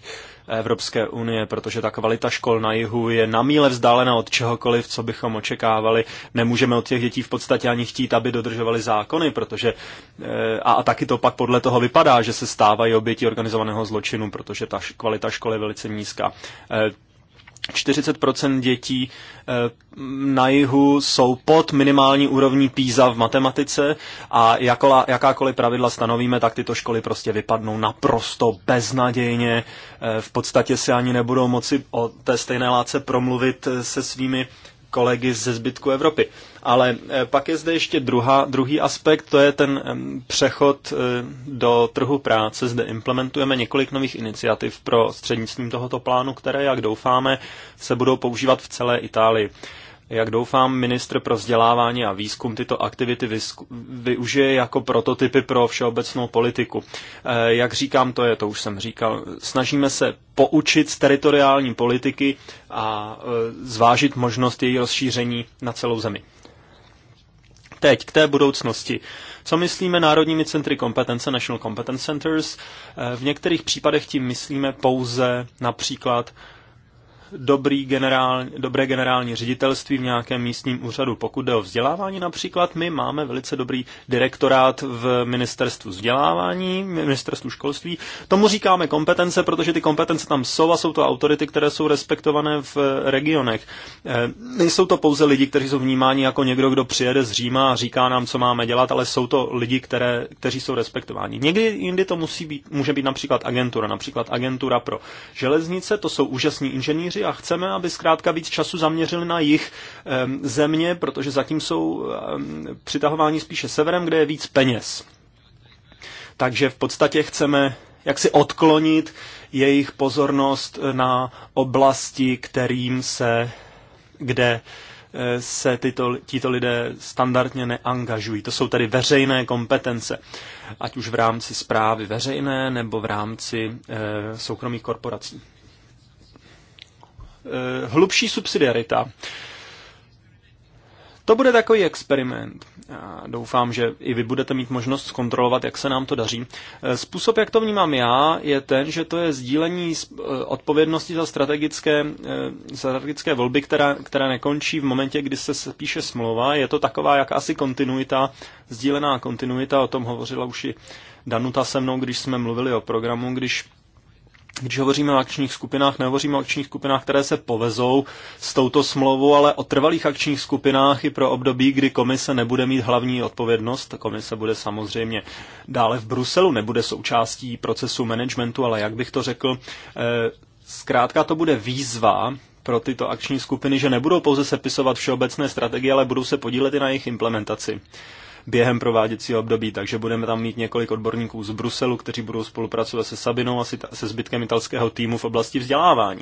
Evropské unie, protože ta kvalita škol na jihu je na míle vzdálena od čehokoliv, co bychom očekávali. Nemůžeme od těch dětí v podstatě ani chtít, aby dodržovali zákony, protože eh, a, a taky to pak podle toho vypadá, že se stávají oběti organizovaného zločinu, protože ta kvalita školy je velice nízká. Eh, 40% dětí eh, na jihu jsou pod minimální úrovní PISA v matematice a jakola, jakákoliv pravidla stanovíme, tak tyto školy prostě vypadnou naprosto beznadějně. Eh, v podstatě si ani nebudou moci o té stejné látce promluvit eh, se svými kolegy ze zbytku Evropy. Ale eh, pak je zde ještě druhá, druhý aspekt, to je ten přechod eh, do trhu práce. Zde implementujeme několik nových iniciativ pro střednictvím tohoto plánu, které, jak doufáme, se budou používat v celé Itálii. Jak doufám, ministr pro vzdělávání a výzkum tyto aktivity vysku, využije jako prototypy pro všeobecnou politiku. Eh, jak říkám, to je, to už jsem říkal, snažíme se poučit z teritoriální politiky a eh, zvážit možnost její rozšíření na celou zemi. Teď k té budoucnosti. Co myslíme národními centry kompetence, National Competence Centers? Eh, v některých případech tím myslíme pouze například dobrý generál, dobré generální ředitelství v nějakém místním úřadu. Pokud jde o vzdělávání například, my máme velice dobrý direktorát v ministerstvu vzdělávání, ministerstvu školství. Tomu říkáme kompetence, protože ty kompetence tam jsou a jsou to autority, které jsou respektované v regionech. Eh, nejsou to pouze lidi, kteří jsou vnímáni jako někdo, kdo přijede z Říma a říká nám, co máme dělat, ale jsou to lidi, které, kteří jsou respektováni. Někdy jindy to musí být, může být například agentura, například agentura pro železnice, to jsou úžasní inženýři, partneři a chceme, aby zkrátka víc času zaměřili na jich země, protože zatím jsou přitahováni spíše severem, kde je víc peněz. Takže v podstatě chceme jak si odklonit jejich pozornost na oblasti, kterým se, kde e, se tyto, tito lidé standardně neangažují. To jsou tedy veřejné kompetence, ať už v rámci zprávy veřejné nebo v rámci e, soukromých korporací. Eh, hlubší subsidiarita. To bude takový experiment. Já doufám, že i vy budete mít možnost zkontrolovat, jak se nám to daří. Eh, způsob, jak to vnímám já, je ten, že to je sdílení eh, odpovědnosti za strategické, strategické volby, která, která nekončí v momentě, kdy se píše smlouva. Je to taková jak asi kontinuita, sdílená kontinuita, o tom hovořila už i Danuta se mnou, když jsme mluvili o programu, když když hovoříme o akčních skupinách, nehovoříme o akčních skupinách, které se povezou s touto smlouvou, ale o trvalých akčních skupinách i pro období, kdy komise nebude mít hlavní odpovědnost. Komise bude samozřejmě dále v Bruselu, nebude součástí procesu managementu, ale jak bych to řekl, eh, zkrátka to bude výzva pro tyto akční skupiny, že nebudou pouze sepisovat všeobecné strategie, ale budou se podílet i na jejich implementaci během období, takže budeme tam mít několik odborníků z Bruselu, kteří budou spolupracovat se Sabinou a se zbytkem italského týmu v oblasti vzdělávání.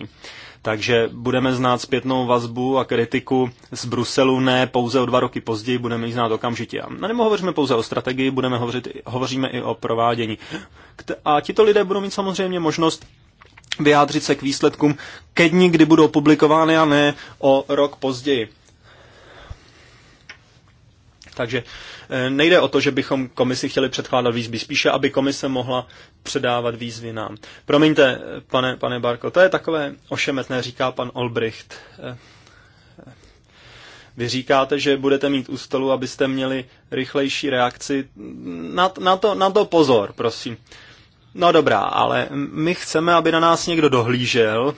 Takže budeme znát zpětnou vazbu a kritiku z Bruselu ne pouze o dva roky později, budeme ji znát okamžitě. A no, nebo hovoříme pouze o strategii, budeme hovořit, hovoříme i o provádění. A tito lidé budou mít samozřejmě možnost vyjádřit se k výsledkům ke dní, kdy budou publikovány a ne o rok později. Takže eh, nejde o to, že bychom komisi chtěli předkládat výzvy, spíše, aby komise mohla předávat výzvy nám. Promiňte, pane, pane Barko, to je takové ošemetné, říká pan Olbricht. Eh, eh, vy říkáte, že budete mít u stolu, abyste měli rychlejší reakci. Na, na, to, na to pozor, prosím. No dobrá, ale my chceme, aby na nás někdo dohlížel,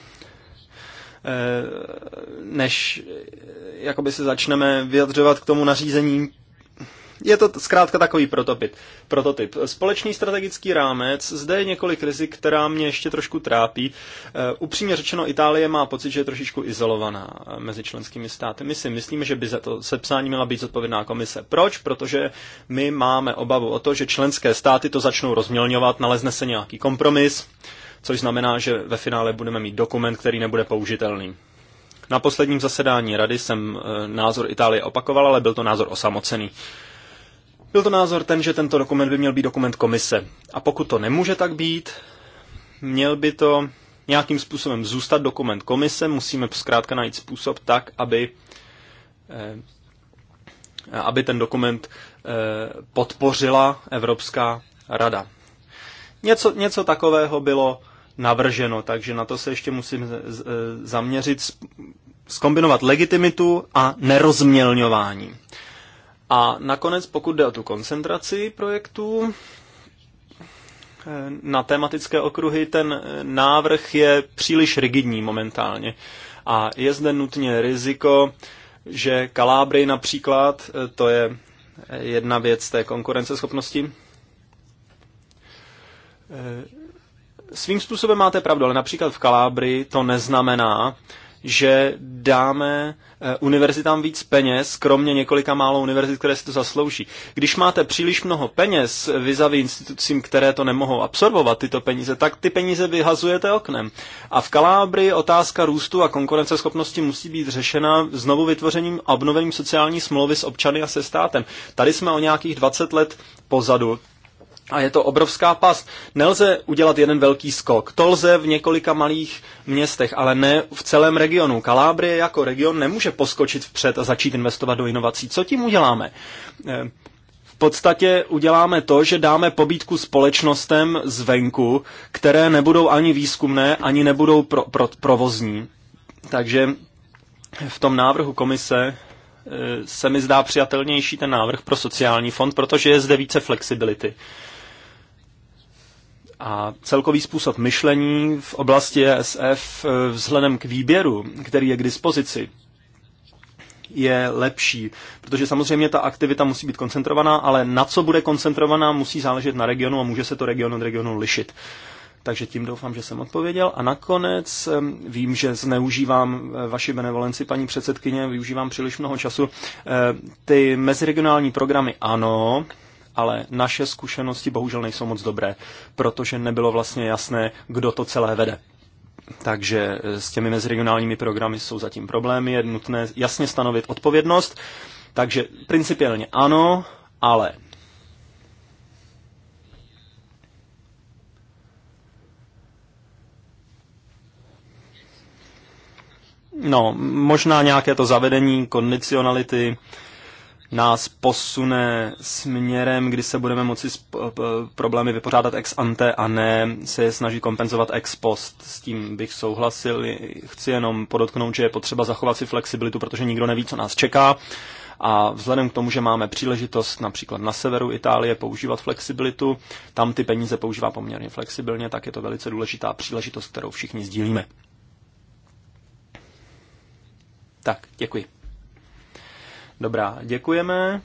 než jakoby se začneme vyjadřovat k tomu nařízení je to zkrátka takový prototyp. prototyp. Společný strategický rámec, zde je několik rizik, která mě ještě trošku trápí. Eh, upřímně řečeno, Itálie má pocit, že je trošičku izolovaná eh, mezi členskými státy. My si myslíme, že by za to sepsání měla být zodpovědná komise. Proč? Protože my máme obavu o to, že členské státy to začnou rozmělňovat, nalezne se nějaký kompromis, což znamená, že ve finále budeme mít dokument, který nebude použitelný. Na posledním zasedání rady jsem eh, názor Itálie opakoval, ale byl to názor osamocený. Byl to názor ten, že tento dokument by měl být dokument komise. A pokud to nemůže tak být, měl by to nějakým způsobem zůstat dokument komise, musíme zkrátka najít způsob tak, aby, eh, aby ten dokument eh, podpořila Evropská rada. Něco, něco takového bylo navrženo, takže na to se ještě musím zaměřit, skombinovat legitimitu a nerozmělňování. A nakonec, pokud jde o tu koncentraci projektů, eh, na tematické okruhy ten eh, návrh je příliš rigidní momentálně. A je zde nutně riziko, že Kalábry například, eh, to je jedna věc té konkurenceschopnosti, svým způsobem máte pravdu, ale například v Kalábry to neznamená, že dáme eh, univerzitám víc peněz, kromě několika málo univerzit, které si to zaslouží. Když máte příliš mnoho peněz vyzaví institucím, které to nemohou absorbovat, tyto peníze, tak ty peníze vyhazujete oknem. A v Kalábrii otázka růstu a konkurenceschopnosti musí být řešena znovu vytvořením a obnovením sociální smlouvy s občany a se státem. Tady jsme o nějakých 20 let pozadu a je to obrovská past. Nelze udělat jeden velký skok. To lze v několika malých městech, ale ne v celém regionu. Kalábrie jako region nemůže poskočit vpřed a začít investovat do inovací. Co tím uděláme? Eh, v podstatě uděláme to, že dáme pobídku společnostem zvenku, které nebudou ani výzkumné, ani nebudou pro, pro, provozní. Takže v tom návrhu komise eh, se mi zdá přijatelnější ten návrh pro sociální fond, protože je zde více flexibility. A celkový způsob myšlení v oblasti ESF e, vzhledem k výběru, který je k dispozici, je lepší, protože samozřejmě ta aktivita musí být koncentrovaná, ale na co bude koncentrovaná, musí záležet na regionu a může se to region od regionu lišit. Takže tím doufám, že jsem odpověděl. A nakonec e, vím, že zneužívám e, vaši benevolenci, paní předsedkyně, využívám příliš mnoho času. Ty meziregionální programy ano, ale naše zkušenosti bohužel nejsou moc dobré, protože nebylo vlastně jasné, kdo to celé vede. Takže eh, s těmi mezregionálními programy jsou zatím problémy, je nutné jasně stanovit odpovědnost. Takže principiálně ano, ale No, možná nějaké to zavedení kondicionality nás posune směrem, kdy se budeme moci problémy vypořádat ex ante a ne se je snaží kompenzovat ex post. S tím bych souhlasil. Chci jenom podotknout, že je potřeba zachovat si flexibilitu, protože nikdo neví, co nás čeká. A vzhledem k tomu, že máme příležitost například na severu Itálie používat flexibilitu, tam ty peníze používá poměrně flexibilně, tak je to velice důležitá příležitost, kterou všichni sdílíme. Tak, děkuji. Dobrá, děkujeme.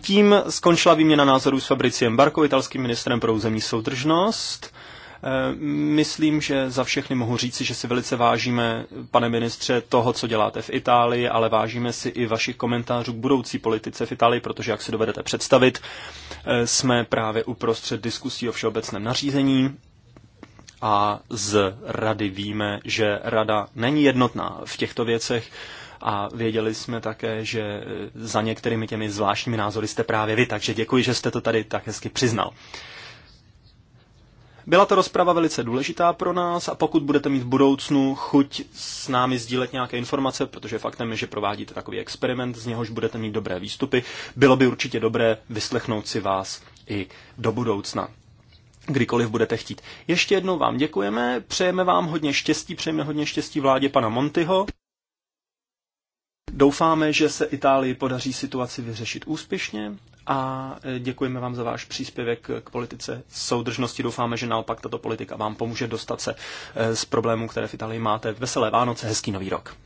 Tím skončila výměna názorů s Fabriciem Barkou, italským ministrem pro územní soudržnost. Eh, myslím, že za všechny mohu říci, že si velice vážíme, pane ministře, toho, co děláte v Itálii, ale vážíme si i vašich komentářů k budoucí politice v Itálii, protože, jak si dovedete představit, eh, jsme právě uprostřed diskusí o všeobecném nařízení a z rady víme, že rada není jednotná v těchto věcech a věděli jsme také, že e, za některými těmi zvláštními názory jste právě vy, takže děkuji, že jste to tady tak hezky přiznal. Byla to rozprava velice důležitá pro nás a pokud budete mít v budoucnu chuť s námi sdílet nějaké informace, protože faktem je, že provádíte takový experiment, z něhož budete mít dobré výstupy, bylo by určitě dobré vyslechnout si vás i do budoucna kdykoliv budete chtít. Ještě jednou vám děkujeme, přejeme vám hodně štěstí, přejeme hodně štěstí vládě pana Montyho. Doufáme, že se Itálii podaří situaci vyřešit úspěšně a e, děkujeme vám za váš příspěvek k politice soudržnosti. Doufáme, že naopak tato politika vám pomůže dostat se e, z problémů, které v Itálii máte. Veselé Vánoce, hezký nový rok.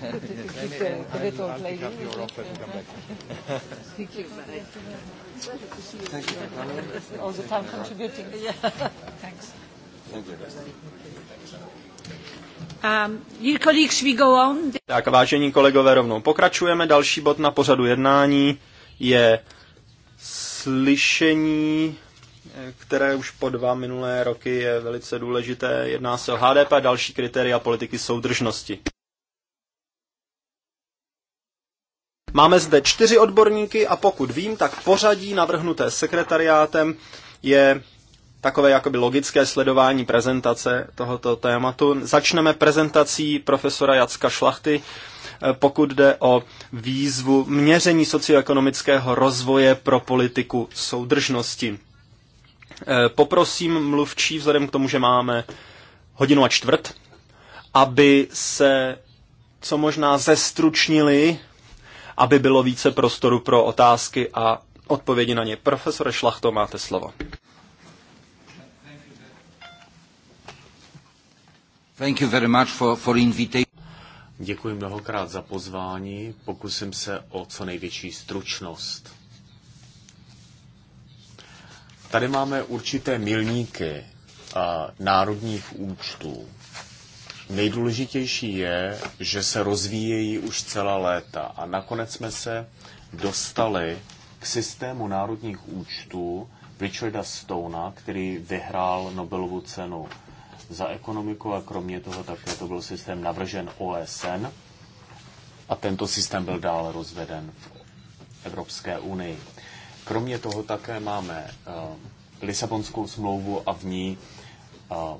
little I'll lady. I'll pick up your offer and come back. Thank you. Thank you for coming. All the time contributing. Yeah. Thanks. Thank you. Um, you colleagues, we go on. Tak vážení kolegové, rovnou pokračujeme. Další bod na pořadu jednání je slyšení které už po dva minulé roky je velice důležité. Jedná se o HDP a další kritéria politiky soudržnosti. Máme zde čtyři odborníky a pokud vím, tak pořadí navrhnuté sekretariátem je takové jakoby logické sledování prezentace tohoto tématu. Začneme prezentací profesora Jacka Šlachty, e, pokud jde o výzvu měření socioekonomického rozvoje pro politiku soudržnosti. E, poprosím mluvčí, vzhledem k tomu, že máme hodinu a čtvrt, aby se co možná zestručnili aby bylo více prostoru pro otázky a odpovědi na ně. Profesore Šlachto, máte slovo. Thank you very much for, for Děkuji mnohokrát za pozvání. Pokusím se o co největší stručnost. Tady máme určité milníky národních účtů. Nejdůležitější je, že se rozvíjejí už celá léta a nakonec jsme se dostali k systému národních účtů Richarda Stona, který vyhrál Nobelovu cenu za ekonomiku a kromě toho také to byl systém navržen OSN a tento systém byl dále rozveden v Evropské unii. Kromě toho také máme uh, Lisabonskou smlouvu a v ní uh,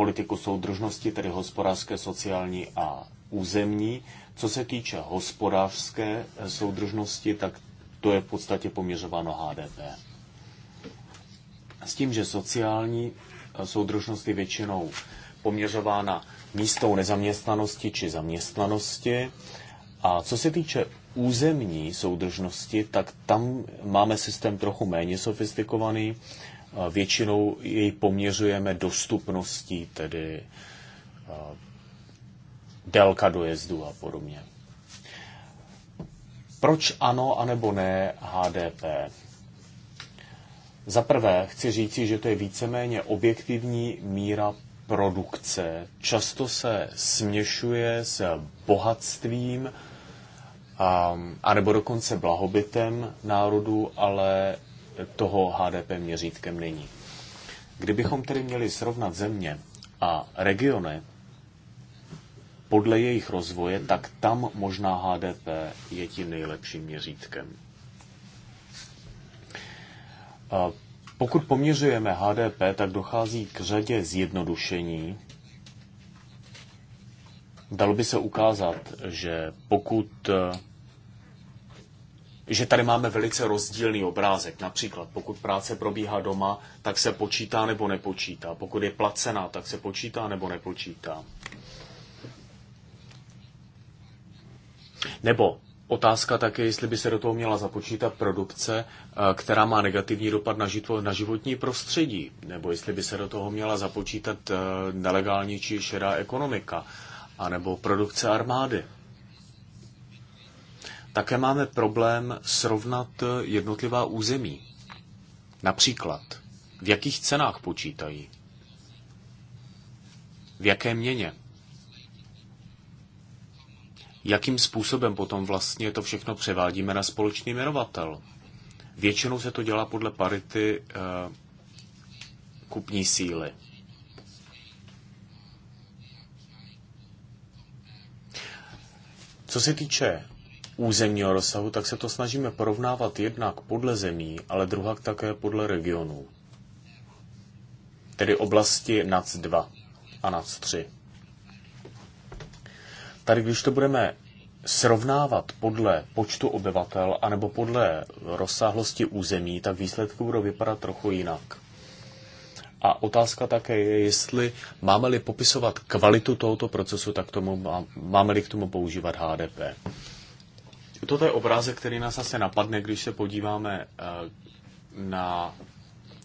politiku soudržnosti, tedy hospodářské, sociální a územní. Co se týče hospodářské eh, soudržnosti, tak to je v podstatě poměřováno HDP. S tím, že sociální eh, soudržnost je většinou poměřována místou nezaměstnanosti či zaměstnanosti. A co se týče územní soudržnosti, tak tam máme systém trochu méně sofistikovaný. Většinou jej poměřujeme dostupností, tedy délka dojezdu a podobně. Proč ano anebo ne HDP? Za prvé chci říci, že to je víceméně objektivní míra produkce. Často se směšuje s bohatstvím, a, anebo dokonce blahobytem národu, ale toho HDP měřítkem není. Kdybychom tedy měli srovnat země a regiony podle jejich rozvoje, tak tam možná HDP je tím nejlepším měřítkem. Pokud poměřujeme HDP, tak dochází k řadě zjednodušení. Dalo by se ukázat, že pokud že tady máme velice rozdílný obrázek. Například, pokud práce probíhá doma, tak se počítá nebo nepočítá. Pokud je placená, tak se počítá nebo nepočítá. Nebo otázka také, jestli by se do toho měla započítat produkce, eh, která má negativní dopad na, žitvo, na životní prostředí, nebo jestli by se do toho měla započítat eh, nelegální či šedá ekonomika, a nebo produkce armády. Také máme problém srovnat eh, jednotlivá území. Například, v jakých cenách počítají, v jaké měně, jakým způsobem potom vlastně to všechno převádíme na společný jmenovatel. Většinou se to dělá podle parity e, kupní síly. Co se týče územního rozsahu, tak se to snažíme porovnávat jednak podle zemí, ale druhak také podle regionů. Tedy oblasti NAC 2 a NAC 3. Tady, když to budeme srovnávat podle počtu obyvatel anebo podle rozsáhlosti území, tak výsledky budou vypadat trochu jinak. A otázka také je, jestli máme-li popisovat kvalitu tohoto procesu, tak tomu máme-li k tomu používat HDP. Toto je obrázek, který nás asi napadne, když se podíváme eh, na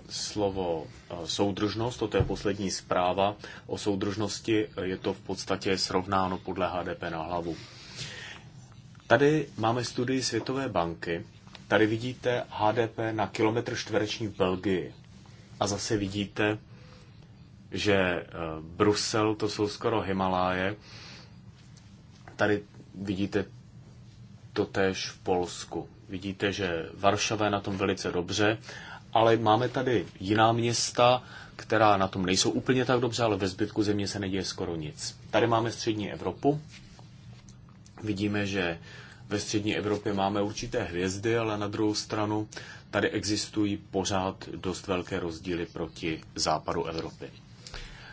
slovo eh, soudržnost, toto je poslední zpráva o soudržnosti, je to v podstatě srovnáno podle HDP na hlavu. Tady máme studii Světové banky, tady vidíte HDP na kilometr čtvereční v Belgii a zase vidíte, že eh, Brusel, to jsou skoro Himaláje, tady vidíte totéž v Polsku. Vidíte, že Varšava je na tom velice dobře, ale máme tady jiná města, která na tom nejsou úplně tak dobře, ale ve zbytku země se neděje skoro nic. Tady máme střední Evropu. Vidíme, že ve střední Evropě máme určité hvězdy, ale na druhou stranu tady existují pořád dost velké rozdíly proti západu Evropy.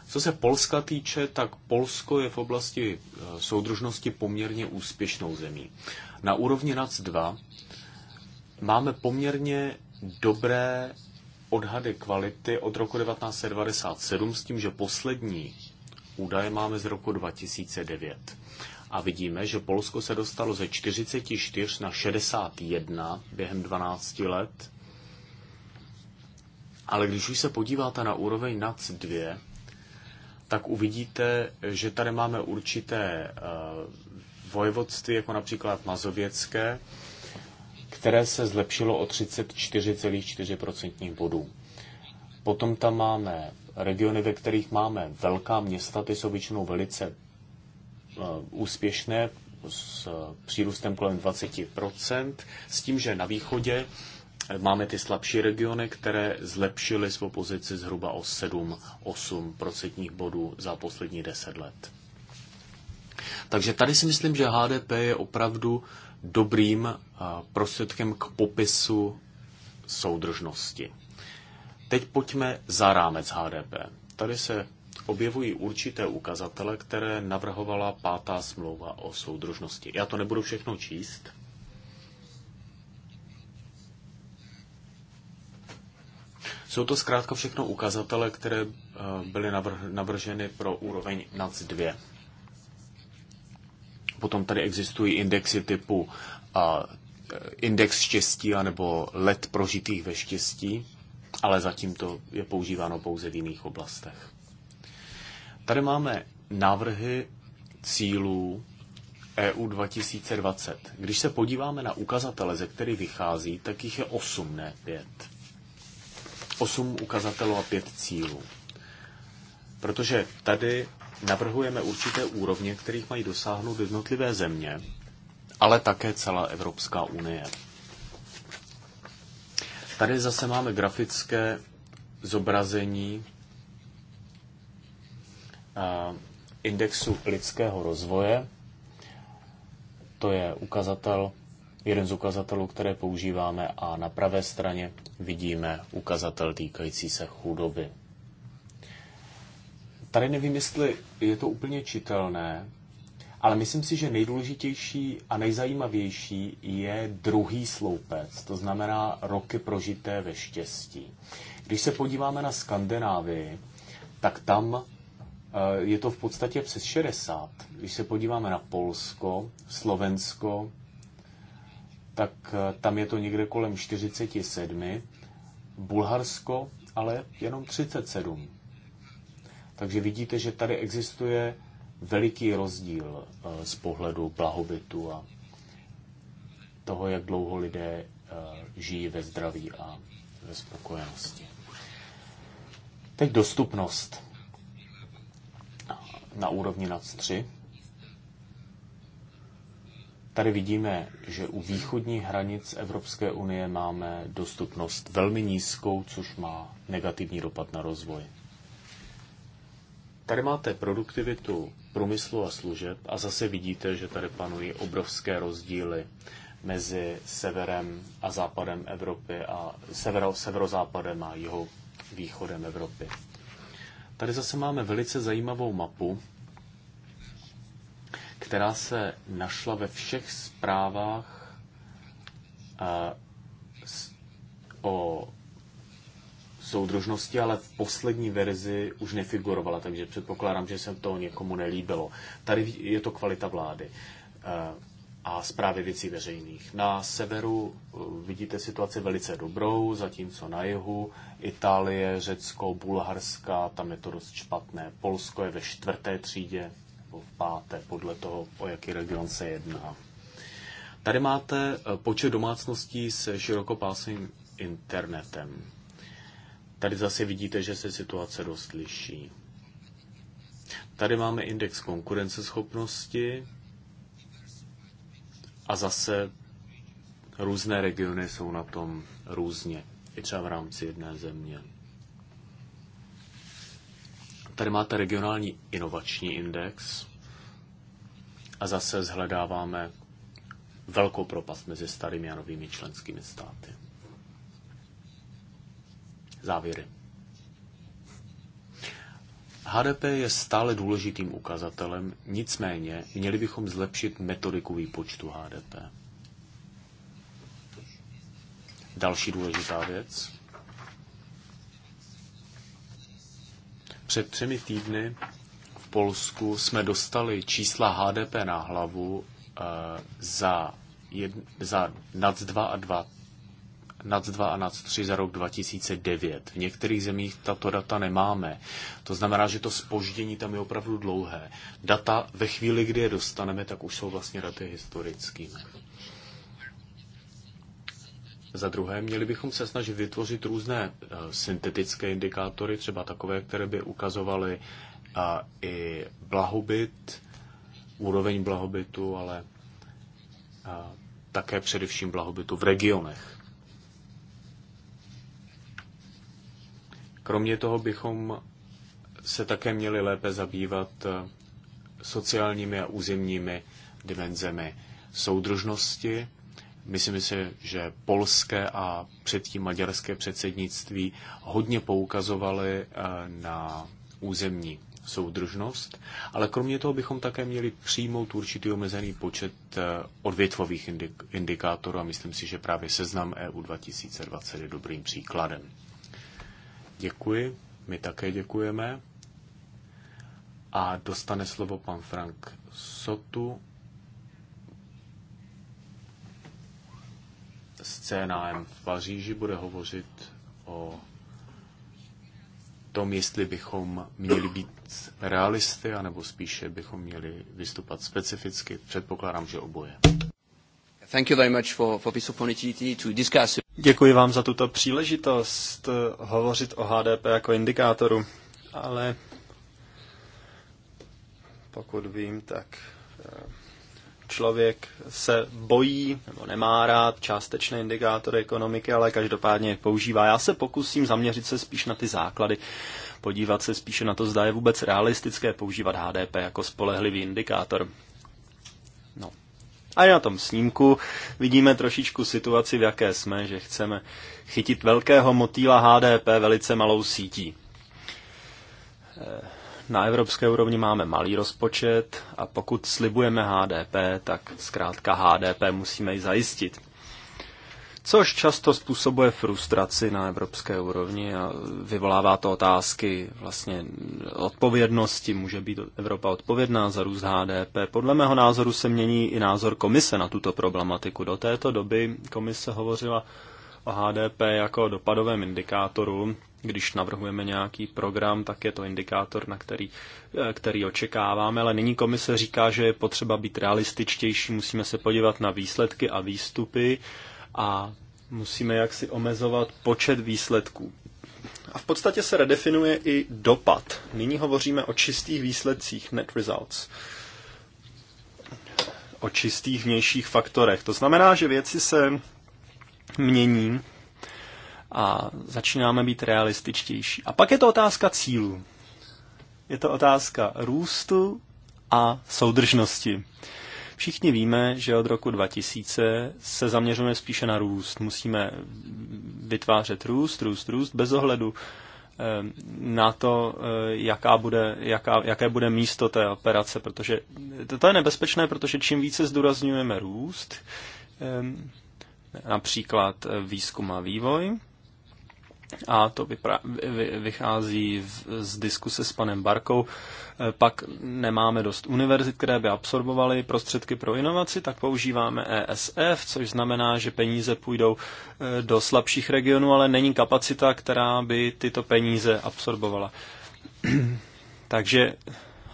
Co se Polska týče, tak Polsko je v oblasti eh, soudržnosti poměrně úspěšnou zemí. Na úrovni NAC 2 máme poměrně dobré odhady kvality od roku 1997 s tím, že poslední údaje máme z roku 2009. A vidíme, že Polsko se dostalo ze 44 na 61 během 12 let. Ale když už se podíváte na úroveň NAC 2, tak uvidíte, že tady máme určité eh, vojvodství, jako například Mazověcké, které se zlepšilo o 34,4% bodů. Potom tam máme regiony, ve kterých máme velká města, ty jsou většinou velice eh, úspěšné s eh, přírůstem kolem 20%, s tím, že na východě eh, máme ty slabší regiony, které zlepšily svou pozici zhruba o 7-8 procentních bodů za poslední 10 let. Takže tady si myslím, že HDP je opravdu dobrým eh, prostředkem k popisu soudržnosti. Teď pojďme za rámec HDP. Tady se objevují určité ukazatele, které navrhovala pátá smlouva o soudržnosti. Já to nebudu všechno číst. Jsou to zkrátka všechno ukazatele, které eh, byly navrženy pro úroveň NAC 2. Potom tady existují indexy typu uh, index štěstí anebo let prožitých ve štěstí, ale zatím to je používáno pouze v jiných oblastech. Tady máme návrhy cílů EU 2020. Když se podíváme na ukazatele, ze kterých vychází, tak jich je 8, ne 5. 8 ukazatelů a 5 cílů. Protože tady navrhujeme určité úrovně, kterých mají dosáhnout jednotlivé země, ale také celá Evropská unie. Tady zase máme grafické zobrazení eh, indexu lidského rozvoje. To je ukazatel, jeden z ukazatelů, které používáme a na pravé straně vidíme ukazatel týkající se chudoby. Tady nevím, jestli je to úplně čitelné, ale myslím si, že nejdůležitější a nejzajímavější je druhý sloupec, to znamená roky prožité ve štěstí. Když se podíváme na Skandinávii, tak tam eh, je to v podstatě přes 60. Když se podíváme na Polsko, Slovensko, tak eh, tam je to někde kolem 47. Bulharsko ale jenom 37. Takže vidíte, že tady existuje veliký rozdíl eh, z pohledu blahobytu a toho, jak dlouho lidé eh, žijí ve zdraví a ve spokojenosti. Teď dostupnost na úrovni nad 3. Tady vidíme, že u východních hranic Evropské unie máme dostupnost velmi nízkou, což má negativní dopad na rozvoj. Tady máte produktivitu průmyslu a služeb a zase vidíte, že tady panují obrovské rozdíly mezi severem a západem Evropy a severo, severozápadem a jeho východem Evropy. Tady zase máme velice zajímavou mapu, která se našla ve všech zprávách eh, o soudržnosti, ale v poslední verzi už nefigurovala, takže předpokládám, že se to někomu nelíbilo. Tady je to kvalita vlády eh, a zprávy věcí veřejných. Na severu eh, vidíte situaci velice dobrou, zatímco na jihu Itálie, Řecko, Bulharska, tam je to dost špatné. Polsko je ve čtvrté třídě, nebo v páté, podle toho, o jaký region se jedná. Tady máte eh, počet domácností se širokopásným internetem. Tady zase vidíte, že se situace dost liší. Tady máme index konkurenceschopnosti a zase různé regiony jsou na tom různě, i třeba v rámci jedné země. Tady máte regionální inovační index a zase zhledáváme velkou propast mezi starými a novými členskými státy závěry. HDP je stále důležitým ukazatelem, nicméně měli bychom zlepšit metodiku výpočtu HDP. Další důležitá věc. Před třemi týdny v Polsku jsme dostali čísla HDP na hlavu eh, za, jed, za nad 2 a 2 NAC 2 a NAC 3 za rok 2009. V některých zemích tato data nemáme. To znamená, že to spoždění tam je opravdu dlouhé. Data ve chvíli, kdy je dostaneme, tak už jsou vlastně daty historickými. Za druhé, měli bychom se snažit vytvořit různé eh, syntetické indikátory, třeba takové, které by ukazovaly eh, i blahobyt, úroveň blahobytu, ale eh, také především blahobytu v regionech. Kromě toho bychom se také měli lépe zabývat eh, sociálními a územními dimenzemi soudržnosti. Myslím si, že polské a předtím maďarské předsednictví hodně poukazovaly eh, na územní soudržnost, ale kromě toho bychom také měli přijmout určitý omezený počet eh, odvětvových indikátorů a myslím si, že právě seznam EU 2020 je dobrým příkladem. Děkuji, my také děkujeme. A dostane slovo pan Frank Sotu s CNAM v Paříži bude hovořit o tom, jestli bychom měli být realisty, anebo spíše bychom měli vystupat specificky. Předpokládám, že oboje. Thank you very much for, for this opportunity to discuss Děkuji vám za tuto příležitost eh, hovořit o HDP jako indikátoru, ale pokud vím, tak eh, člověk se bojí nebo nemá rád částečné indikátory ekonomiky, ale každopádně je používá. Já se pokusím zaměřit se spíš na ty základy, podívat se spíše na to, zda je vůbec realistické používat HDP jako spolehlivý indikátor. A na tom snímku vidíme trošičku situaci, v jaké jsme, že chceme chytit velkého motýla HDP velice malou sítí. Eh, na evropské úrovni máme malý rozpočet a pokud slibujeme HDP, tak zkrátka HDP musíme i zajistit což často způsobuje frustraci na evropské úrovni a vyvolává to otázky vlastně odpovědnosti. Může být Evropa odpovědná za růst HDP. Podle mého názoru se mění i názor komise na tuto problematiku. Do této doby komise hovořila o HDP jako dopadovém indikátoru. Když navrhujeme nějaký program, tak je to indikátor, na který, který očekáváme, ale nyní komise říká, že je potřeba být realističtější, musíme se podívat na výsledky a výstupy a musíme jaksi omezovat počet výsledků. A v podstatě se redefinuje i dopad. Nyní hovoříme o čistých výsledcích, net results. O čistých vnějších faktorech. To znamená, že věci se mění a začínáme být realističtější. A pak je to otázka cílů. Je to otázka růstu a soudržnosti. Všichni víme, že od roku 2000 se zaměřujeme spíše na růst. Musíme vytvářet růst, růst, růst, bez ohledu eh, na to, eh, jaká bude, jaká, jaké bude místo té operace, protože to je nebezpečné, protože čím více zdůrazňujeme růst, eh, například výzkum a vývoj, a to vychází z diskuse s panem Barkou. E, pak nemáme dost univerzit, které by absorbovaly prostředky pro inovaci, tak používáme ESF, což znamená, že peníze půjdou e, do slabších regionů, ale není kapacita, která by tyto peníze absorbovala. [clears throat] Takže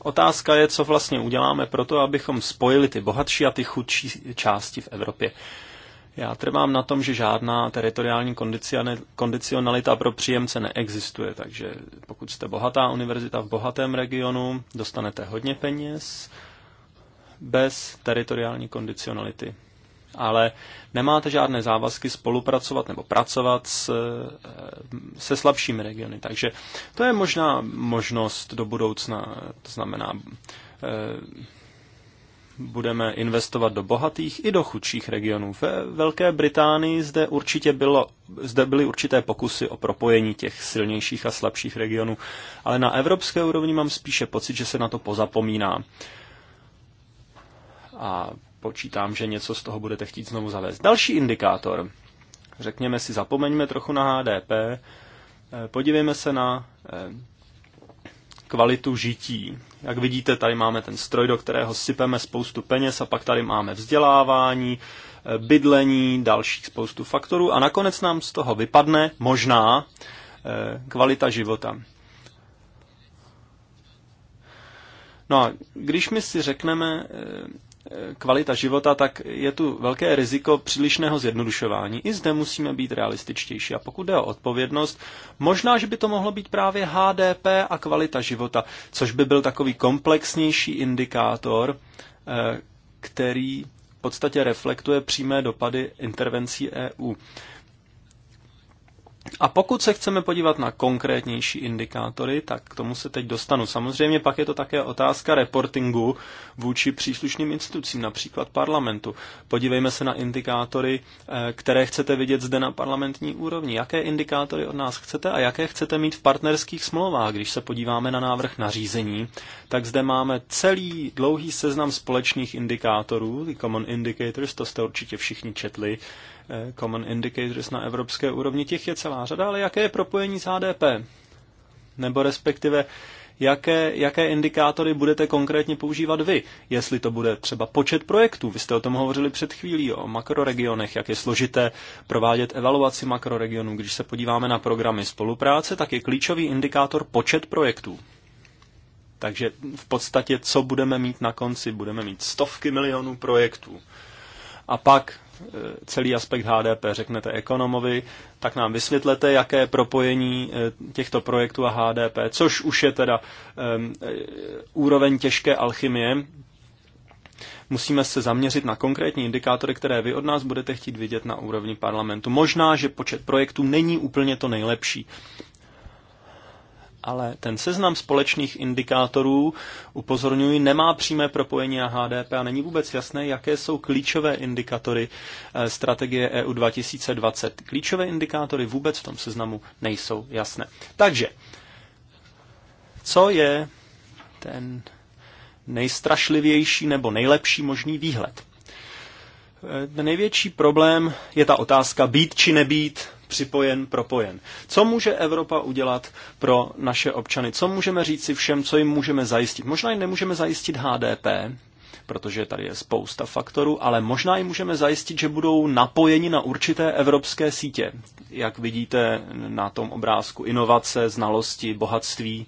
otázka je, co vlastně uděláme pro to, abychom spojili ty bohatší a ty chudší části v Evropě. Já trvám na tom, že žádná teritoriální kondicionalita pro příjemce neexistuje, takže pokud jste bohatá univerzita v bohatém regionu, dostanete hodně peněz bez teritoriální kondicionality. Ale nemáte žádné závazky spolupracovat nebo pracovat s, eh, se slabšími regiony. Takže to je možná možnost do budoucna. To znamená, eh, budeme investovat do bohatých i do chudších regionů. Ve Velké Británii zde určitě bylo, zde byly určité pokusy o propojení těch silnějších a slabších regionů, ale na evropské úrovni mám spíše pocit, že se na to pozapomíná. A počítám, že něco z toho budete chtít znovu zavést. Další indikátor. Řekněme si, zapomeňme trochu na HDP, eh, podívejme se na eh, kvalitu žití jak vidíte, tady máme ten stroj, do kterého sypeme spoustu peněz a pak tady máme vzdělávání, eh, bydlení, dalších spoustu faktorů a nakonec nám z toho vypadne možná eh, kvalita života. No a když my si řekneme, eh, kvalita života, tak je tu velké riziko přílišného zjednodušování. I zde musíme být realističtější. A pokud jde o odpovědnost, možná, že by to mohlo být právě HDP a kvalita života, což by byl takový komplexnější indikátor, eh, který v podstatě reflektuje přímé dopady intervencí EU. A pokud se chceme podívat na konkrétnější indikátory, tak k tomu se teď dostanu. Samozřejmě pak je to také otázka reportingu vůči příslušným institucím, například parlamentu. Podívejme se na indikátory, eh, které chcete vidět zde na parlamentní úrovni. Jaké indikátory od nás chcete a jaké chcete mít v partnerských smlouvách? Když se podíváme na návrh nařízení, tak zde máme celý dlouhý seznam společných indikátorů, the common indicators, to jste určitě všichni četli, Eh, common Indicators na evropské úrovni, těch je celá řada, ale jaké je propojení s HDP? Nebo respektive, jaké, jaké indikátory budete konkrétně používat vy, jestli to bude třeba počet projektů. Vy jste o tom hovořili před chvílí, o makroregionech, jak je složité provádět evaluaci makroregionů. Když se podíváme na programy spolupráce, tak je klíčový indikátor počet projektů. Takže v podstatě, co budeme mít na konci? Budeme mít stovky milionů projektů. A pak Eh, celý aspekt HDP řeknete ekonomovi, tak nám vysvětlete, jaké propojení eh, těchto projektů a HDP, což už je teda um, úroveň těžké alchymie. Musíme se zaměřit na konkrétní indikátory, které vy od nás budete chtít vidět na úrovni parlamentu. Možná, že počet projektů není úplně to nejlepší, ale ten seznam společných indikátorů, upozorňuji, nemá přímé propojení na HDP a není vůbec jasné, jaké jsou klíčové indikátory eh, strategie EU 2020. Klíčové indikátory vůbec v tom seznamu nejsou jasné. Takže, co je ten nejstrašlivější nebo nejlepší možný výhled? Eh, největší problém je ta otázka být či nebýt připojen, propojen. Co může Evropa udělat pro naše občany? Co můžeme říct si všem, co jim můžeme zajistit? Možná jim nemůžeme zajistit HDP, protože tady je spousta faktorů, ale možná jim můžeme zajistit, že budou napojeni na určité evropské sítě. Jak vidíte na tom obrázku, inovace, znalosti, bohatství.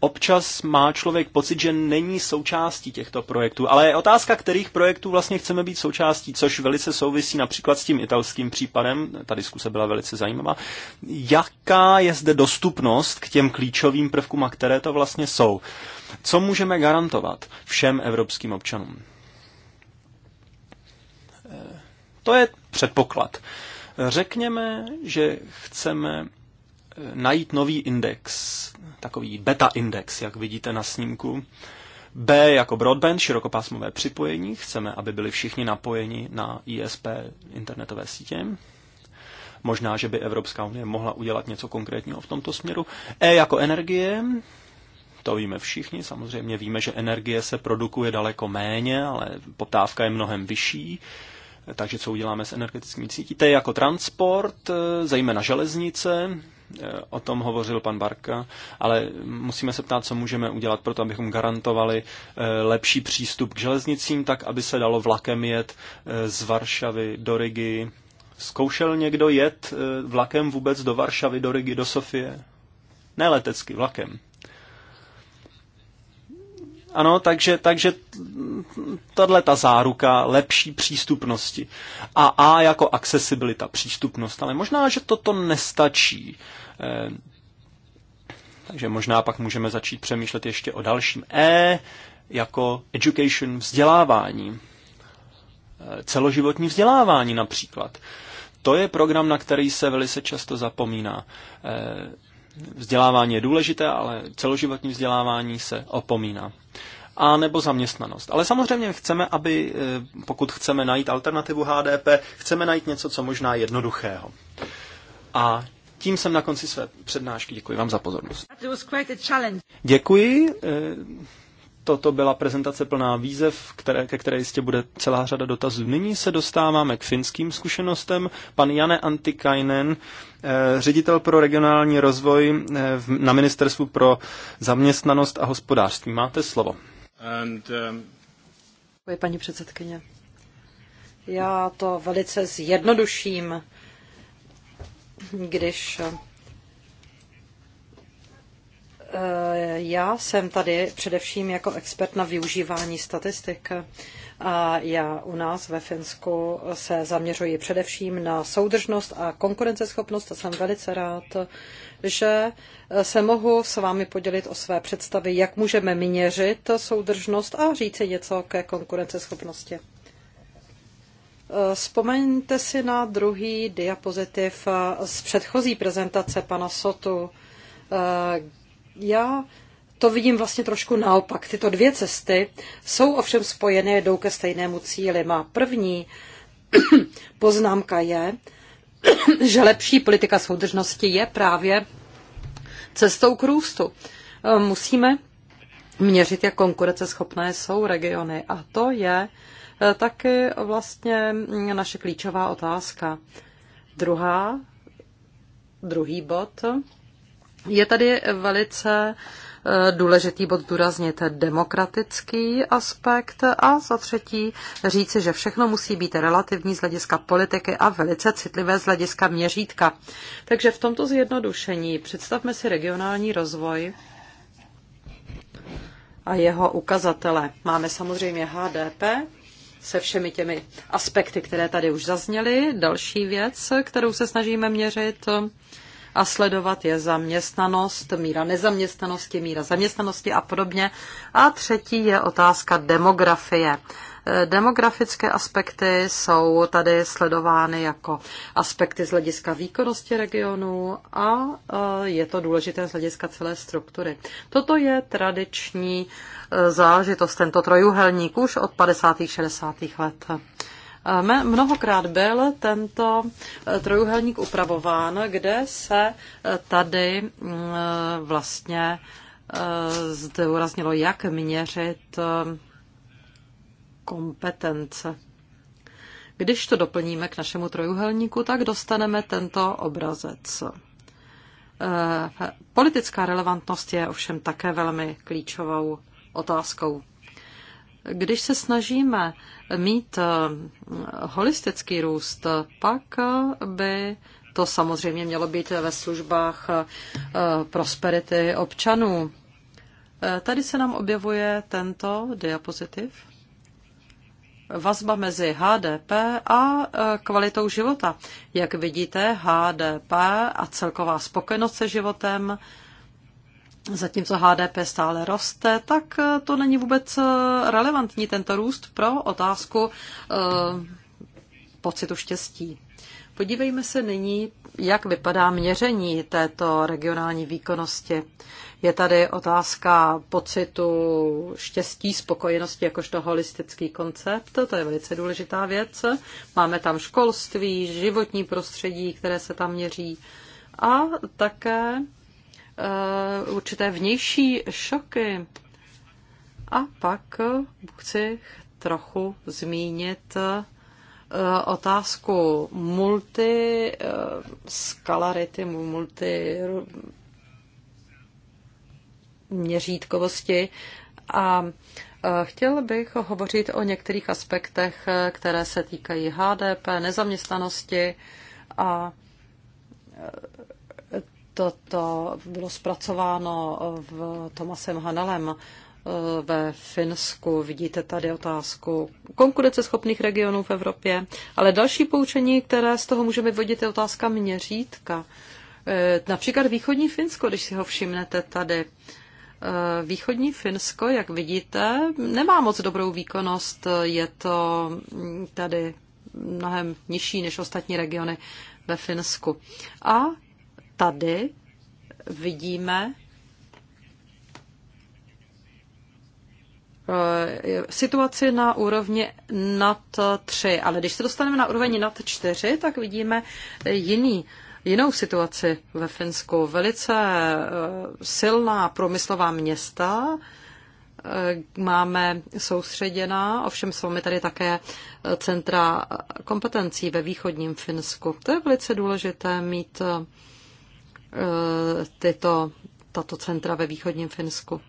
Občas má člověk pocit, že není součástí těchto projektů, ale je otázka, kterých projektů vlastně chceme být součástí, což velice souvisí například s tím italským případem, ta diskuse byla velice zajímavá. Jaká je zde dostupnost k těm klíčovým prvkům a které to vlastně jsou? Co můžeme garantovat všem evropským občanům? Eh, to je předpoklad. Řekněme, že chceme najít nový index, takový beta index, jak vidíte na snímku. B jako broadband, širokopásmové připojení, chceme, aby byli všichni napojeni na ISP internetové sítě. Možná, že by Evropská unie mohla udělat něco konkrétního v tomto směru. E jako energie, to víme všichni, samozřejmě víme, že energie se produkuje daleko méně, ale poptávka je mnohem vyšší. Takže co uděláme s energetickými sítí? T jako transport, e, zejména železnice, o tom hovořil pan Barka, ale musíme se ptát, co můžeme udělat pro to, abychom garantovali eh, lepší přístup k železnicím, tak aby se dalo vlakem jet eh, z Varšavy do Rigi. Zkoušel někdo jet eh, vlakem vůbec do Varšavy, do Rigi, do Sofie? Ne letecky, vlakem. Ano, takže, takže tahle ta záruka lepší přístupnosti. A A jako accessibility, přístupnost. Ale možná, že toto nestačí. E, takže možná pak můžeme začít přemýšlet ještě o dalším E jako education vzdělávání. E, celoživotní vzdělávání například. To je program, na který se velice často zapomíná. E, Vzdělávání je důležité, ale celoživotní vzdělávání se opomíná. A nebo zaměstnanost. Ale samozřejmě chceme, aby, eh, pokud chceme najít alternativu HDP, chceme najít něco, co možná jednoduchého. A tím jsem na konci své přednášky. Děkuji vám za pozornost. Děkuji. Eh, Toto byla prezentace plná výzev, které, ke které jistě bude celá řada dotazů. Nyní se dostáváme k finským zkušenostem. Pan Jane Antikainen, eh, ředitel pro regionální rozvoj eh, na Ministerstvu pro zaměstnanost a hospodářství. Máte slovo. And, um... Děkuji, paní předsedkyně. Já to velice zjednoduším, když eh, Eh, já jsem tady především jako expert na využívání statistik. A já u nás ve Finsku se zaměřuji především na soudržnost a konkurenceschopnost a jsem velice rád, že se mohu s vámi podělit o své představy, jak můžeme měřit soudržnost a říci něco ke konkurenceschopnosti. Eh, vzpomeňte si na druhý diapozitiv z předchozí prezentace pana Sotu, eh, já to vidím vlastně trošku naopak. Tyto dvě cesty jsou ovšem spojené, jdou ke stejnému cíli. Má první [clears throat] poznámka je, [clears throat] že lepší politika soudržnosti je právě cestou k růstu. E, musíme měřit, jak konkurenceschopné jsou regiony. A to je e, taky vlastně naše klíčová otázka. Druhá, druhý bod je tady velice eh, důležitý bod zdůraznit demokratický aspekt a za třetí říci, že všechno musí být relativní z hlediska politiky a velice citlivé z hlediska měřítka. Takže v tomto zjednodušení představme si regionální rozvoj a jeho ukazatele. Máme samozřejmě HDP, se všemi těmi aspekty, které tady už zazněly. Další věc, kterou se snažíme měřit, a sledovat je zaměstnanost, míra nezaměstnanosti, míra zaměstnanosti a podobně. A třetí je otázka demografie. Demografické aspekty jsou tady sledovány jako aspekty z hlediska výkonnosti regionu a e, je to důležité z hlediska celé struktury. Toto je tradiční e, záležitost, tento trojuhelník už od 50. 60. let. Mnohokrát byl tento eh, trojuhelník upravován, kde se eh, tady mm, eh, vlastně zdůraznilo, jak měřit kompetence. Když to doplníme k našemu trojuhelníku, tak dostaneme tento obrazec. Politická relevantnost je ovšem také velmi klíčovou otázkou. Když se snažíme mít eh, holistický růst, pak eh, by to samozřejmě mělo být ve službách eh, prosperity občanů. Tady se nám objevuje tento diapozitiv. Vazba mezi HDP a kvalitou života. Jak vidíte, HDP a celková spokojenost se životem zatímco HDP stále roste, tak eh, to není vůbec eh, relevantní tento růst pro otázku eh, pocitu štěstí. Podívejme se nyní, jak vypadá měření této regionální výkonnosti. Je tady otázka pocitu štěstí, spokojenosti jakožto holistický koncept, to je velice důležitá věc. Máme tam školství, životní prostředí, které se tam měří a také Eh, určité vnější šoky. A pak chci trochu zmínit eh, otázku multi skalarity, multi měřítkovosti a eh, Chtěl bych hovořit o některých aspektech, které se týkají HDP, nezaměstnanosti a Toto bylo zpracováno v Tomasem Hanalem eh, ve Finsku. Vidíte tady otázku konkurenceschopných regionů v Evropě, ale další poučení, které z toho můžeme vodit, je otázka měřítka. Eh, například východní Finsko, když si ho všimnete tady. Eh, východní Finsko, jak vidíte, nemá moc dobrou výkonnost. Je to mm, tady mnohem nižší než ostatní regiony ve Finsku. A tady vidíme eh, situaci na úrovni nad 3, ale když se dostaneme na úroveň nad 4, tak vidíme jiný, jinou situaci ve Finsku. Velice eh, silná průmyslová města, eh, máme soustředěná, ovšem jsou mi tady také centra kompetencí ve východním Finsku. To je velice důležité mít Eh, tyto, tato centra ve východním Finsku.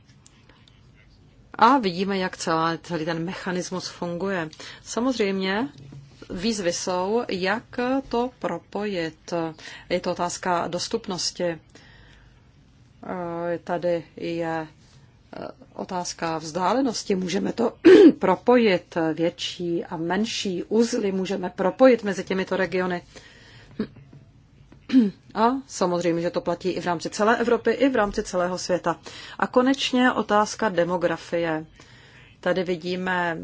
A vidíme, jak celá, celý ten mechanismus funguje. Samozřejmě výzvy jsou, jak to propojit. Je to otázka dostupnosti. Eh, tady je eh, otázka vzdálenosti. Můžeme to [clears throat] propojit větší a menší uzly, můžeme propojit mezi těmito regiony. A samozřejmě, že to platí i v rámci celé Evropy, i v rámci celého světa. A konečně otázka demografie. Tady vidíme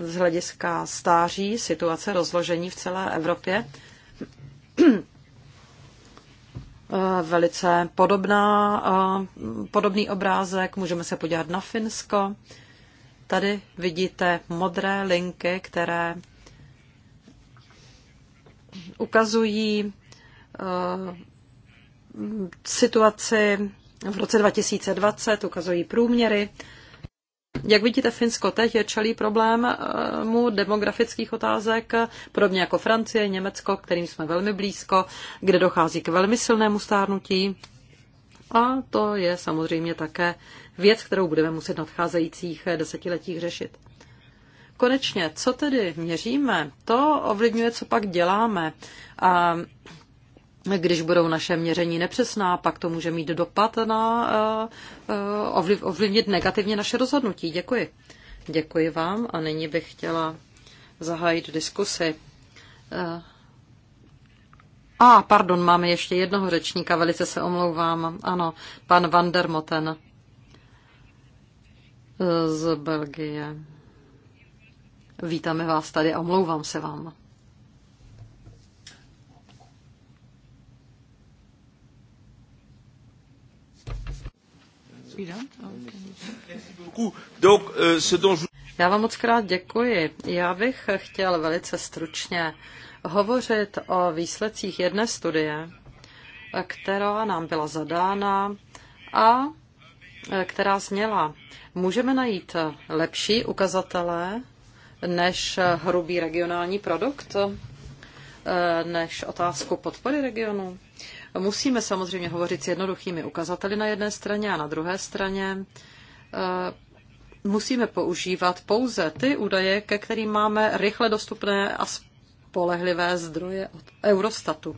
z hlediska stáří situace rozložení v celé Evropě eh, velice podobná, eh, podobný obrázek. Můžeme se podívat na Finsko. Tady vidíte modré linky, které ukazují Eh, situaci v roce 2020, ukazují průměry. Jak vidíte, Finsko teď čelí problému demografických otázek, podobně jako Francie, Německo, kterým jsme velmi blízko, kde dochází k velmi silnému stárnutí. A to je samozřejmě také věc, kterou budeme muset nadcházejících desetiletích řešit. Konečně, co tedy měříme, to ovlivňuje, co pak děláme. A když budou naše měření nepřesná, pak to může mít dopad na eh, eh, ovlivnit negativně naše rozhodnutí. Děkuji. Děkuji vám a nyní bych chtěla zahájit diskusi. Eh, a, ah, pardon, máme ještě jednoho řečníka, velice se omlouvám. Ano, pan Van der Moten z Belgie. Vítáme vás tady a omlouvám se vám. No, euh, Já vám moc krát děkuji. Já bych chtěl velice stručně hovořit o výsledcích jedné studie, která nám byla zadána a e, která zněla, můžeme najít lepší ukazatele než hrubý regionální produkt, e, než otázku podpory regionu. Musíme samozřejmě hovořit s jednoduchými ukazateli na jedné straně a na druhé straně eh, musíme používat pouze ty údaje, ke kterým máme rychle dostupné a spolehlivé zdroje od Eurostatu.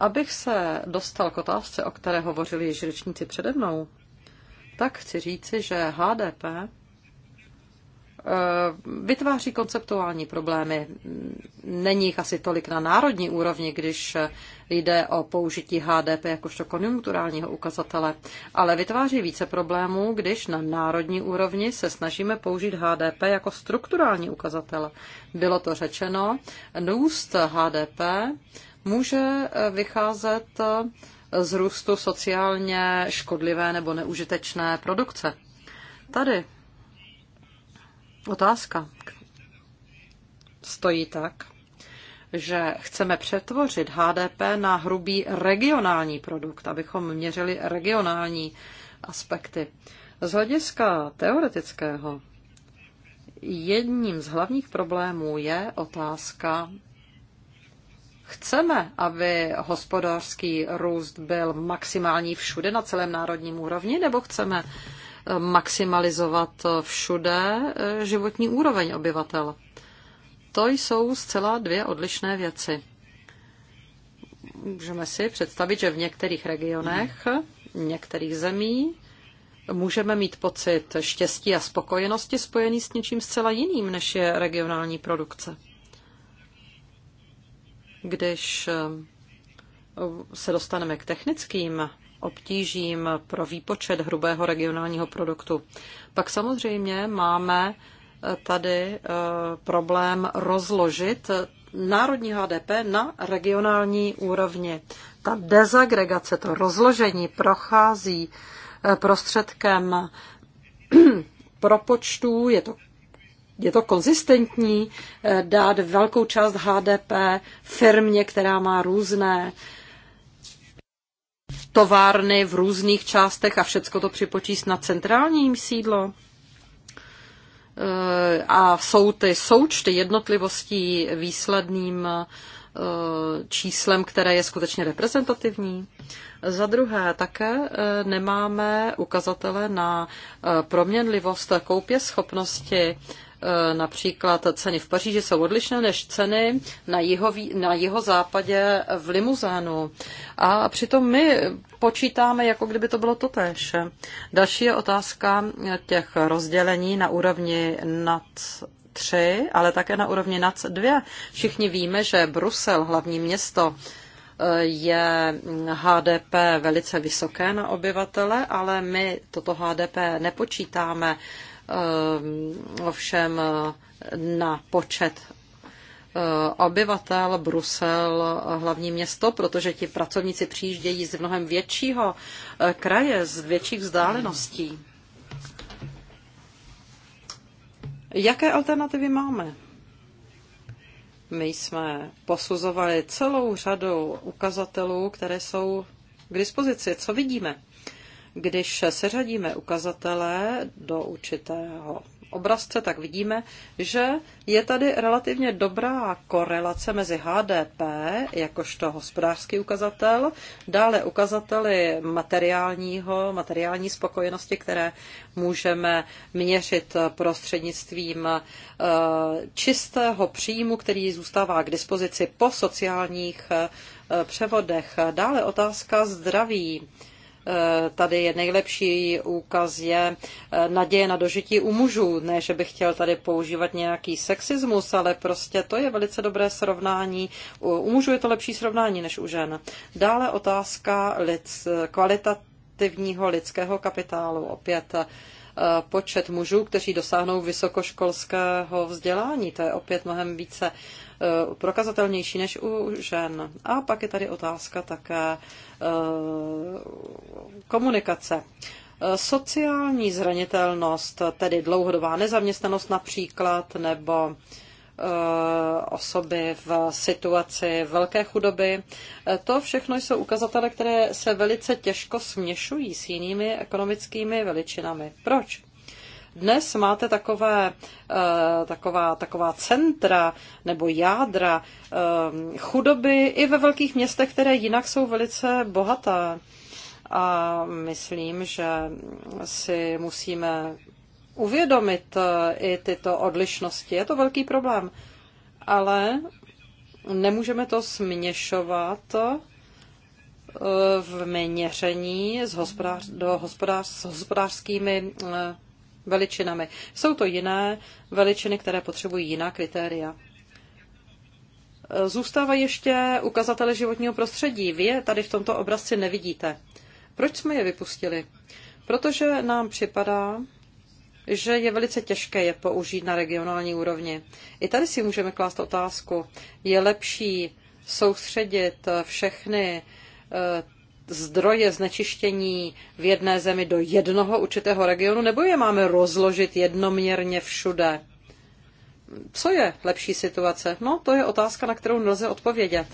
Abych se dostal k otázce, o které hovořili již řečníci přede mnou, tak chci říci, že HDP Eh, vytváří konceptuální problémy. Není jich asi tolik na národní úrovni, když jde o použití HDP jakožto konjunkturálního ukazatele, ale vytváří více problémů, když na národní úrovni se snažíme použít HDP jako strukturální ukazatel. Bylo to řečeno, růst HDP může eh, vycházet eh, z růstu sociálně škodlivé nebo neužitečné produkce. Tady Otázka stojí tak, že chceme přetvořit HDP na hrubý regionální produkt, abychom měřili regionální aspekty. Z hlediska teoretického jedním z hlavních problémů je otázka, chceme, aby hospodářský růst byl maximální všude na celém národním úrovni, nebo chceme maximalizovat všude eh, životní úroveň obyvatel. To jsou zcela dvě odlišné věci. Můžeme si představit, že v některých regionech, některých zemí můžeme mít pocit štěstí a spokojenosti spojený s něčím zcela jiným, než je regionální produkce. Když eh, se dostaneme k technickým obtížím pro výpočet hrubého regionálního produktu. Pak samozřejmě máme eh, tady eh, problém rozložit eh, národní HDP na regionální úrovni. Ta dezagregace, to rozložení prochází prostředkem [clears throat] propočtů, je to je to konzistentní dát velkou část HDP firmě, která má různé továrny v různých částech a všecko to připočíst na centrální sídlo? Eh, a jsou ty součty jednotlivostí výsledným eh, číslem, které je skutečně reprezentativní. Za druhé také eh, nemáme ukazatele na proměnlivost koupě schopnosti Eh, například ceny v Paříži jsou odlišné než ceny na, jeho, na západě v Limuzánu. A přitom my počítáme, jako kdyby to bylo totéž. Další je otázka těch rozdělení na úrovni nad tři, ale také na úrovni nad dvě. Všichni víme, že Brusel, hlavní město, eh, je HDP velice vysoké na obyvatele, ale my toto HDP nepočítáme Ehm, ovšem eh, na počet eh, obyvatel Brusel eh, hlavní město, protože ti pracovníci přijíždějí z mnohem většího kraje, z větších vzdáleností. Jaké alternativy máme? My jsme posuzovali celou řadu ukazatelů, které jsou k dispozici. Co vidíme? Když seřadíme ukazatele do určitého obrazce, tak vidíme, že je tady relativně dobrá korelace mezi HDP, jakožto hospodářský ukazatel, dále ukazateli materiálního, materiální spokojenosti, které můžeme měřit prostřednictvím eh, čistého příjmu, který zůstává k dispozici po sociálních eh, převodech. Dále otázka zdraví Eh, tady je nejlepší úkaz je eh, naděje na dožití u mužů. Ne, že bych chtěl tady používat nějaký sexismus, ale prostě to je velice dobré srovnání. U mužů je to lepší srovnání než u žen. Dále otázka lid, kvalitativního lidského kapitálu. Opět eh, počet mužů, kteří dosáhnou vysokoškolského vzdělání. To je opět mnohem více Eh, prokazatelnější než u žen. A pak je tady otázka také eh, komunikace. Eh, sociální zranitelnost, tedy dlouhodobá nezaměstnanost například, nebo osoby v situaci velké chudoby. To všechno jsou ukazatele, které se velice těžko směšují s jinými ekonomickými veličinami. Proč? Dnes máte takové, eh, taková, taková centra nebo jádra eh, chudoby i ve velkých městech, které jinak jsou velice bohaté. A myslím, že si musíme uvědomit eh, i tyto odlišnosti. Je to velký problém, ale nemůžeme to směšovat v měření s hospodář, do hospodář, s hospodářskými veličinami. Jsou to jiné veličiny, které potřebují jiná kritéria. Zůstávají ještě ukazatele životního prostředí. Vy je tady v tomto obrazci nevidíte. Proč jsme je vypustili? Protože nám připadá, že je velice těžké je použít na regionální úrovni. I tady si můžeme klást otázku, je lepší soustředit všechny eh, zdroje znečištění v jedné zemi do jednoho určitého regionu, nebo je máme rozložit jednoměrně všude? Co je lepší situace? No, to je otázka, na kterou nelze odpovědět.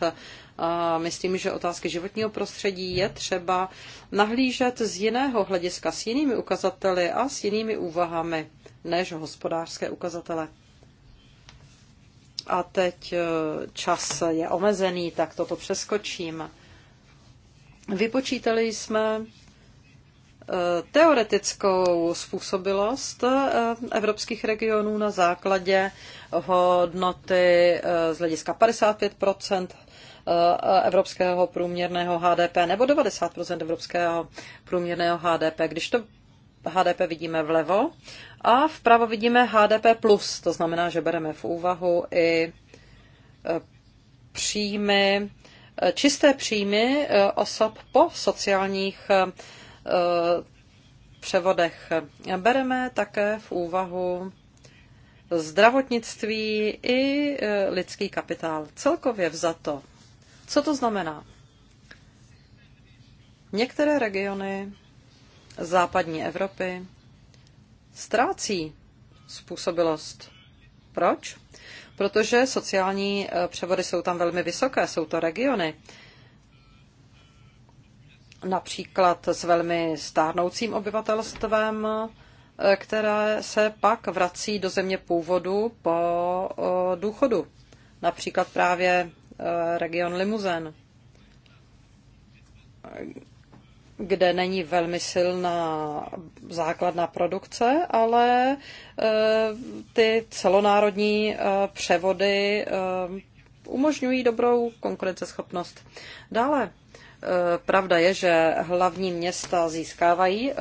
A myslím, že otázky životního prostředí je třeba nahlížet z jiného hlediska, s jinými ukazateli a s jinými úvahami než hospodářské ukazatele. A teď eh, čas je omezený, tak toto přeskočím. Vypočítali jsme eh, teoretickou způsobilost eh, evropských regionů na základě hodnoty eh, z hlediska 55 evropského průměrného HDP nebo 90 evropského průměrného HDP. Když to HDP vidíme vlevo a vpravo vidíme HDP+, plus, to znamená, že bereme v úvahu i příjmy Eh, čisté příjmy eh, osob po sociálních eh, převodech. Bereme také v úvahu zdravotnictví i lidský kapitál. Celkově vzato. Co to znamená? Některé regiony západní Evropy ztrácí způsobilost. Proč? protože sociální eh, převody jsou tam velmi vysoké, jsou to regiony například s velmi stárnoucím obyvatelstvem, eh, které se pak vrací do země původu po eh, důchodu. Například právě region Limuzen, kde není velmi silná základna produkce, ale eh, ty celonárodní eh, převody eh, umožňují dobrou konkurenceschopnost. Dále Pravda je, že hlavní města získávají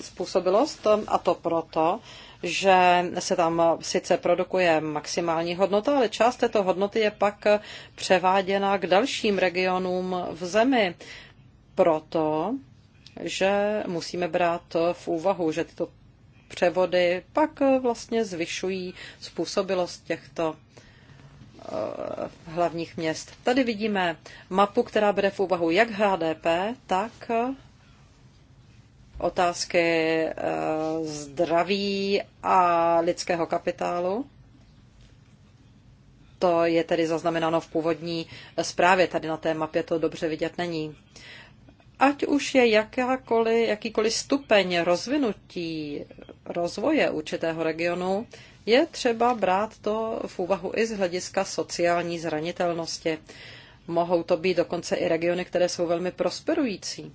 způsobilost a to proto, že se tam sice produkuje maximální hodnota, ale část této hodnoty je pak převáděna k dalším regionům v zemi proto, že musíme brát v úvahu, že tyto převody pak vlastně zvyšují způsobilost těchto eh, hlavních měst. Tady vidíme mapu, která bude v úvahu jak HDP, tak eh, otázky eh, zdraví a lidského kapitálu. To je tedy zaznamenáno v původní zprávě, tady na té mapě to dobře vidět není ať už je jakákoliv, jakýkoliv stupeň rozvinutí rozvoje určitého regionu, je třeba brát to v úvahu i z hlediska sociální zranitelnosti. Mohou to být dokonce i regiony, které jsou velmi prosperující.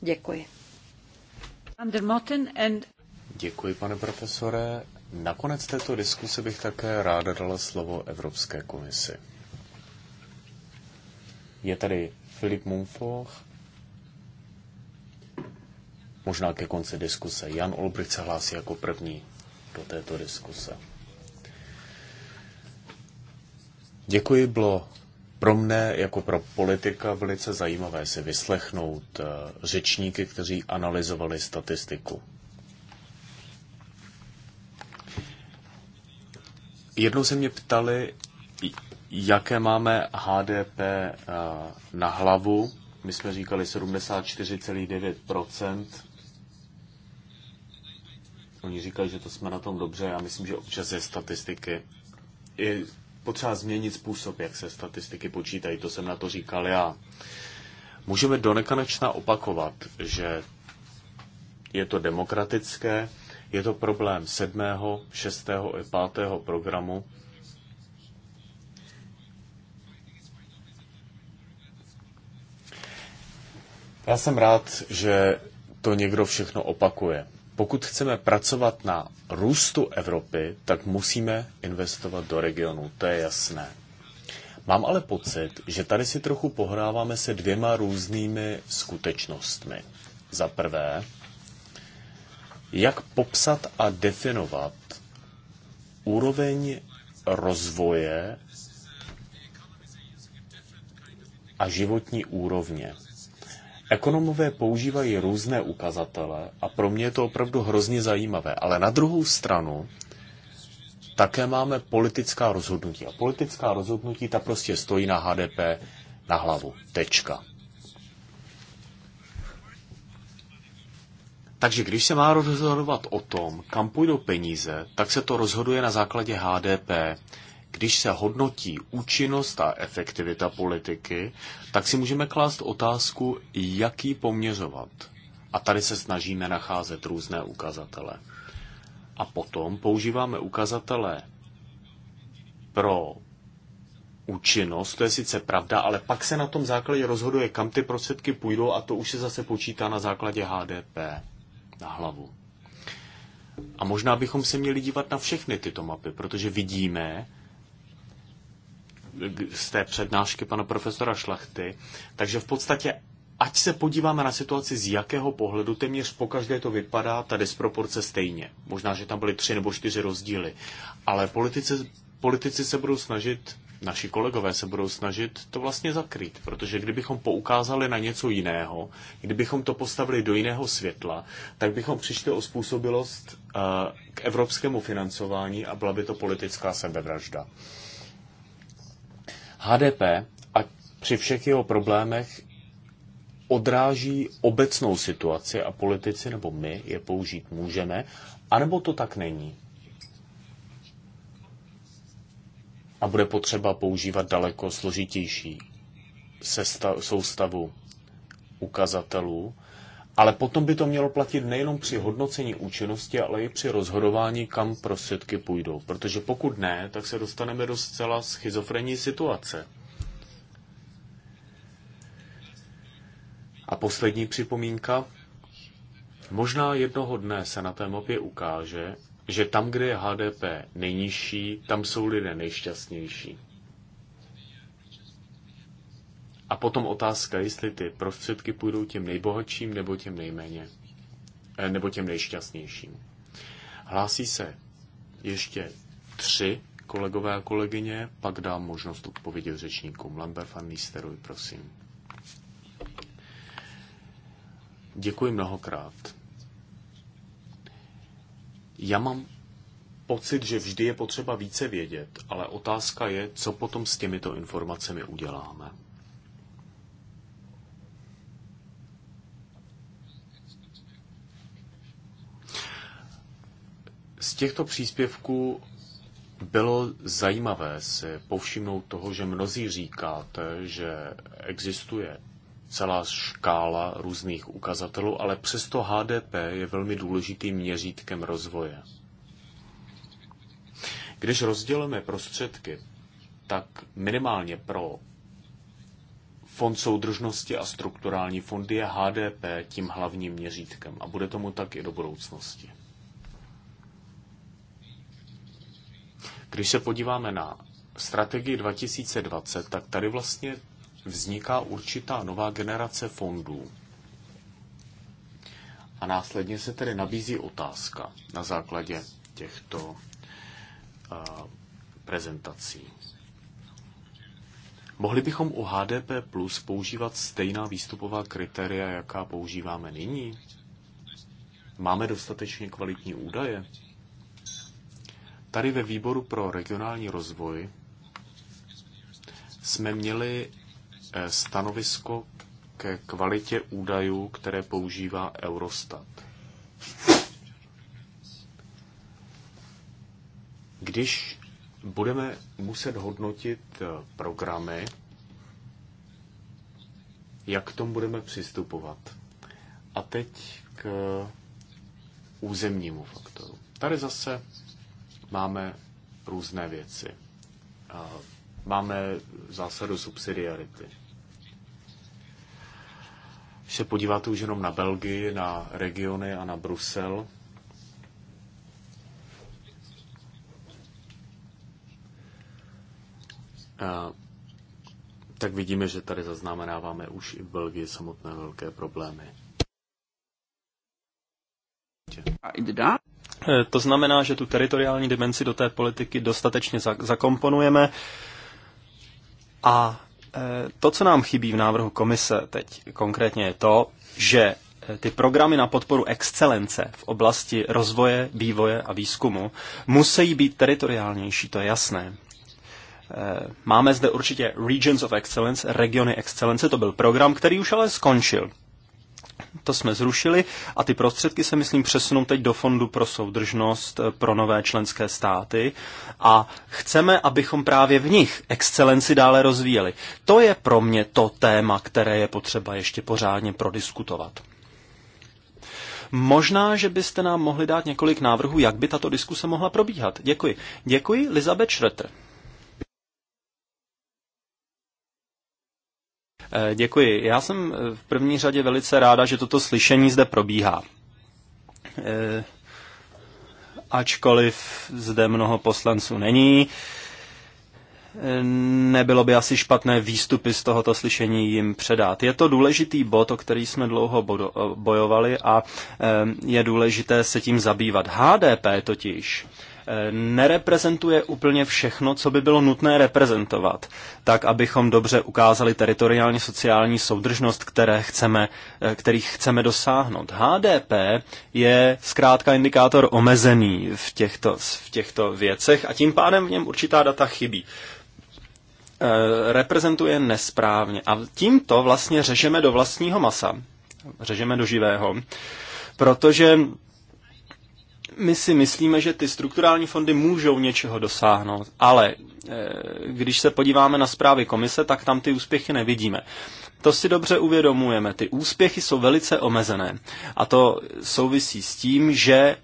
Děkuji. Děkuji, pane profesore. Nakonec této diskuse bych také ráda dala slovo Evropské komisi. Je tady Filip Mumfoch, možná ke konci diskuse. Jan Olbrich se hlásí jako první do této diskuse. Děkuji, bylo pro mne jako pro politika velice zajímavé si vyslechnout eh, řečníky, kteří analyzovali statistiku. Jednou se mě ptali, jaké máme HDP eh, na hlavu. My jsme říkali 74,9%, Oni říkají, že to jsme na tom dobře. Já myslím, že občas je statistiky. Je potřeba změnit způsob, jak se statistiky počítají. To jsem na to říkal já. Můžeme do nekonečna opakovat, že je to demokratické, je to problém sedmého, šestého i pátého programu. Já jsem rád, že to někdo všechno opakuje pokud chceme pracovat na růstu Evropy, tak musíme investovat do regionu, to je jasné. Mám ale pocit, že tady si trochu pohráváme se dvěma různými skutečnostmi. Za prvé, jak popsat a definovat úroveň rozvoje a životní úrovně. Ekonomové používají různé ukazatele a pro mě je to opravdu hrozně zajímavé. Ale na druhou stranu také máme politická rozhodnutí. A politická rozhodnutí ta prostě stojí na HDP na hlavu. Tečka. Takže když se má rozhodovat o tom, kam půjdou peníze, tak se to rozhoduje na základě HDP když se hodnotí účinnost a efektivita politiky, tak si můžeme klást otázku, jak ji poměřovat. A tady se snažíme nacházet různé ukazatele. A potom používáme ukazatele pro účinnost, to je sice pravda, ale pak se na tom základě rozhoduje, kam ty prostředky půjdou a to už se zase počítá na základě HDP na hlavu. A možná bychom se měli dívat na všechny tyto mapy, protože vidíme, z té přednášky pana profesora Šlachty. Takže v podstatě, ať se podíváme na situaci z jakého pohledu, téměř pokaždé to vypadá ta disproporce stejně. Možná, že tam byly tři nebo čtyři rozdíly. Ale politice, politici se budou snažit, naši kolegové se budou snažit to vlastně zakrýt. Protože kdybychom poukázali na něco jiného, kdybychom to postavili do jiného světla, tak bychom přišli o způsobilost eh, k evropskému financování a byla by to politická sebevražda. HDP a při všech jeho problémech odráží obecnou situaci a politici nebo my je použít můžeme, anebo to tak není. A bude potřeba používat daleko složitější soustavu ukazatelů, ale potom by to mělo platit nejenom při hodnocení účinnosti, ale i při rozhodování, kam prostředky půjdou. Protože pokud ne, tak se dostaneme do zcela schizofrenní situace. A poslední připomínka. Možná jednoho dne se na té mapě ukáže, že tam, kde je HDP nejnižší, tam jsou lidé nejšťastnější. A potom otázka, jestli ty prostředky půjdou těm nejbohatším nebo těm nejméně, eh, nebo těm nejšťastnějším. Hlásí se ještě tři kolegové a kolegyně, pak dám možnost odpovědět řečníkům. Lambert van Nisteruj, prosím. Děkuji mnohokrát. Já mám pocit, že vždy je potřeba více vědět, ale otázka je, co potom s těmito informacemi uděláme. těchto příspěvků bylo zajímavé si povšimnout toho, že mnozí říkáte, že existuje celá škála různých ukazatelů, ale přesto HDP je velmi důležitým měřítkem rozvoje. Když rozdělíme prostředky, tak minimálně pro Fond soudržnosti a strukturální fondy je HDP tím hlavním měřítkem a bude tomu tak i do budoucnosti. Když se podíváme na strategii 2020, tak tady vlastně vzniká určitá nová generace fondů. A následně se tedy nabízí otázka na základě těchto uh, prezentací. Mohli bychom u HDP Plus používat stejná výstupová kritéria, jaká používáme nyní? Máme dostatečně kvalitní údaje? Tady ve výboru pro regionální rozvoj jsme měli eh, stanovisko ke kvalitě údajů, které používá Eurostat. Když budeme muset hodnotit eh, programy, jak k tomu budeme přistupovat. A teď k územnímu faktoru. Tady zase máme různé věci. Máme zásadu subsidiarity. Když se podíváte už jenom na Belgii, na regiony a na Brusel, tak vidíme, že tady zaznamenáváme už i v Belgii samotné velké problémy. Eh, to znamená, že tu teritoriální dimenzi do té politiky dostatečně zakomponujeme a eh, to, co nám chybí v návrhu komise teď konkrétně je to, že eh, ty programy na podporu excelence v oblasti rozvoje, vývoje a výzkumu musí být teritoriálnější, to je jasné. Máme zde určitě Regions of Excellence, regiony excelence, to byl program, který už ale skončil to jsme zrušili a ty prostředky se, myslím, přesunou teď do Fondu pro soudržnost eh, pro nové členské státy a chceme, abychom právě v nich excelenci dále rozvíjeli. To je pro mě to téma, které je potřeba ještě pořádně prodiskutovat. Možná, že byste nám mohli dát několik návrhů, jak by tato diskuse mohla probíhat. Děkuji. Děkuji, Elizabeth Schroeter. Eh, děkuji. Já jsem eh, v první řadě velice ráda, že toto slyšení zde probíhá. Eh, ačkoliv zde mnoho poslanců není, nebylo by asi špatné výstupy z tohoto slyšení jim předat. Je to důležitý bod, o který jsme dlouho bojovali a je důležité se tím zabývat. HDP totiž Eh, nereprezentuje úplně všechno, co by bylo nutné reprezentovat, tak abychom dobře ukázali teritoriálně sociální soudržnost, které chceme, eh, kterých chceme dosáhnout. HDP je zkrátka indikátor omezený v těchto, v těchto věcech a tím pádem v něm určitá data chybí eh, reprezentuje nesprávně. A tímto vlastně řežeme do vlastního masa, řežeme do živého, protože my si myslíme, že ty strukturální fondy můžou něčeho dosáhnout, ale eh, když se podíváme na zprávy komise, tak tam ty úspěchy nevidíme. To si dobře uvědomujeme. Ty úspěchy jsou velice omezené. A to souvisí s tím, že eh,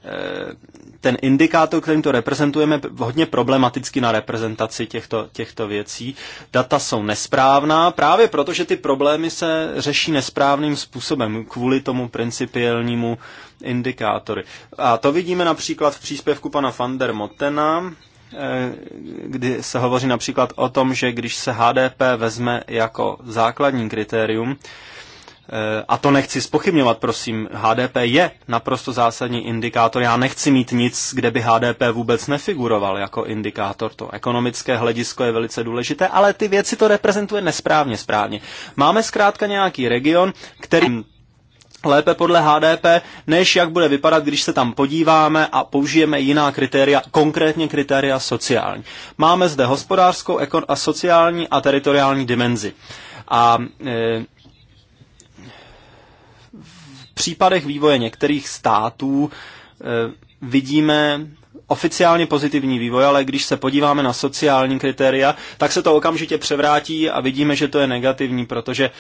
ten indikátor, kterým to reprezentujeme, hodně problematicky na reprezentaci těchto, těchto věcí. Data jsou nesprávná právě proto, že ty problémy se řeší nesprávným způsobem kvůli tomu principiálnímu indikátory. A to vidíme například v příspěvku pana van der Motena, Eh, kdy se hovoří například o tom, že když se HDP vezme jako základní kritérium, eh, a to nechci spochybňovat, prosím, HDP je naprosto zásadní indikátor. Já nechci mít nic, kde by HDP vůbec nefiguroval jako indikátor. To ekonomické hledisko je velice důležité, ale ty věci to reprezentuje nesprávně správně. Máme zkrátka nějaký region, který lépe podle HDP, než jak bude vypadat, když se tam podíváme a použijeme jiná kritéria, konkrétně kritéria sociální. Máme zde hospodářskou, ekon. a sociální a teritoriální dimenzi. A e, v případech vývoje některých států e, vidíme oficiálně pozitivní vývoj, ale když se podíváme na sociální kritéria, tak se to okamžitě převrátí a vidíme, že to je negativní, protože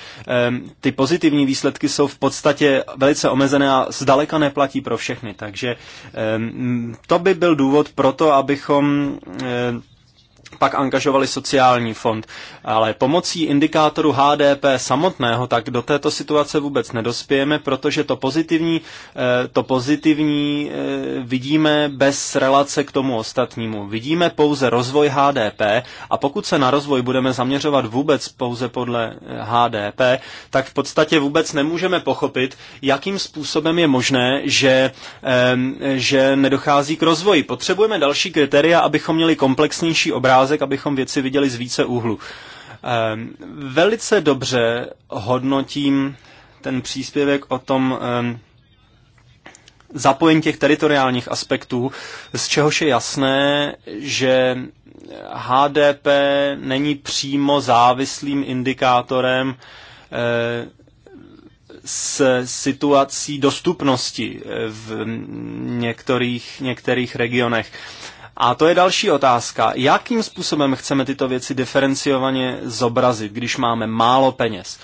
um, ty pozitivní výsledky jsou v podstatě velice omezené a zdaleka neplatí pro všechny. Takže um, to by byl důvod pro to, abychom um, pak angažovali sociální fond. Ale pomocí indikátoru HDP samotného tak do této situace vůbec nedospějeme, protože to pozitivní, eh, to pozitivní eh, vidíme bez relace k tomu ostatnímu. Vidíme pouze rozvoj HDP a pokud se na rozvoj budeme zaměřovat vůbec pouze podle HDP, eh, tak v podstatě vůbec nemůžeme pochopit, jakým způsobem je možné, že, že nedochází k rozvoji. Potřebujeme další kritéria, abychom měli komplexnější obrázek obrázek, abychom věci viděli z více úhlu. Ehm, velice dobře hodnotím ten příspěvek o tom ehm, zapojení těch teritoriálních aspektů, z čehož je jasné, že HDP není přímo závislým indikátorem ehm, s situací dostupnosti v některých, některých regionech. A to je další otázka. Jakým způsobem chceme tyto věci diferenciovaně zobrazit, když máme málo peněz?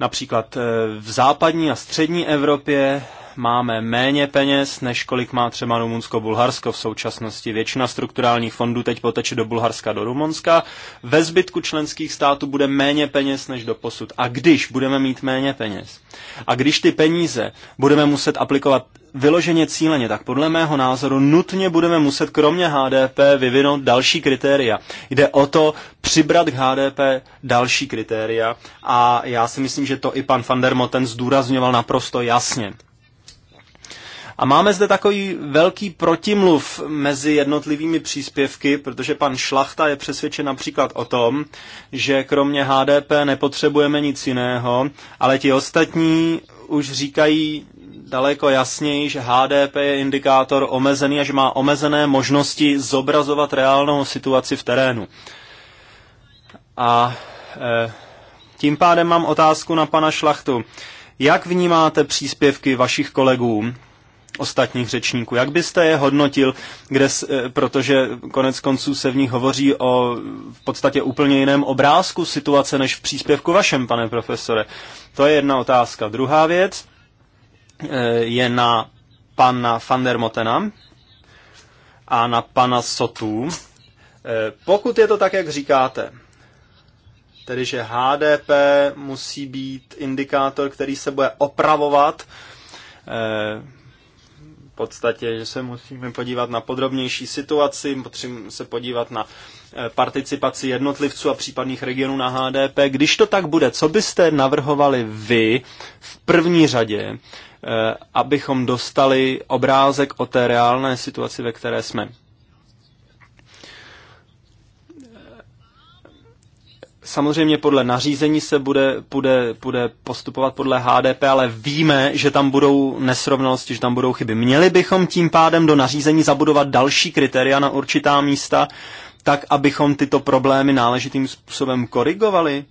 Například eh, v západní a střední Evropě máme méně peněz, než kolik má třeba Rumunsko-Bulharsko v současnosti. Většina strukturálních fondů teď poteče do Bulharska, do Rumunska. Ve zbytku členských států bude méně peněz než do posud. A když budeme mít méně peněz a když ty peníze budeme muset aplikovat vyloženě cíleně, tak podle mého názoru nutně budeme muset kromě HDP vyvinout další kritéria. Jde o to přibrat k HDP další kritéria a já si myslím, že to i pan van der Moten zdůrazňoval naprosto jasně. A máme zde takový velký protimluv mezi jednotlivými příspěvky, protože pan Šlachta je přesvědčen například o tom, že kromě HDP nepotřebujeme nic jiného, ale ti ostatní už říkají daleko jasněji, že HDP je indikátor omezený a že má omezené možnosti zobrazovat reálnou situaci v terénu. A e, tím pádem mám otázku na pana Šlachtu. Jak vnímáte příspěvky vašich kolegů ostatních řečníků. Jak byste je hodnotil, kde, eh, protože konec konců se v nich hovoří o v podstatě úplně jiném obrázku situace než v příspěvku vašem, pane profesore. To je jedna otázka. Druhá věc eh, je na pana van der Motena a na pana Sotu. Eh, pokud je to tak, jak říkáte, tedy že HDP musí být indikátor, který se bude opravovat podstatě, že se musíme podívat na podrobnější situaci, potřebujeme se podívat na eh, participaci jednotlivců a případných regionů na HDP. Když to tak bude, co byste navrhovali vy v první řadě, eh, abychom dostali obrázek o té reálné situaci, ve které jsme? Samozřejmě podle nařízení se bude, bude, bude postupovat podle HDP, ale víme, že tam budou nesrovnalosti, že tam budou chyby. Měli bychom tím pádem do nařízení zabudovat další kritéria na určitá místa, tak abychom tyto problémy náležitým způsobem korigovali?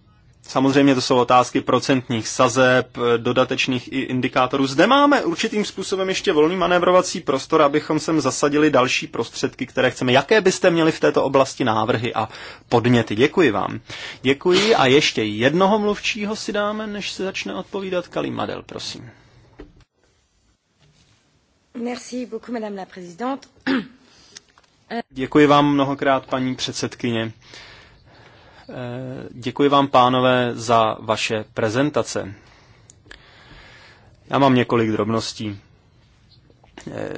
Samozřejmě to jsou otázky procentních sazeb, dodatečných i indikátorů. Zde máme určitým způsobem ještě volný manévrovací prostor, abychom sem zasadili další prostředky, které chceme. Jaké byste měli v této oblasti návrhy a podněty? Děkuji vám. Děkuji a ještě jednoho mluvčího si dáme, než se začne odpovídat Kalim Madel, prosím. Merci beaucoup, madame la présidente. Děkuji vám mnohokrát, paní předsedkyně. Eh, děkuji vám, pánové, za vaše prezentace. Já mám několik drobností. Eh,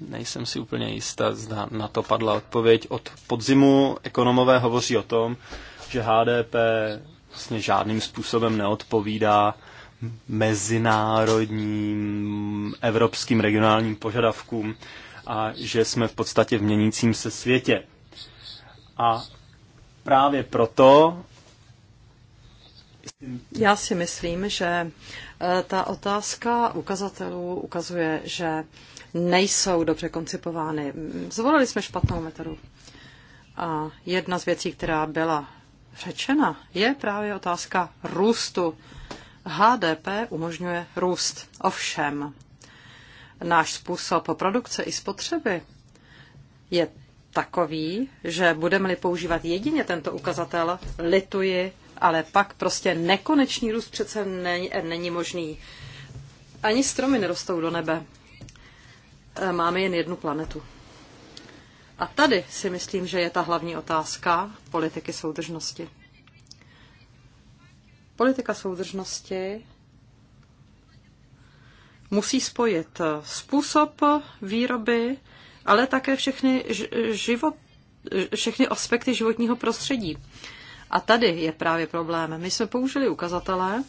nejsem si úplně jistá, zda na to padla odpověď. Od podzimu ekonomové hovoří o tom, že HDP vlastně žádným způsobem neodpovídá mezinárodním evropským regionálním požadavkům a že jsme v podstatě v měnícím se světě. A právě proto já si myslím, že eh, ta otázka ukazatelů ukazuje, že nejsou dobře koncipovány. Mm, zvolili jsme špatnou metodu. A jedna z věcí, která byla řečena, je právě otázka růstu. HDP umožňuje růst. Ovšem, náš způsob produkce i spotřeby je takový, že budeme-li používat jedině tento ukazatel, lituji, ale pak prostě nekonečný růst přece není, není možný. Ani stromy nerostou do nebe. E, máme jen jednu planetu. A tady si myslím, že je ta hlavní otázka politiky soudržnosti. Politika soudržnosti musí spojit způsob výroby ale také všechny, živo, všechny aspekty životního prostředí. A tady je právě problém. My jsme použili ukazatele,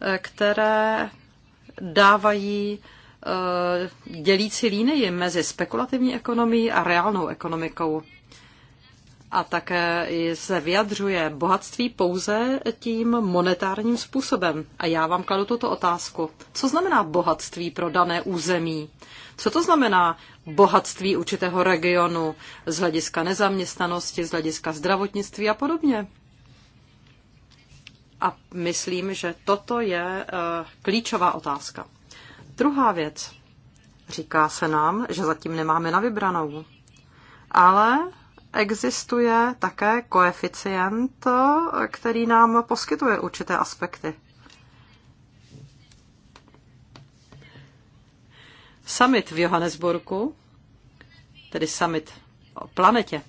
eh, které dávají eh, dělící línii mezi spekulativní ekonomií a reálnou ekonomikou. A také se vyjadřuje bohatství pouze tím monetárním způsobem. A já vám kladu tuto otázku. Co znamená bohatství pro dané území? Co to znamená bohatství určitého regionu z hlediska nezaměstnanosti, z hlediska zdravotnictví a podobně? A myslím, že toto je eh, klíčová otázka. Druhá věc. Říká se nám, že zatím nemáme na vybranou. Ale existuje také koeficient, eh, který nám poskytuje určité aspekty. summit v Johannesburgu, tedy summit o planetě,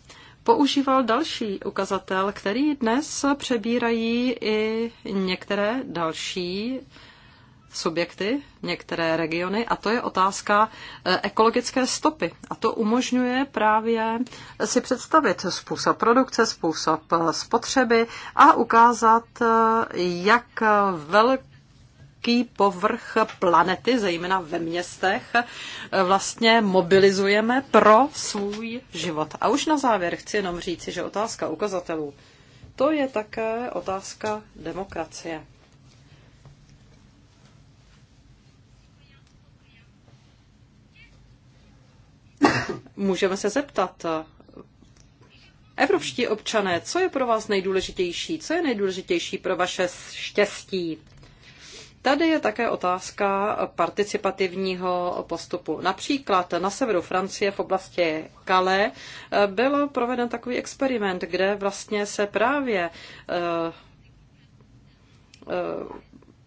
používal další ukazatel, který dnes přebírají i některé další subjekty, některé regiony, a to je otázka eh, ekologické stopy. A to umožňuje právě si představit způsob produkce, způsob eh, spotřeby a ukázat, eh, jak velký velký povrch planety, zejména ve městech, vlastně mobilizujeme pro svůj život. A už na závěr chci jenom říci, že otázka ukazatelů, to je také otázka demokracie. Můžeme se zeptat, Evropští občané, co je pro vás nejdůležitější? Co je nejdůležitější pro vaše štěstí? Tady je také otázka participativního postupu. Například na severu Francie v oblasti Calais eh, byl proveden takový experiment, kde vlastně se právě eh, eh,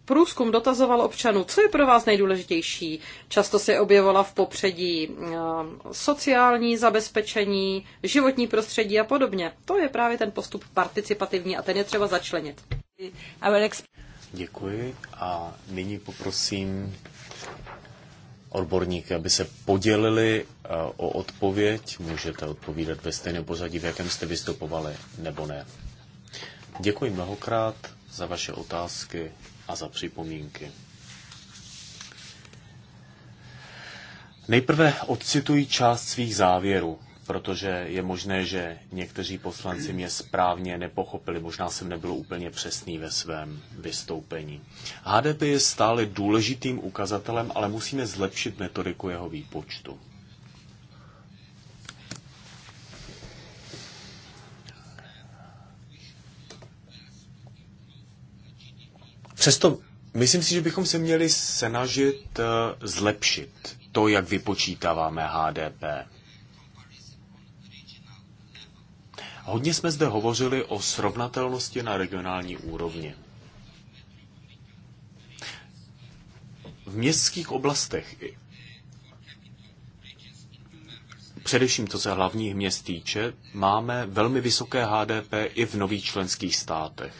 průzkum dotazoval občanů, co je pro vás nejdůležitější. Často se objevovala v popředí sociální zabezpečení, životní prostředí a podobně. To je právě ten postup participativní a ten je třeba začlenit. Děkuji a nyní poprosím odborníky, aby se podělili eh, o odpověď. Můžete odpovídat ve stejném pozadí, v jakém jste vystupovali, nebo ne. Děkuji mnohokrát za vaše otázky a za připomínky. Nejprve odcituji část svých závěrů protože je možné, že někteří poslanci mě správně nepochopili. Možná jsem nebyl úplně přesný ve svém vystoupení. HDP je stále důležitým ukazatelem, ale musíme zlepšit metodiku jeho výpočtu. Přesto myslím si, že bychom se měli snažit eh, zlepšit to, jak vypočítáváme HDP. Hodně jsme zde hovořili o srovnatelnosti na regionální úrovni. V městských oblastech, především to se hlavních měst týče, máme velmi vysoké HDP i v nových členských státech.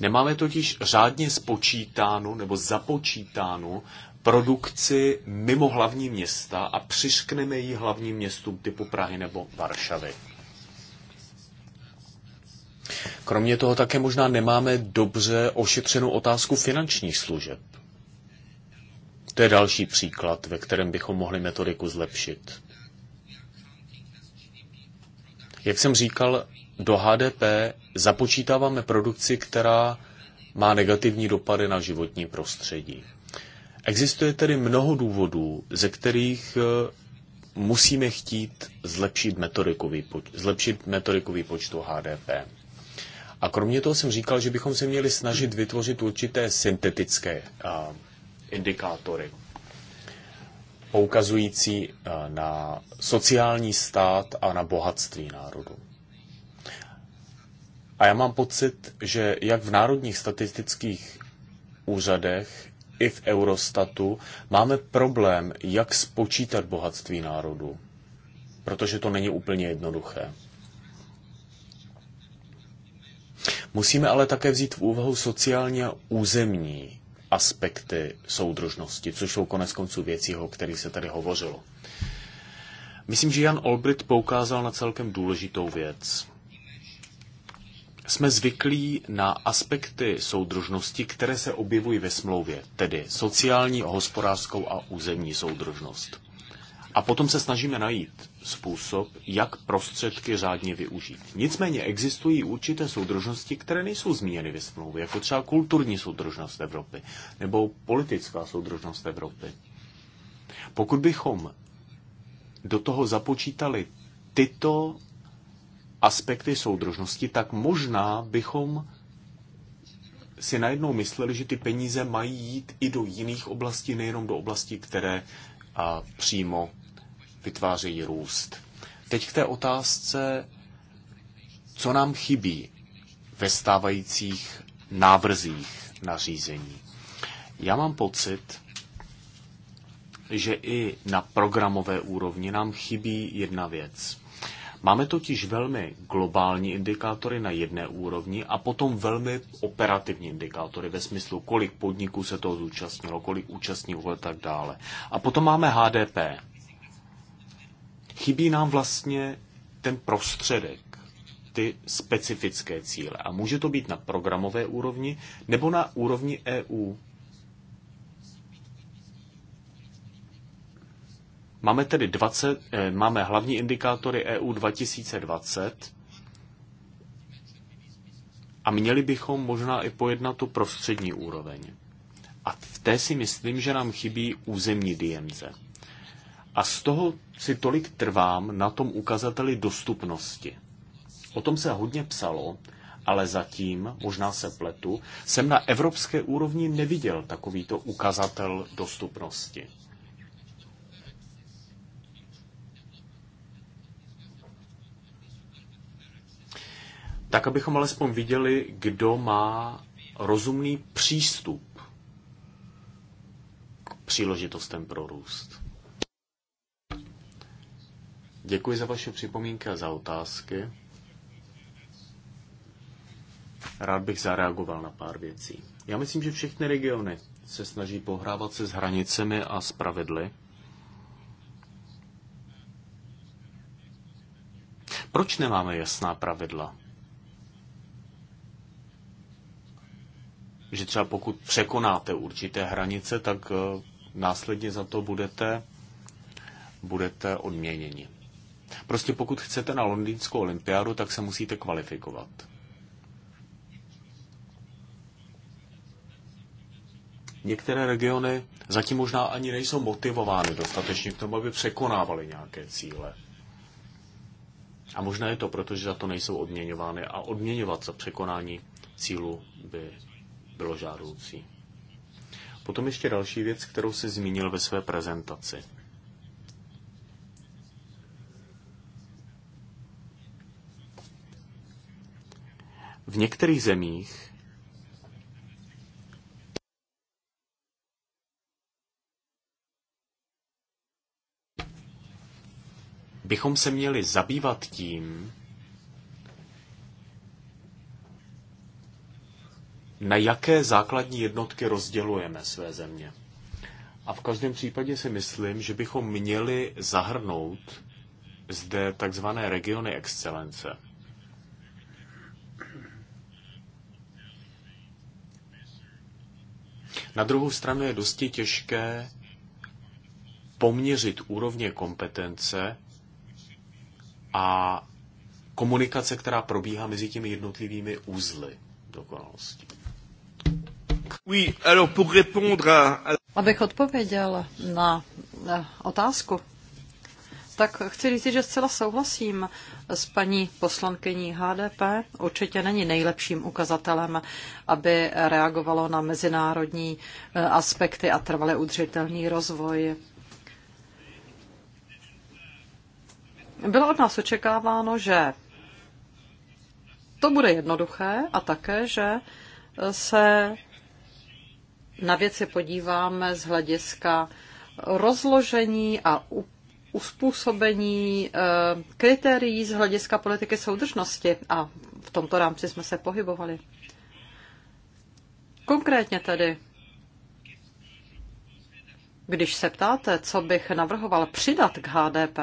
Nemáme totiž řádně spočítáno nebo započítáno produkci mimo hlavní města a přiškneme ji hlavním městům typu Prahy nebo Varšavy. Kromě toho také možná nemáme dobře ošetřenou otázku finančních služeb. To je další příklad, ve kterém bychom mohli metodiku zlepšit. Jak jsem říkal, do HDP započítáváme produkci, která má negativní dopady na životní prostředí. Existuje tedy mnoho důvodů, ze kterých eh, musíme chtít zlepšit metodiku, výpoč- zlepšit metodiku výpočtu HDP. A kromě toho jsem říkal, že bychom se měli snažit vytvořit určité syntetické uh, indikátory, poukazující uh, na sociální stát a na bohatství národu. A já mám pocit, že jak v národních statistických úřadech, i v Eurostatu máme problém, jak spočítat bohatství národů, protože to není úplně jednoduché. Musíme ale také vzít v úvahu sociálně územní aspekty soudržnosti, což jsou konec konců věcí, o kterých se tady hovořilo. Myslím, že Jan Olbrit poukázal na celkem důležitou věc jsme zvyklí na aspekty soudržnosti, které se objevují ve smlouvě, tedy sociální, hospodářskou a územní soudržnost. A potom se snažíme najít způsob, jak prostředky řádně využít. Nicméně existují určité soudržnosti, které nejsou zmíněny ve smlouvě, jako třeba kulturní soudržnost Evropy nebo politická soudržnost Evropy. Pokud bychom do toho započítali tyto aspekty soudržnosti, tak možná bychom si najednou mysleli, že ty peníze mají jít i do jiných oblastí, nejenom do oblastí, které a, přímo vytvářejí růst. Teď k té otázce, co nám chybí ve stávajících návrzích nařízení. Já mám pocit, že i na programové úrovni nám chybí jedna věc. Máme totiž velmi globální indikátory na jedné úrovni a potom velmi operativní indikátory ve smyslu, kolik podniků se toho zúčastnilo, kolik účastníků a tak dále. A potom máme HDP. Chybí nám vlastně ten prostředek, ty specifické cíle. A může to být na programové úrovni nebo na úrovni EU. Máme tedy 20, eh, máme hlavní indikátory EU 2020 a měli bychom možná i pojednat tu prostřední úroveň. A v té si myslím, že nám chybí územní diemze. A z toho si tolik trvám na tom ukazateli dostupnosti. O tom se hodně psalo, ale zatím, možná se pletu, jsem na evropské úrovni neviděl takovýto ukazatel dostupnosti. tak abychom alespoň viděli, kdo má rozumný přístup k příležitostem pro růst. Děkuji za vaše připomínky a za otázky. Rád bych zareagoval na pár věcí. Já myslím, že všechny regiony se snaží pohrávat se s hranicemi a s pravidly. Proč nemáme jasná pravidla? že třeba pokud překonáte určité hranice, tak eh, následně za to budete, budete odměněni. Prostě pokud chcete na londýnskou olympiádu, tak se musíte kvalifikovat. Některé regiony zatím možná ani nejsou motivovány dostatečně k tomu, aby překonávaly nějaké cíle. A možná je to proto, že za to nejsou odměňovány a odměňovat za překonání cílu by bylo žádoucí. Potom ještě další věc, kterou si zmínil ve své prezentaci. V některých zemích bychom se měli zabývat tím, na jaké základní jednotky rozdělujeme své země. A v každém případě si myslím, že bychom měli zahrnout zde takzvané regiony excelence. Na druhou stranu je dosti těžké poměřit úrovně kompetence a komunikace, která probíhá mezi těmi jednotlivými úzly dokonalosti. Oui, alors pour répondre à... Abych odpověděl na otázku, tak chci říct, že zcela souhlasím s paní poslankyní HDP. Určitě není nejlepším ukazatelem, aby reagovalo na mezinárodní eh, aspekty a trvale udržitelný rozvoj. Bylo od nás očekáváno, že to bude jednoduché a také, že se na věci podíváme z hlediska rozložení a uspůsobení eh, kritérií z hlediska politiky soudržnosti. A v tomto rámci jsme se pohybovali. Konkrétně tedy, když se ptáte, co bych navrhoval přidat k HDP,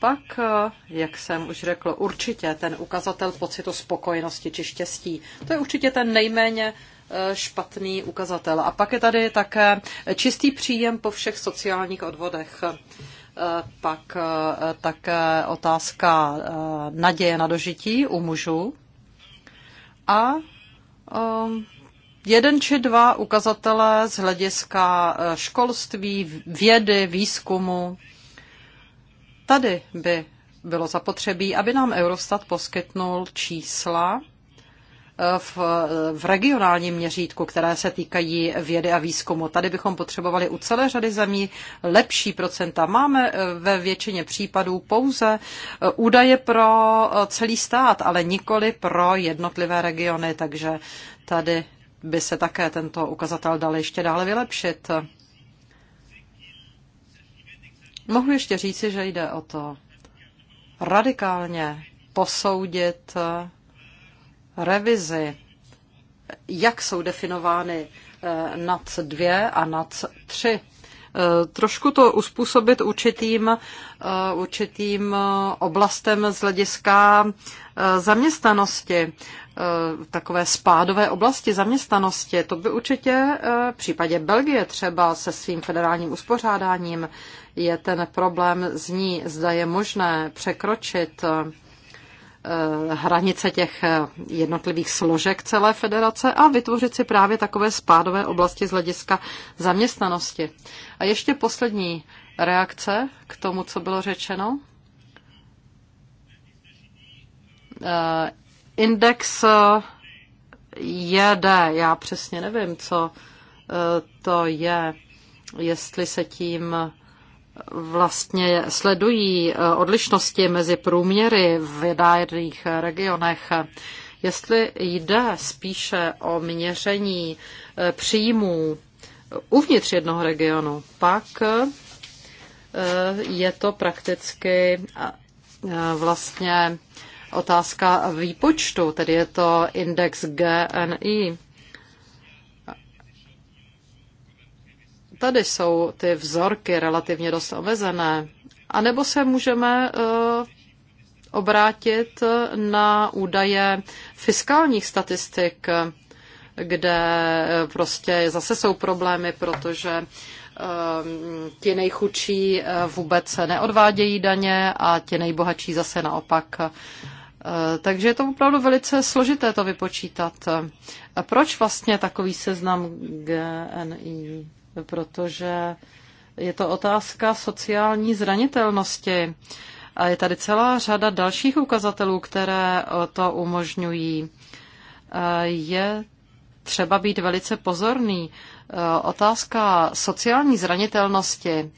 pak, eh, jak jsem už řekl, určitě ten ukazatel pocitu spokojenosti či štěstí. To je určitě ten nejméně Eh, špatný ukazatel. A pak je tady také čistý příjem po všech sociálních odvodech. Eh, pak eh, také otázka naděje na dožití u mužů. A ehm, jeden či dva ukazatele z hlediska školství, vědy, výzkumu. Tady by bylo zapotřebí, aby nám Eurostat poskytnul čísla v, v regionálním měřítku, které se týkají vědy a výzkumu. Tady bychom potřebovali u celé řady zemí lepší procenta. Máme eh, ve většině případů pouze eh, údaje pro eh, celý stát, ale nikoli pro jednotlivé regiony, takže tady by se také tento ukazatel dal ještě dále vylepšit. Mohu ještě říci, že jde o to radikálně posoudit revizi, jak jsou definovány eh, NAC 2 a NAC 3. Eh, trošku to uspůsobit určitým, eh, určitým oblastem z hlediska zaměstnanosti, takové spádové oblasti zaměstnanosti. To by určitě v případě Belgie třeba se svým federálním uspořádáním je ten problém ní, zda je možné překročit Eh, hranice těch eh, jednotlivých složek celé federace a vytvořit si právě takové spádové oblasti z hlediska zaměstnanosti. A ještě poslední reakce k tomu, co bylo řečeno. Eh, index JD, já přesně nevím, co to je, jestli se tím vlastně sledují eh, odlišnosti mezi průměry v jednotlivých regionech. Jestli jde spíše o měření eh, příjmů eh, uvnitř jednoho regionu, pak je to prakticky vlastně otázka výpočtu, tedy je to index GNI. Tady jsou ty vzorky relativně dost omezené. A nebo se můžeme eh, obrátit eh, na údaje fiskálních statistik, kde eh, prostě zase jsou problémy, protože ti nejchudší vůbec neodvádějí daně a ti nejbohatší zase naopak. Takže je to opravdu velice složité to vypočítat. A proč vlastně takový seznam GNI? protože je to otázka sociální zranitelnosti. A je tady celá řada dalších ukazatelů, které to umožňují. Je třeba být velice pozorný. E, otázka sociální zranitelnosti.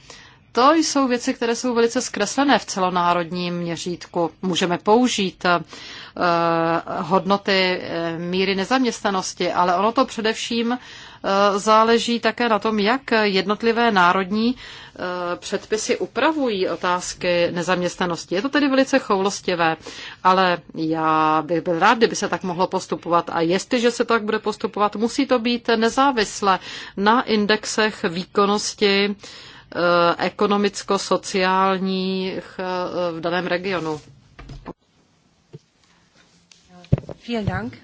To jsou věci, které jsou velice zkreslené v celonárodním měřítku. Můžeme použít e, hodnoty e, míry nezaměstnanosti, ale ono to především záleží také na tom, jak jednotlivé národní eh, předpisy upravují otázky nezaměstnanosti. Je to tedy velice choulostivé, ale já bych byl rád, kdyby se tak mohlo postupovat. A jestliže se tak bude postupovat, musí to být nezávisle na indexech výkonnosti eh, ekonomicko-sociálních eh, v daném regionu. Vielen Dank.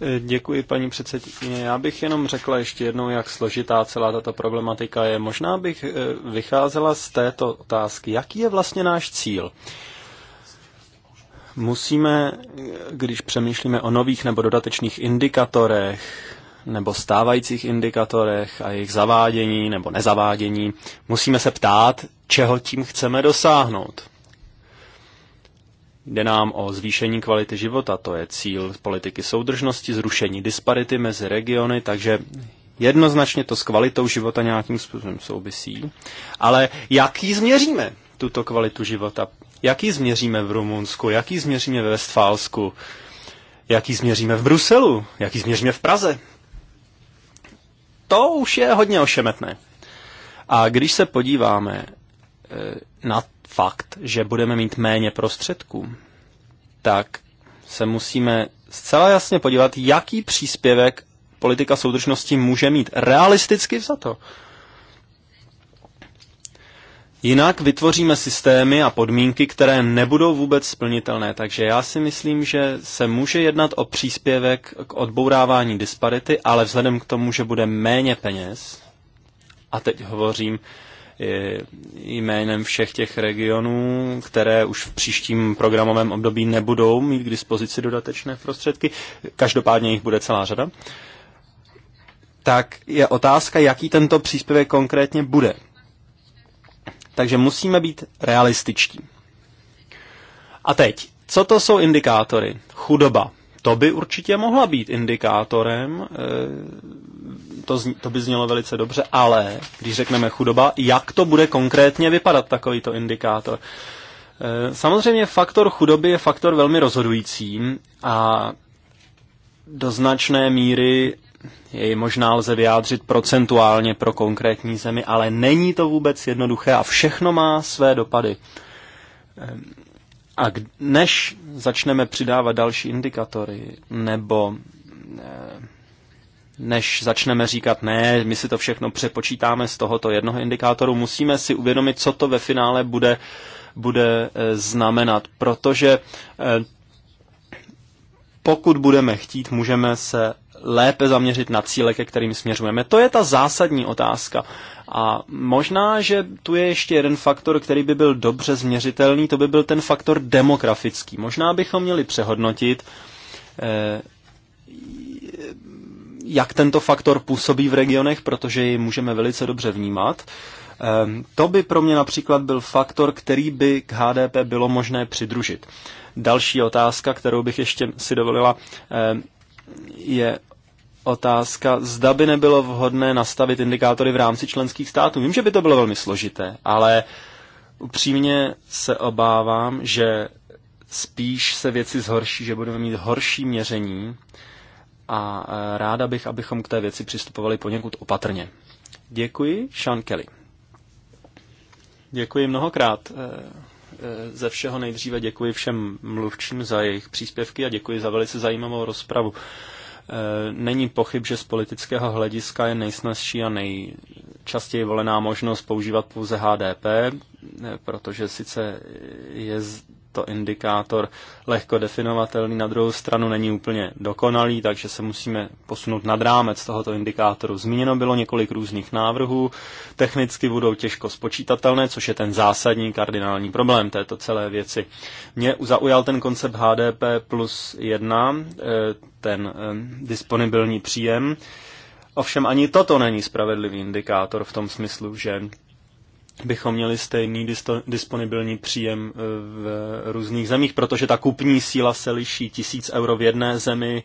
Eh, děkuji, paní předsedkyně. Já bych jenom řekla ještě jednou, jak složitá celá tato problematika je. Možná bych eh, vycházela z této otázky. Jaký je vlastně náš cíl? Musíme, eh, když přemýšlíme o nových nebo dodatečných indikatorech, nebo stávajících indikatorech a jejich zavádění nebo nezavádění, musíme se ptát, čeho tím chceme dosáhnout. Jde nám o zvýšení kvality života, to je cíl politiky soudržnosti, zrušení disparity mezi regiony, takže jednoznačně to s kvalitou života nějakým způsobem souvisí. Ale jak ji změříme, tuto kvalitu života? Jak ji změříme v Rumunsku? Jak ji změříme ve Westfálsku? Jak ji změříme v Bruselu? Jak ji změříme v Praze? To už je hodně ošemetné. A když se podíváme eh, na fakt, že budeme mít méně prostředků, tak se musíme zcela jasně podívat, jaký příspěvek politika soudržnosti může mít. Realisticky za to. Jinak vytvoříme systémy a podmínky, které nebudou vůbec splnitelné. Takže já si myslím, že se může jednat o příspěvek k odbourávání disparity, ale vzhledem k tomu, že bude méně peněz, a teď hovořím jménem všech těch regionů, které už v příštím programovém období nebudou mít k dispozici dodatečné prostředky. Každopádně jich bude celá řada. Tak je otázka, jaký tento příspěvek konkrétně bude. Takže musíme být realističtí. A teď, co to jsou indikátory? Chudoba, to by určitě mohla být indikátorem, eh, to, z, to by znělo velice dobře, ale když řekneme chudoba, jak to bude konkrétně vypadat takovýto indikátor? Eh, samozřejmě faktor chudoby je faktor velmi rozhodující a do značné míry jej možná lze vyjádřit procentuálně pro konkrétní zemi, ale není to vůbec jednoduché a všechno má své dopady. Eh, a než začneme přidávat další indikatory, nebo eh, než začneme říkat, ne, my si to všechno přepočítáme z tohoto jednoho indikátoru, musíme si uvědomit, co to ve finále bude, bude eh, znamenat. Protože eh, pokud budeme chtít, můžeme se lépe zaměřit na cíle, ke kterým směřujeme. To je ta zásadní otázka. A možná, že tu je ještě jeden faktor, který by byl dobře změřitelný, to by byl ten faktor demografický. Možná bychom měli přehodnotit, eh, jak tento faktor působí v regionech, protože ji můžeme velice dobře vnímat. Eh, to by pro mě například byl faktor, který by k HDP bylo možné přidružit. Další otázka, kterou bych ještě si dovolila, eh, je otázka, zda by nebylo vhodné nastavit indikátory v rámci členských států. Vím, že by to bylo velmi složité, ale upřímně se obávám, že spíš se věci zhorší, že budeme mít horší měření a e, ráda bych, abychom k té věci přistupovali poněkud opatrně. Děkuji, Sean Kelly. Děkuji mnohokrát. E, e, ze všeho nejdříve děkuji všem mluvčím za jejich příspěvky a děkuji za velice zajímavou rozpravu. Eh, není pochyb, že z politického hlediska je nejsnazší a nejčastěji volená možnost používat pouze HDP, eh, protože sice je to indikátor lehko definovatelný, na druhou stranu není úplně dokonalý, takže se musíme posunout nad rámec tohoto indikátoru. Zmíněno bylo několik různých návrhů, technicky budou těžko spočítatelné, což je ten zásadní kardinální problém této celé věci. Mě zaujal ten koncept HDP plus 1, eh, ten eh, disponibilní příjem, Ovšem ani toto není spravedlivý indikátor v tom smyslu, že bychom měli stejný disto, disponibilní příjem e, v různých zemích, protože ta kupní síla se liší. Tisíc euro v jedné zemi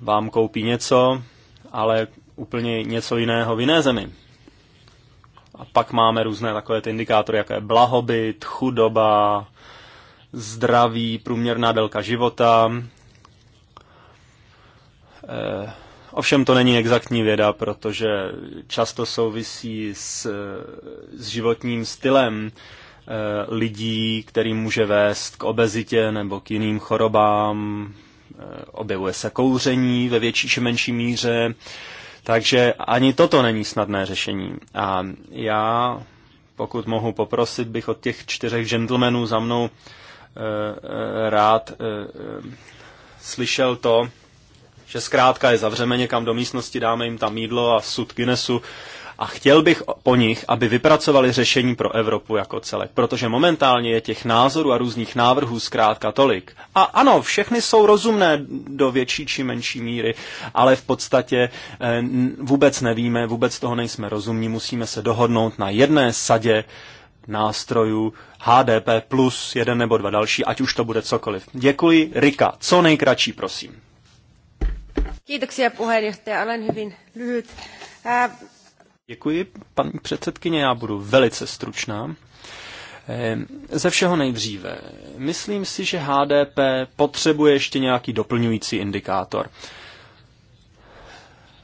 vám koupí něco, ale úplně něco jiného v jiné zemi. A pak máme různé takové ty indikátory, jako je blahobyt, chudoba, zdraví, průměrná délka života, eh, Ovšem to není exaktní věda, protože často souvisí s, s životním stylem eh, lidí, který může vést k obezitě nebo k jiným chorobám. Eh, objevuje se kouření ve větší či menší míře. Takže ani toto není snadné řešení. A já, pokud mohu poprosit, bych od těch čtyřech gentlemanů za mnou eh, rád slyšel to, že zkrátka je zavřeme někam do místnosti, dáme jim tam mídlo a sud Guinnessu a chtěl bych po nich, aby vypracovali řešení pro Evropu jako celek, protože momentálně je těch názorů a různých návrhů zkrátka tolik. A ano, všechny jsou rozumné do větší či menší míry, ale v podstatě eh, vůbec nevíme, vůbec toho nejsme rozumní, musíme se dohodnout na jedné sadě nástrojů HDP plus jeden nebo dva další, ať už to bude cokoliv. Děkuji, Rika, co nejkratší, prosím. Kiitoksia puheenjohtaja, olen hyvin lyhyt. Děkuji, paní předsedkyně, já budu velice stručná. Ehm, ze všeho nejdříve. Myslím si, že HDP potřebuje ještě nějaký doplňující indikátor.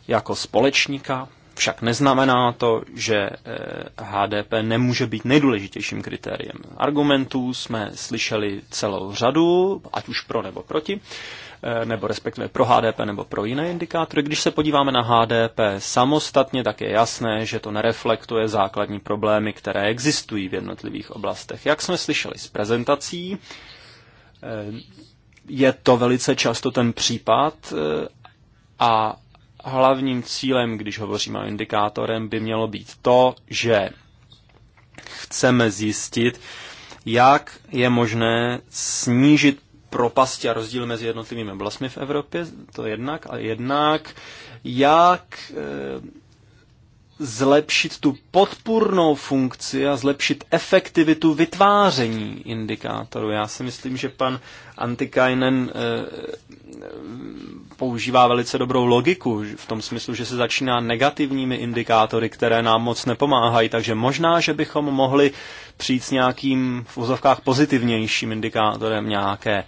Jako společníka však neznamená to, že HDP eh, nemůže být nejdůležitějším kritériem. Argumentů jsme slyšeli celou řadu, ať už pro nebo proti. Eh, nebo respektive pro HDP nebo pro jiné indikátory. Když se podíváme na HDP samostatně, tak je jasné, že to nereflektuje základní problémy, které existují v jednotlivých oblastech. Jak jsme slyšeli z prezentací, eh, je to velice často ten případ eh, a hlavním cílem, když hovoříme o indikátorem, by mělo být to, že chceme zjistit, jak je možné snížit propasti a rozdíl mezi jednotlivými oblastmi v Evropě, to jednak, a jednak, jak eh, zlepšit tu podpůrnou funkci a zlepšit efektivitu vytváření indikátorů. Já si myslím, že pan Antikainen e, používá velice dobrou logiku v tom smyslu, že se začíná negativními indikátory, které nám moc nepomáhají, takže možná, že bychom mohli přijít s nějakým v vozovkách pozitivnějším indikátorem nějaké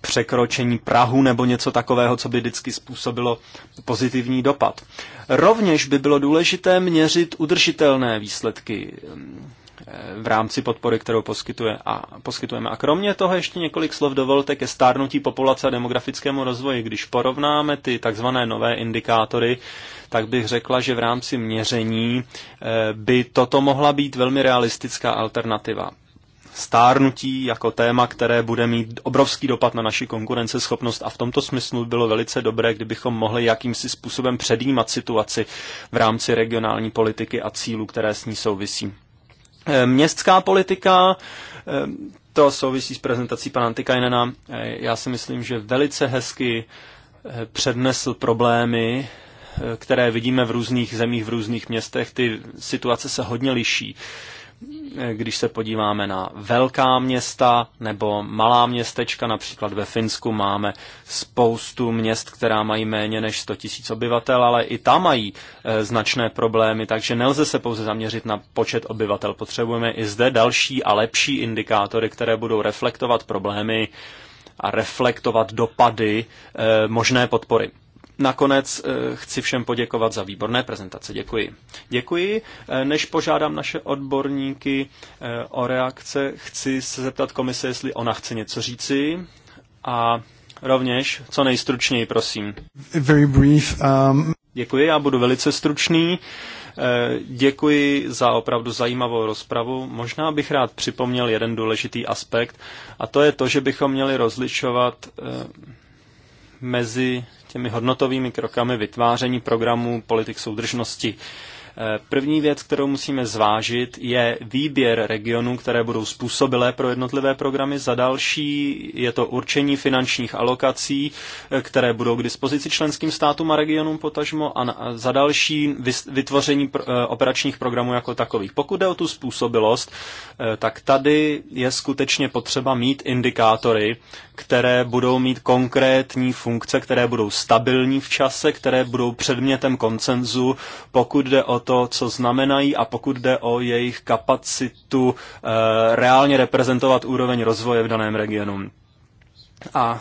překročení Prahu nebo něco takového, co by vždycky způsobilo pozitivní dopad. Rovněž by bylo důležité měřit udržitelné výsledky mm, eh, v rámci podpory, kterou poskytuje a poskytujeme. A kromě toho ještě několik slov dovolte ke stárnutí populace a demografickému rozvoji. Když porovnáme ty takzvané nové indikátory, tak bych řekla, že v rámci měření eh, by toto mohla být velmi realistická alternativa stárnutí jako téma, které bude mít obrovský dopad na naši konkurenceschopnost a v tomto smyslu bylo velice dobré, kdybychom mohli jakýmsi způsobem předjímat situaci v rámci regionální politiky a cílů, které s ní souvisí. Eh, městská politika, eh, to souvisí s prezentací pana Antikajnena. Eh, já si myslím, že velice hezky přednesl problémy, které vidíme v různých zemích, v různých městech. Ty situace se hodně liší když se podíváme na velká města nebo malá městečka, například ve Finsku máme spoustu měst, která mají méně než 100 000 obyvatel, ale i tam mají e, značné problémy, takže nelze se pouze zaměřit na počet obyvatel. Potřebujeme i zde další a lepší indikátory, které budou reflektovat problémy a reflektovat dopady e, možné podpory. Nakonec eh, chci všem poděkovat za výborné prezentace. Děkuji. Děkuji. Eh, než požádám naše odborníky eh, o reakce, chci se zeptat komise, jestli ona chce něco říci. A rovněž, co nejstručněji, prosím. Very brief, um... Děkuji, já budu velice stručný. Děkuji za opravdu zajímavou rozpravu. Možná bych rád připomněl jeden důležitý aspekt, a to je to, že bychom měli rozlišovat mezi těmi hodnotovými krokami vytváření programů politik soudržnosti. První věc, kterou musíme zvážit, je výběr regionů, které budou způsobilé pro jednotlivé programy. Za další je to určení finančních alokací, které budou k dispozici členským státům a regionům potažmo a za další vytvoření e, operačních programů jako takových. Pokud jde o tu způsobilost, e, tak tady je skutečně potřeba mít indikátory, které budou mít konkrétní funkce, které budou stabilní v čase, které budou předmětem koncenzu, pokud jde o to, co znamenají a pokud jde o jejich kapacitu eh, reálně reprezentovat úroveň rozvoje v daném regionu. A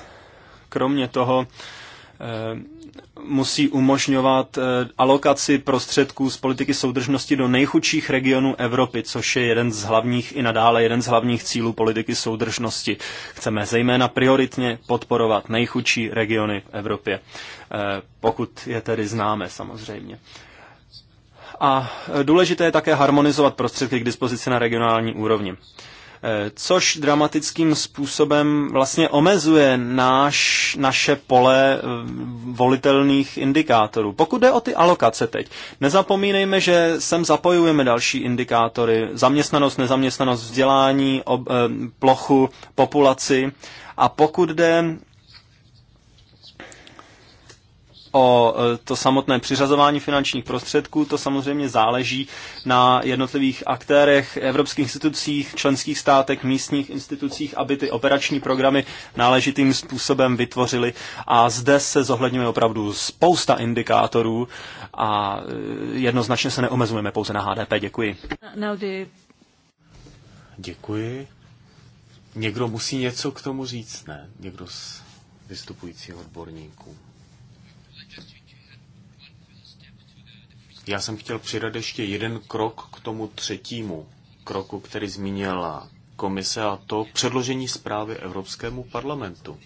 kromě toho eh, musí umožňovat eh, alokaci prostředků z politiky soudržnosti do nejchudších regionů Evropy, což je jeden z hlavních i nadále jeden z hlavních cílů politiky soudržnosti. Chceme zejména prioritně podporovat nejchudší regiony v Evropě, pokud je tedy známe samozřejmě. A důležité je také harmonizovat prostředky k dispozici na regionální úrovni eh, což dramatickým způsobem vlastně omezuje náš, naše pole eh, volitelných indikátorů. Pokud jde o ty alokace teď, nezapomínejme, že sem zapojujeme další indikátory, zaměstnanost, nezaměstnanost, vzdělání, ob, eh, plochu, populaci a pokud jde o e, to samotné přiřazování finančních prostředků, to samozřejmě záleží na jednotlivých aktérech, evropských institucích, členských státech, místních institucích, aby ty operační programy náležitým způsobem vytvořily. A zde se zohledňuje opravdu spousta indikátorů a e, jednoznačně se neomezujeme pouze na HDP. Děkuji. Děkuji. Někdo musí něco k tomu říct, ne? Někdo z vystupujících odborníků. Já jsem chtěl přidat ještě jeden krok k tomu třetímu kroku, který zmínila komise, a to předložení zprávy Evropskému parlamentu.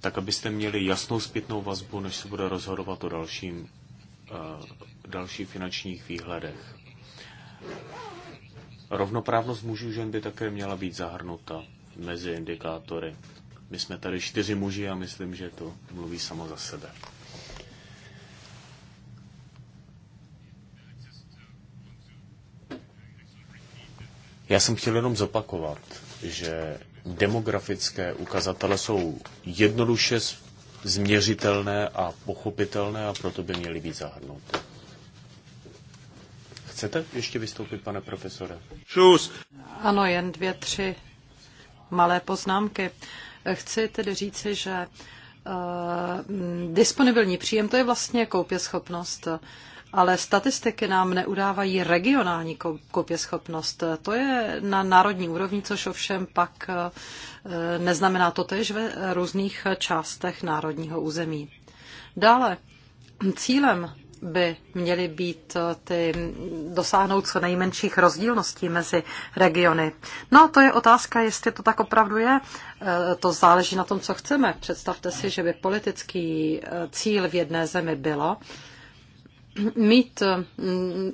Tak, abyste měli jasnou zpětnou vazbu, než se bude rozhodovat o dalším, uh, dalších finančních výhledech. Rovnoprávnost mužů žen by také měla být zahrnuta mezi indikátory. My jsme tady čtyři muži a myslím, že to mluví samo za sebe. Já jsem chtěl jenom zopakovat, že demografické ukazatele jsou jednoduše změřitelné a pochopitelné a proto by měly být zahrnuty. Chcete ještě vystoupit, pane profesore? Šus. Ano, jen dvě, tři malé poznámky. Chci tedy říci, že uh, disponibilní příjem to je vlastně uh, ale statistiky nám neudávají regionální koupěschopnost. To je na národní úrovni, což ovšem pak eh, neznamená to tež ve různých částech národního území. Dále, cílem by měly být eh, ty dosáhnout co nejmenších rozdílností mezi regiony. No a to je otázka, jestli to tak opravdu je. Eh, to záleží na tom, co chceme. Představte si, že by politický cíl v jedné zemi bylo, mít eh,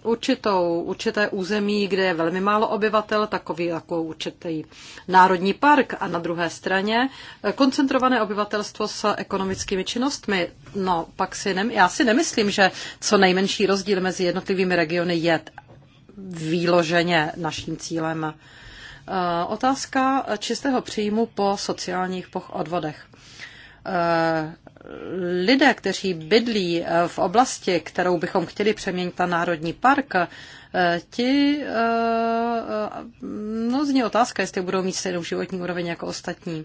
určitou, určité území, kde je velmi málo obyvatel, takový jako určitý národní park a na druhé straně eh, koncentrované obyvatelstvo s ekonomickými činnostmi. No, pak si nem, já si nemyslím, že co nejmenší rozdíl mezi jednotlivými regiony je výloženě naším cílem. Eh, otázka čistého příjmu po sociálních odvodech lidé, kteří bydlí eh, v oblasti, kterou bychom chtěli přeměnit na národní park, eh, ti, eh, no zní otázka, jestli budou mít stejnou životní úroveň jako ostatní.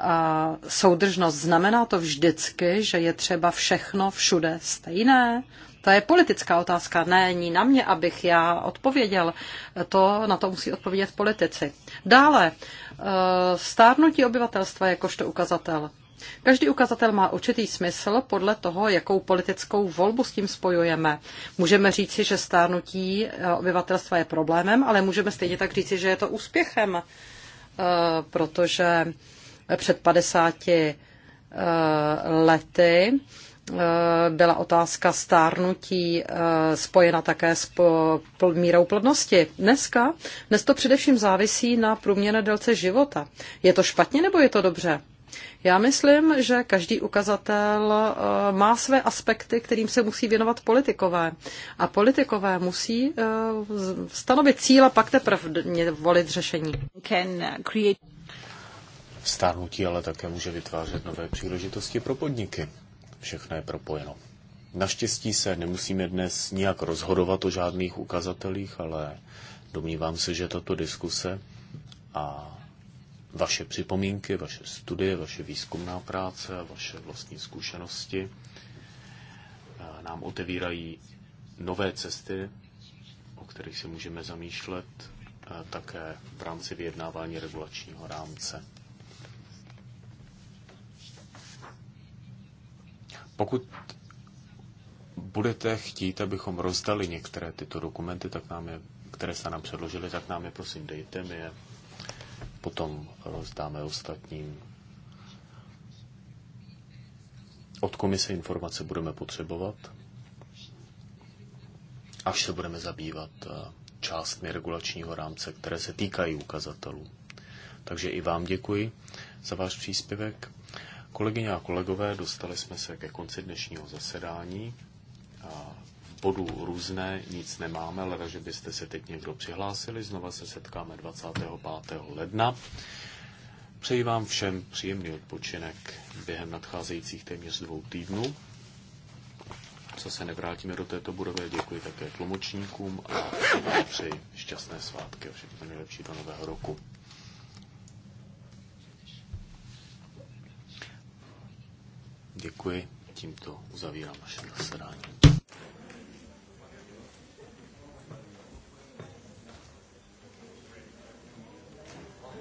A soudržnost znamená to vždycky, že je třeba všechno všude stejné? To je politická otázka, není na mě, abych já odpověděl. To na to musí odpovědět politici. Dále, stárnutí obyvatelstva jakožto ukazatel. Každý ukazatel má určitý smysl podle toho, jakou politickou volbu s tím spojujeme. Můžeme říci, že stárnutí eh, obyvatelstva je problémem, ale můžeme stejně tak říci, že je to úspěchem, eh, protože před 50 eh, lety byla otázka stárnutí spojena také s mírou plodnosti. Dneska, dnes to především závisí na průměrné délce života. Je to špatně nebo je to dobře? Já myslím, že každý ukazatel eh, má své aspekty, kterým se musí věnovat politikové. A politikové musí eh, stanovit cíl a pak teprve volit řešení. Eh, Stárnutí ale také může vytvářet nové příležitosti pro podniky. Všechno je propojeno. Naštěstí se nemusíme dnes nijak rozhodovat o žádných ukazatelích, ale domnívám se, že tato diskuse a vaše připomínky, vaše studie, vaše výzkumná práce, vaše vlastní zkušenosti eh, nám otevírají nové cesty, o kterých se můžeme zamýšlet eh, také v rámci vyjednávání regulačního rámce. Pokud budete chtít, abychom rozdali některé tyto dokumenty, tak nám je, které jste nám předložili, tak nám je prosím dejte, my je potom rozdáme ostatním. Od komise informace budeme potřebovat, až se budeme zabývat eh, částmi regulačního rámce, které se týkají ukazatelů. Takže i vám děkuji za váš příspěvek. Kolegyně a kolegové, dostali jsme se ke konci dnešního zasedání bodů různé nic nemáme, ale že byste se teď někdo přihlásili. Znova se setkáme 25. ledna. Přeji vám všem příjemný odpočinek během nadcházejících téměř dvou týdnů. Co se nevrátíme do této budovy, děkuji také tlumočníkům a přeji šťastné svátky a všechno nejlepší do nového roku. Děkuji. Tímto uzavírám naše zasedání.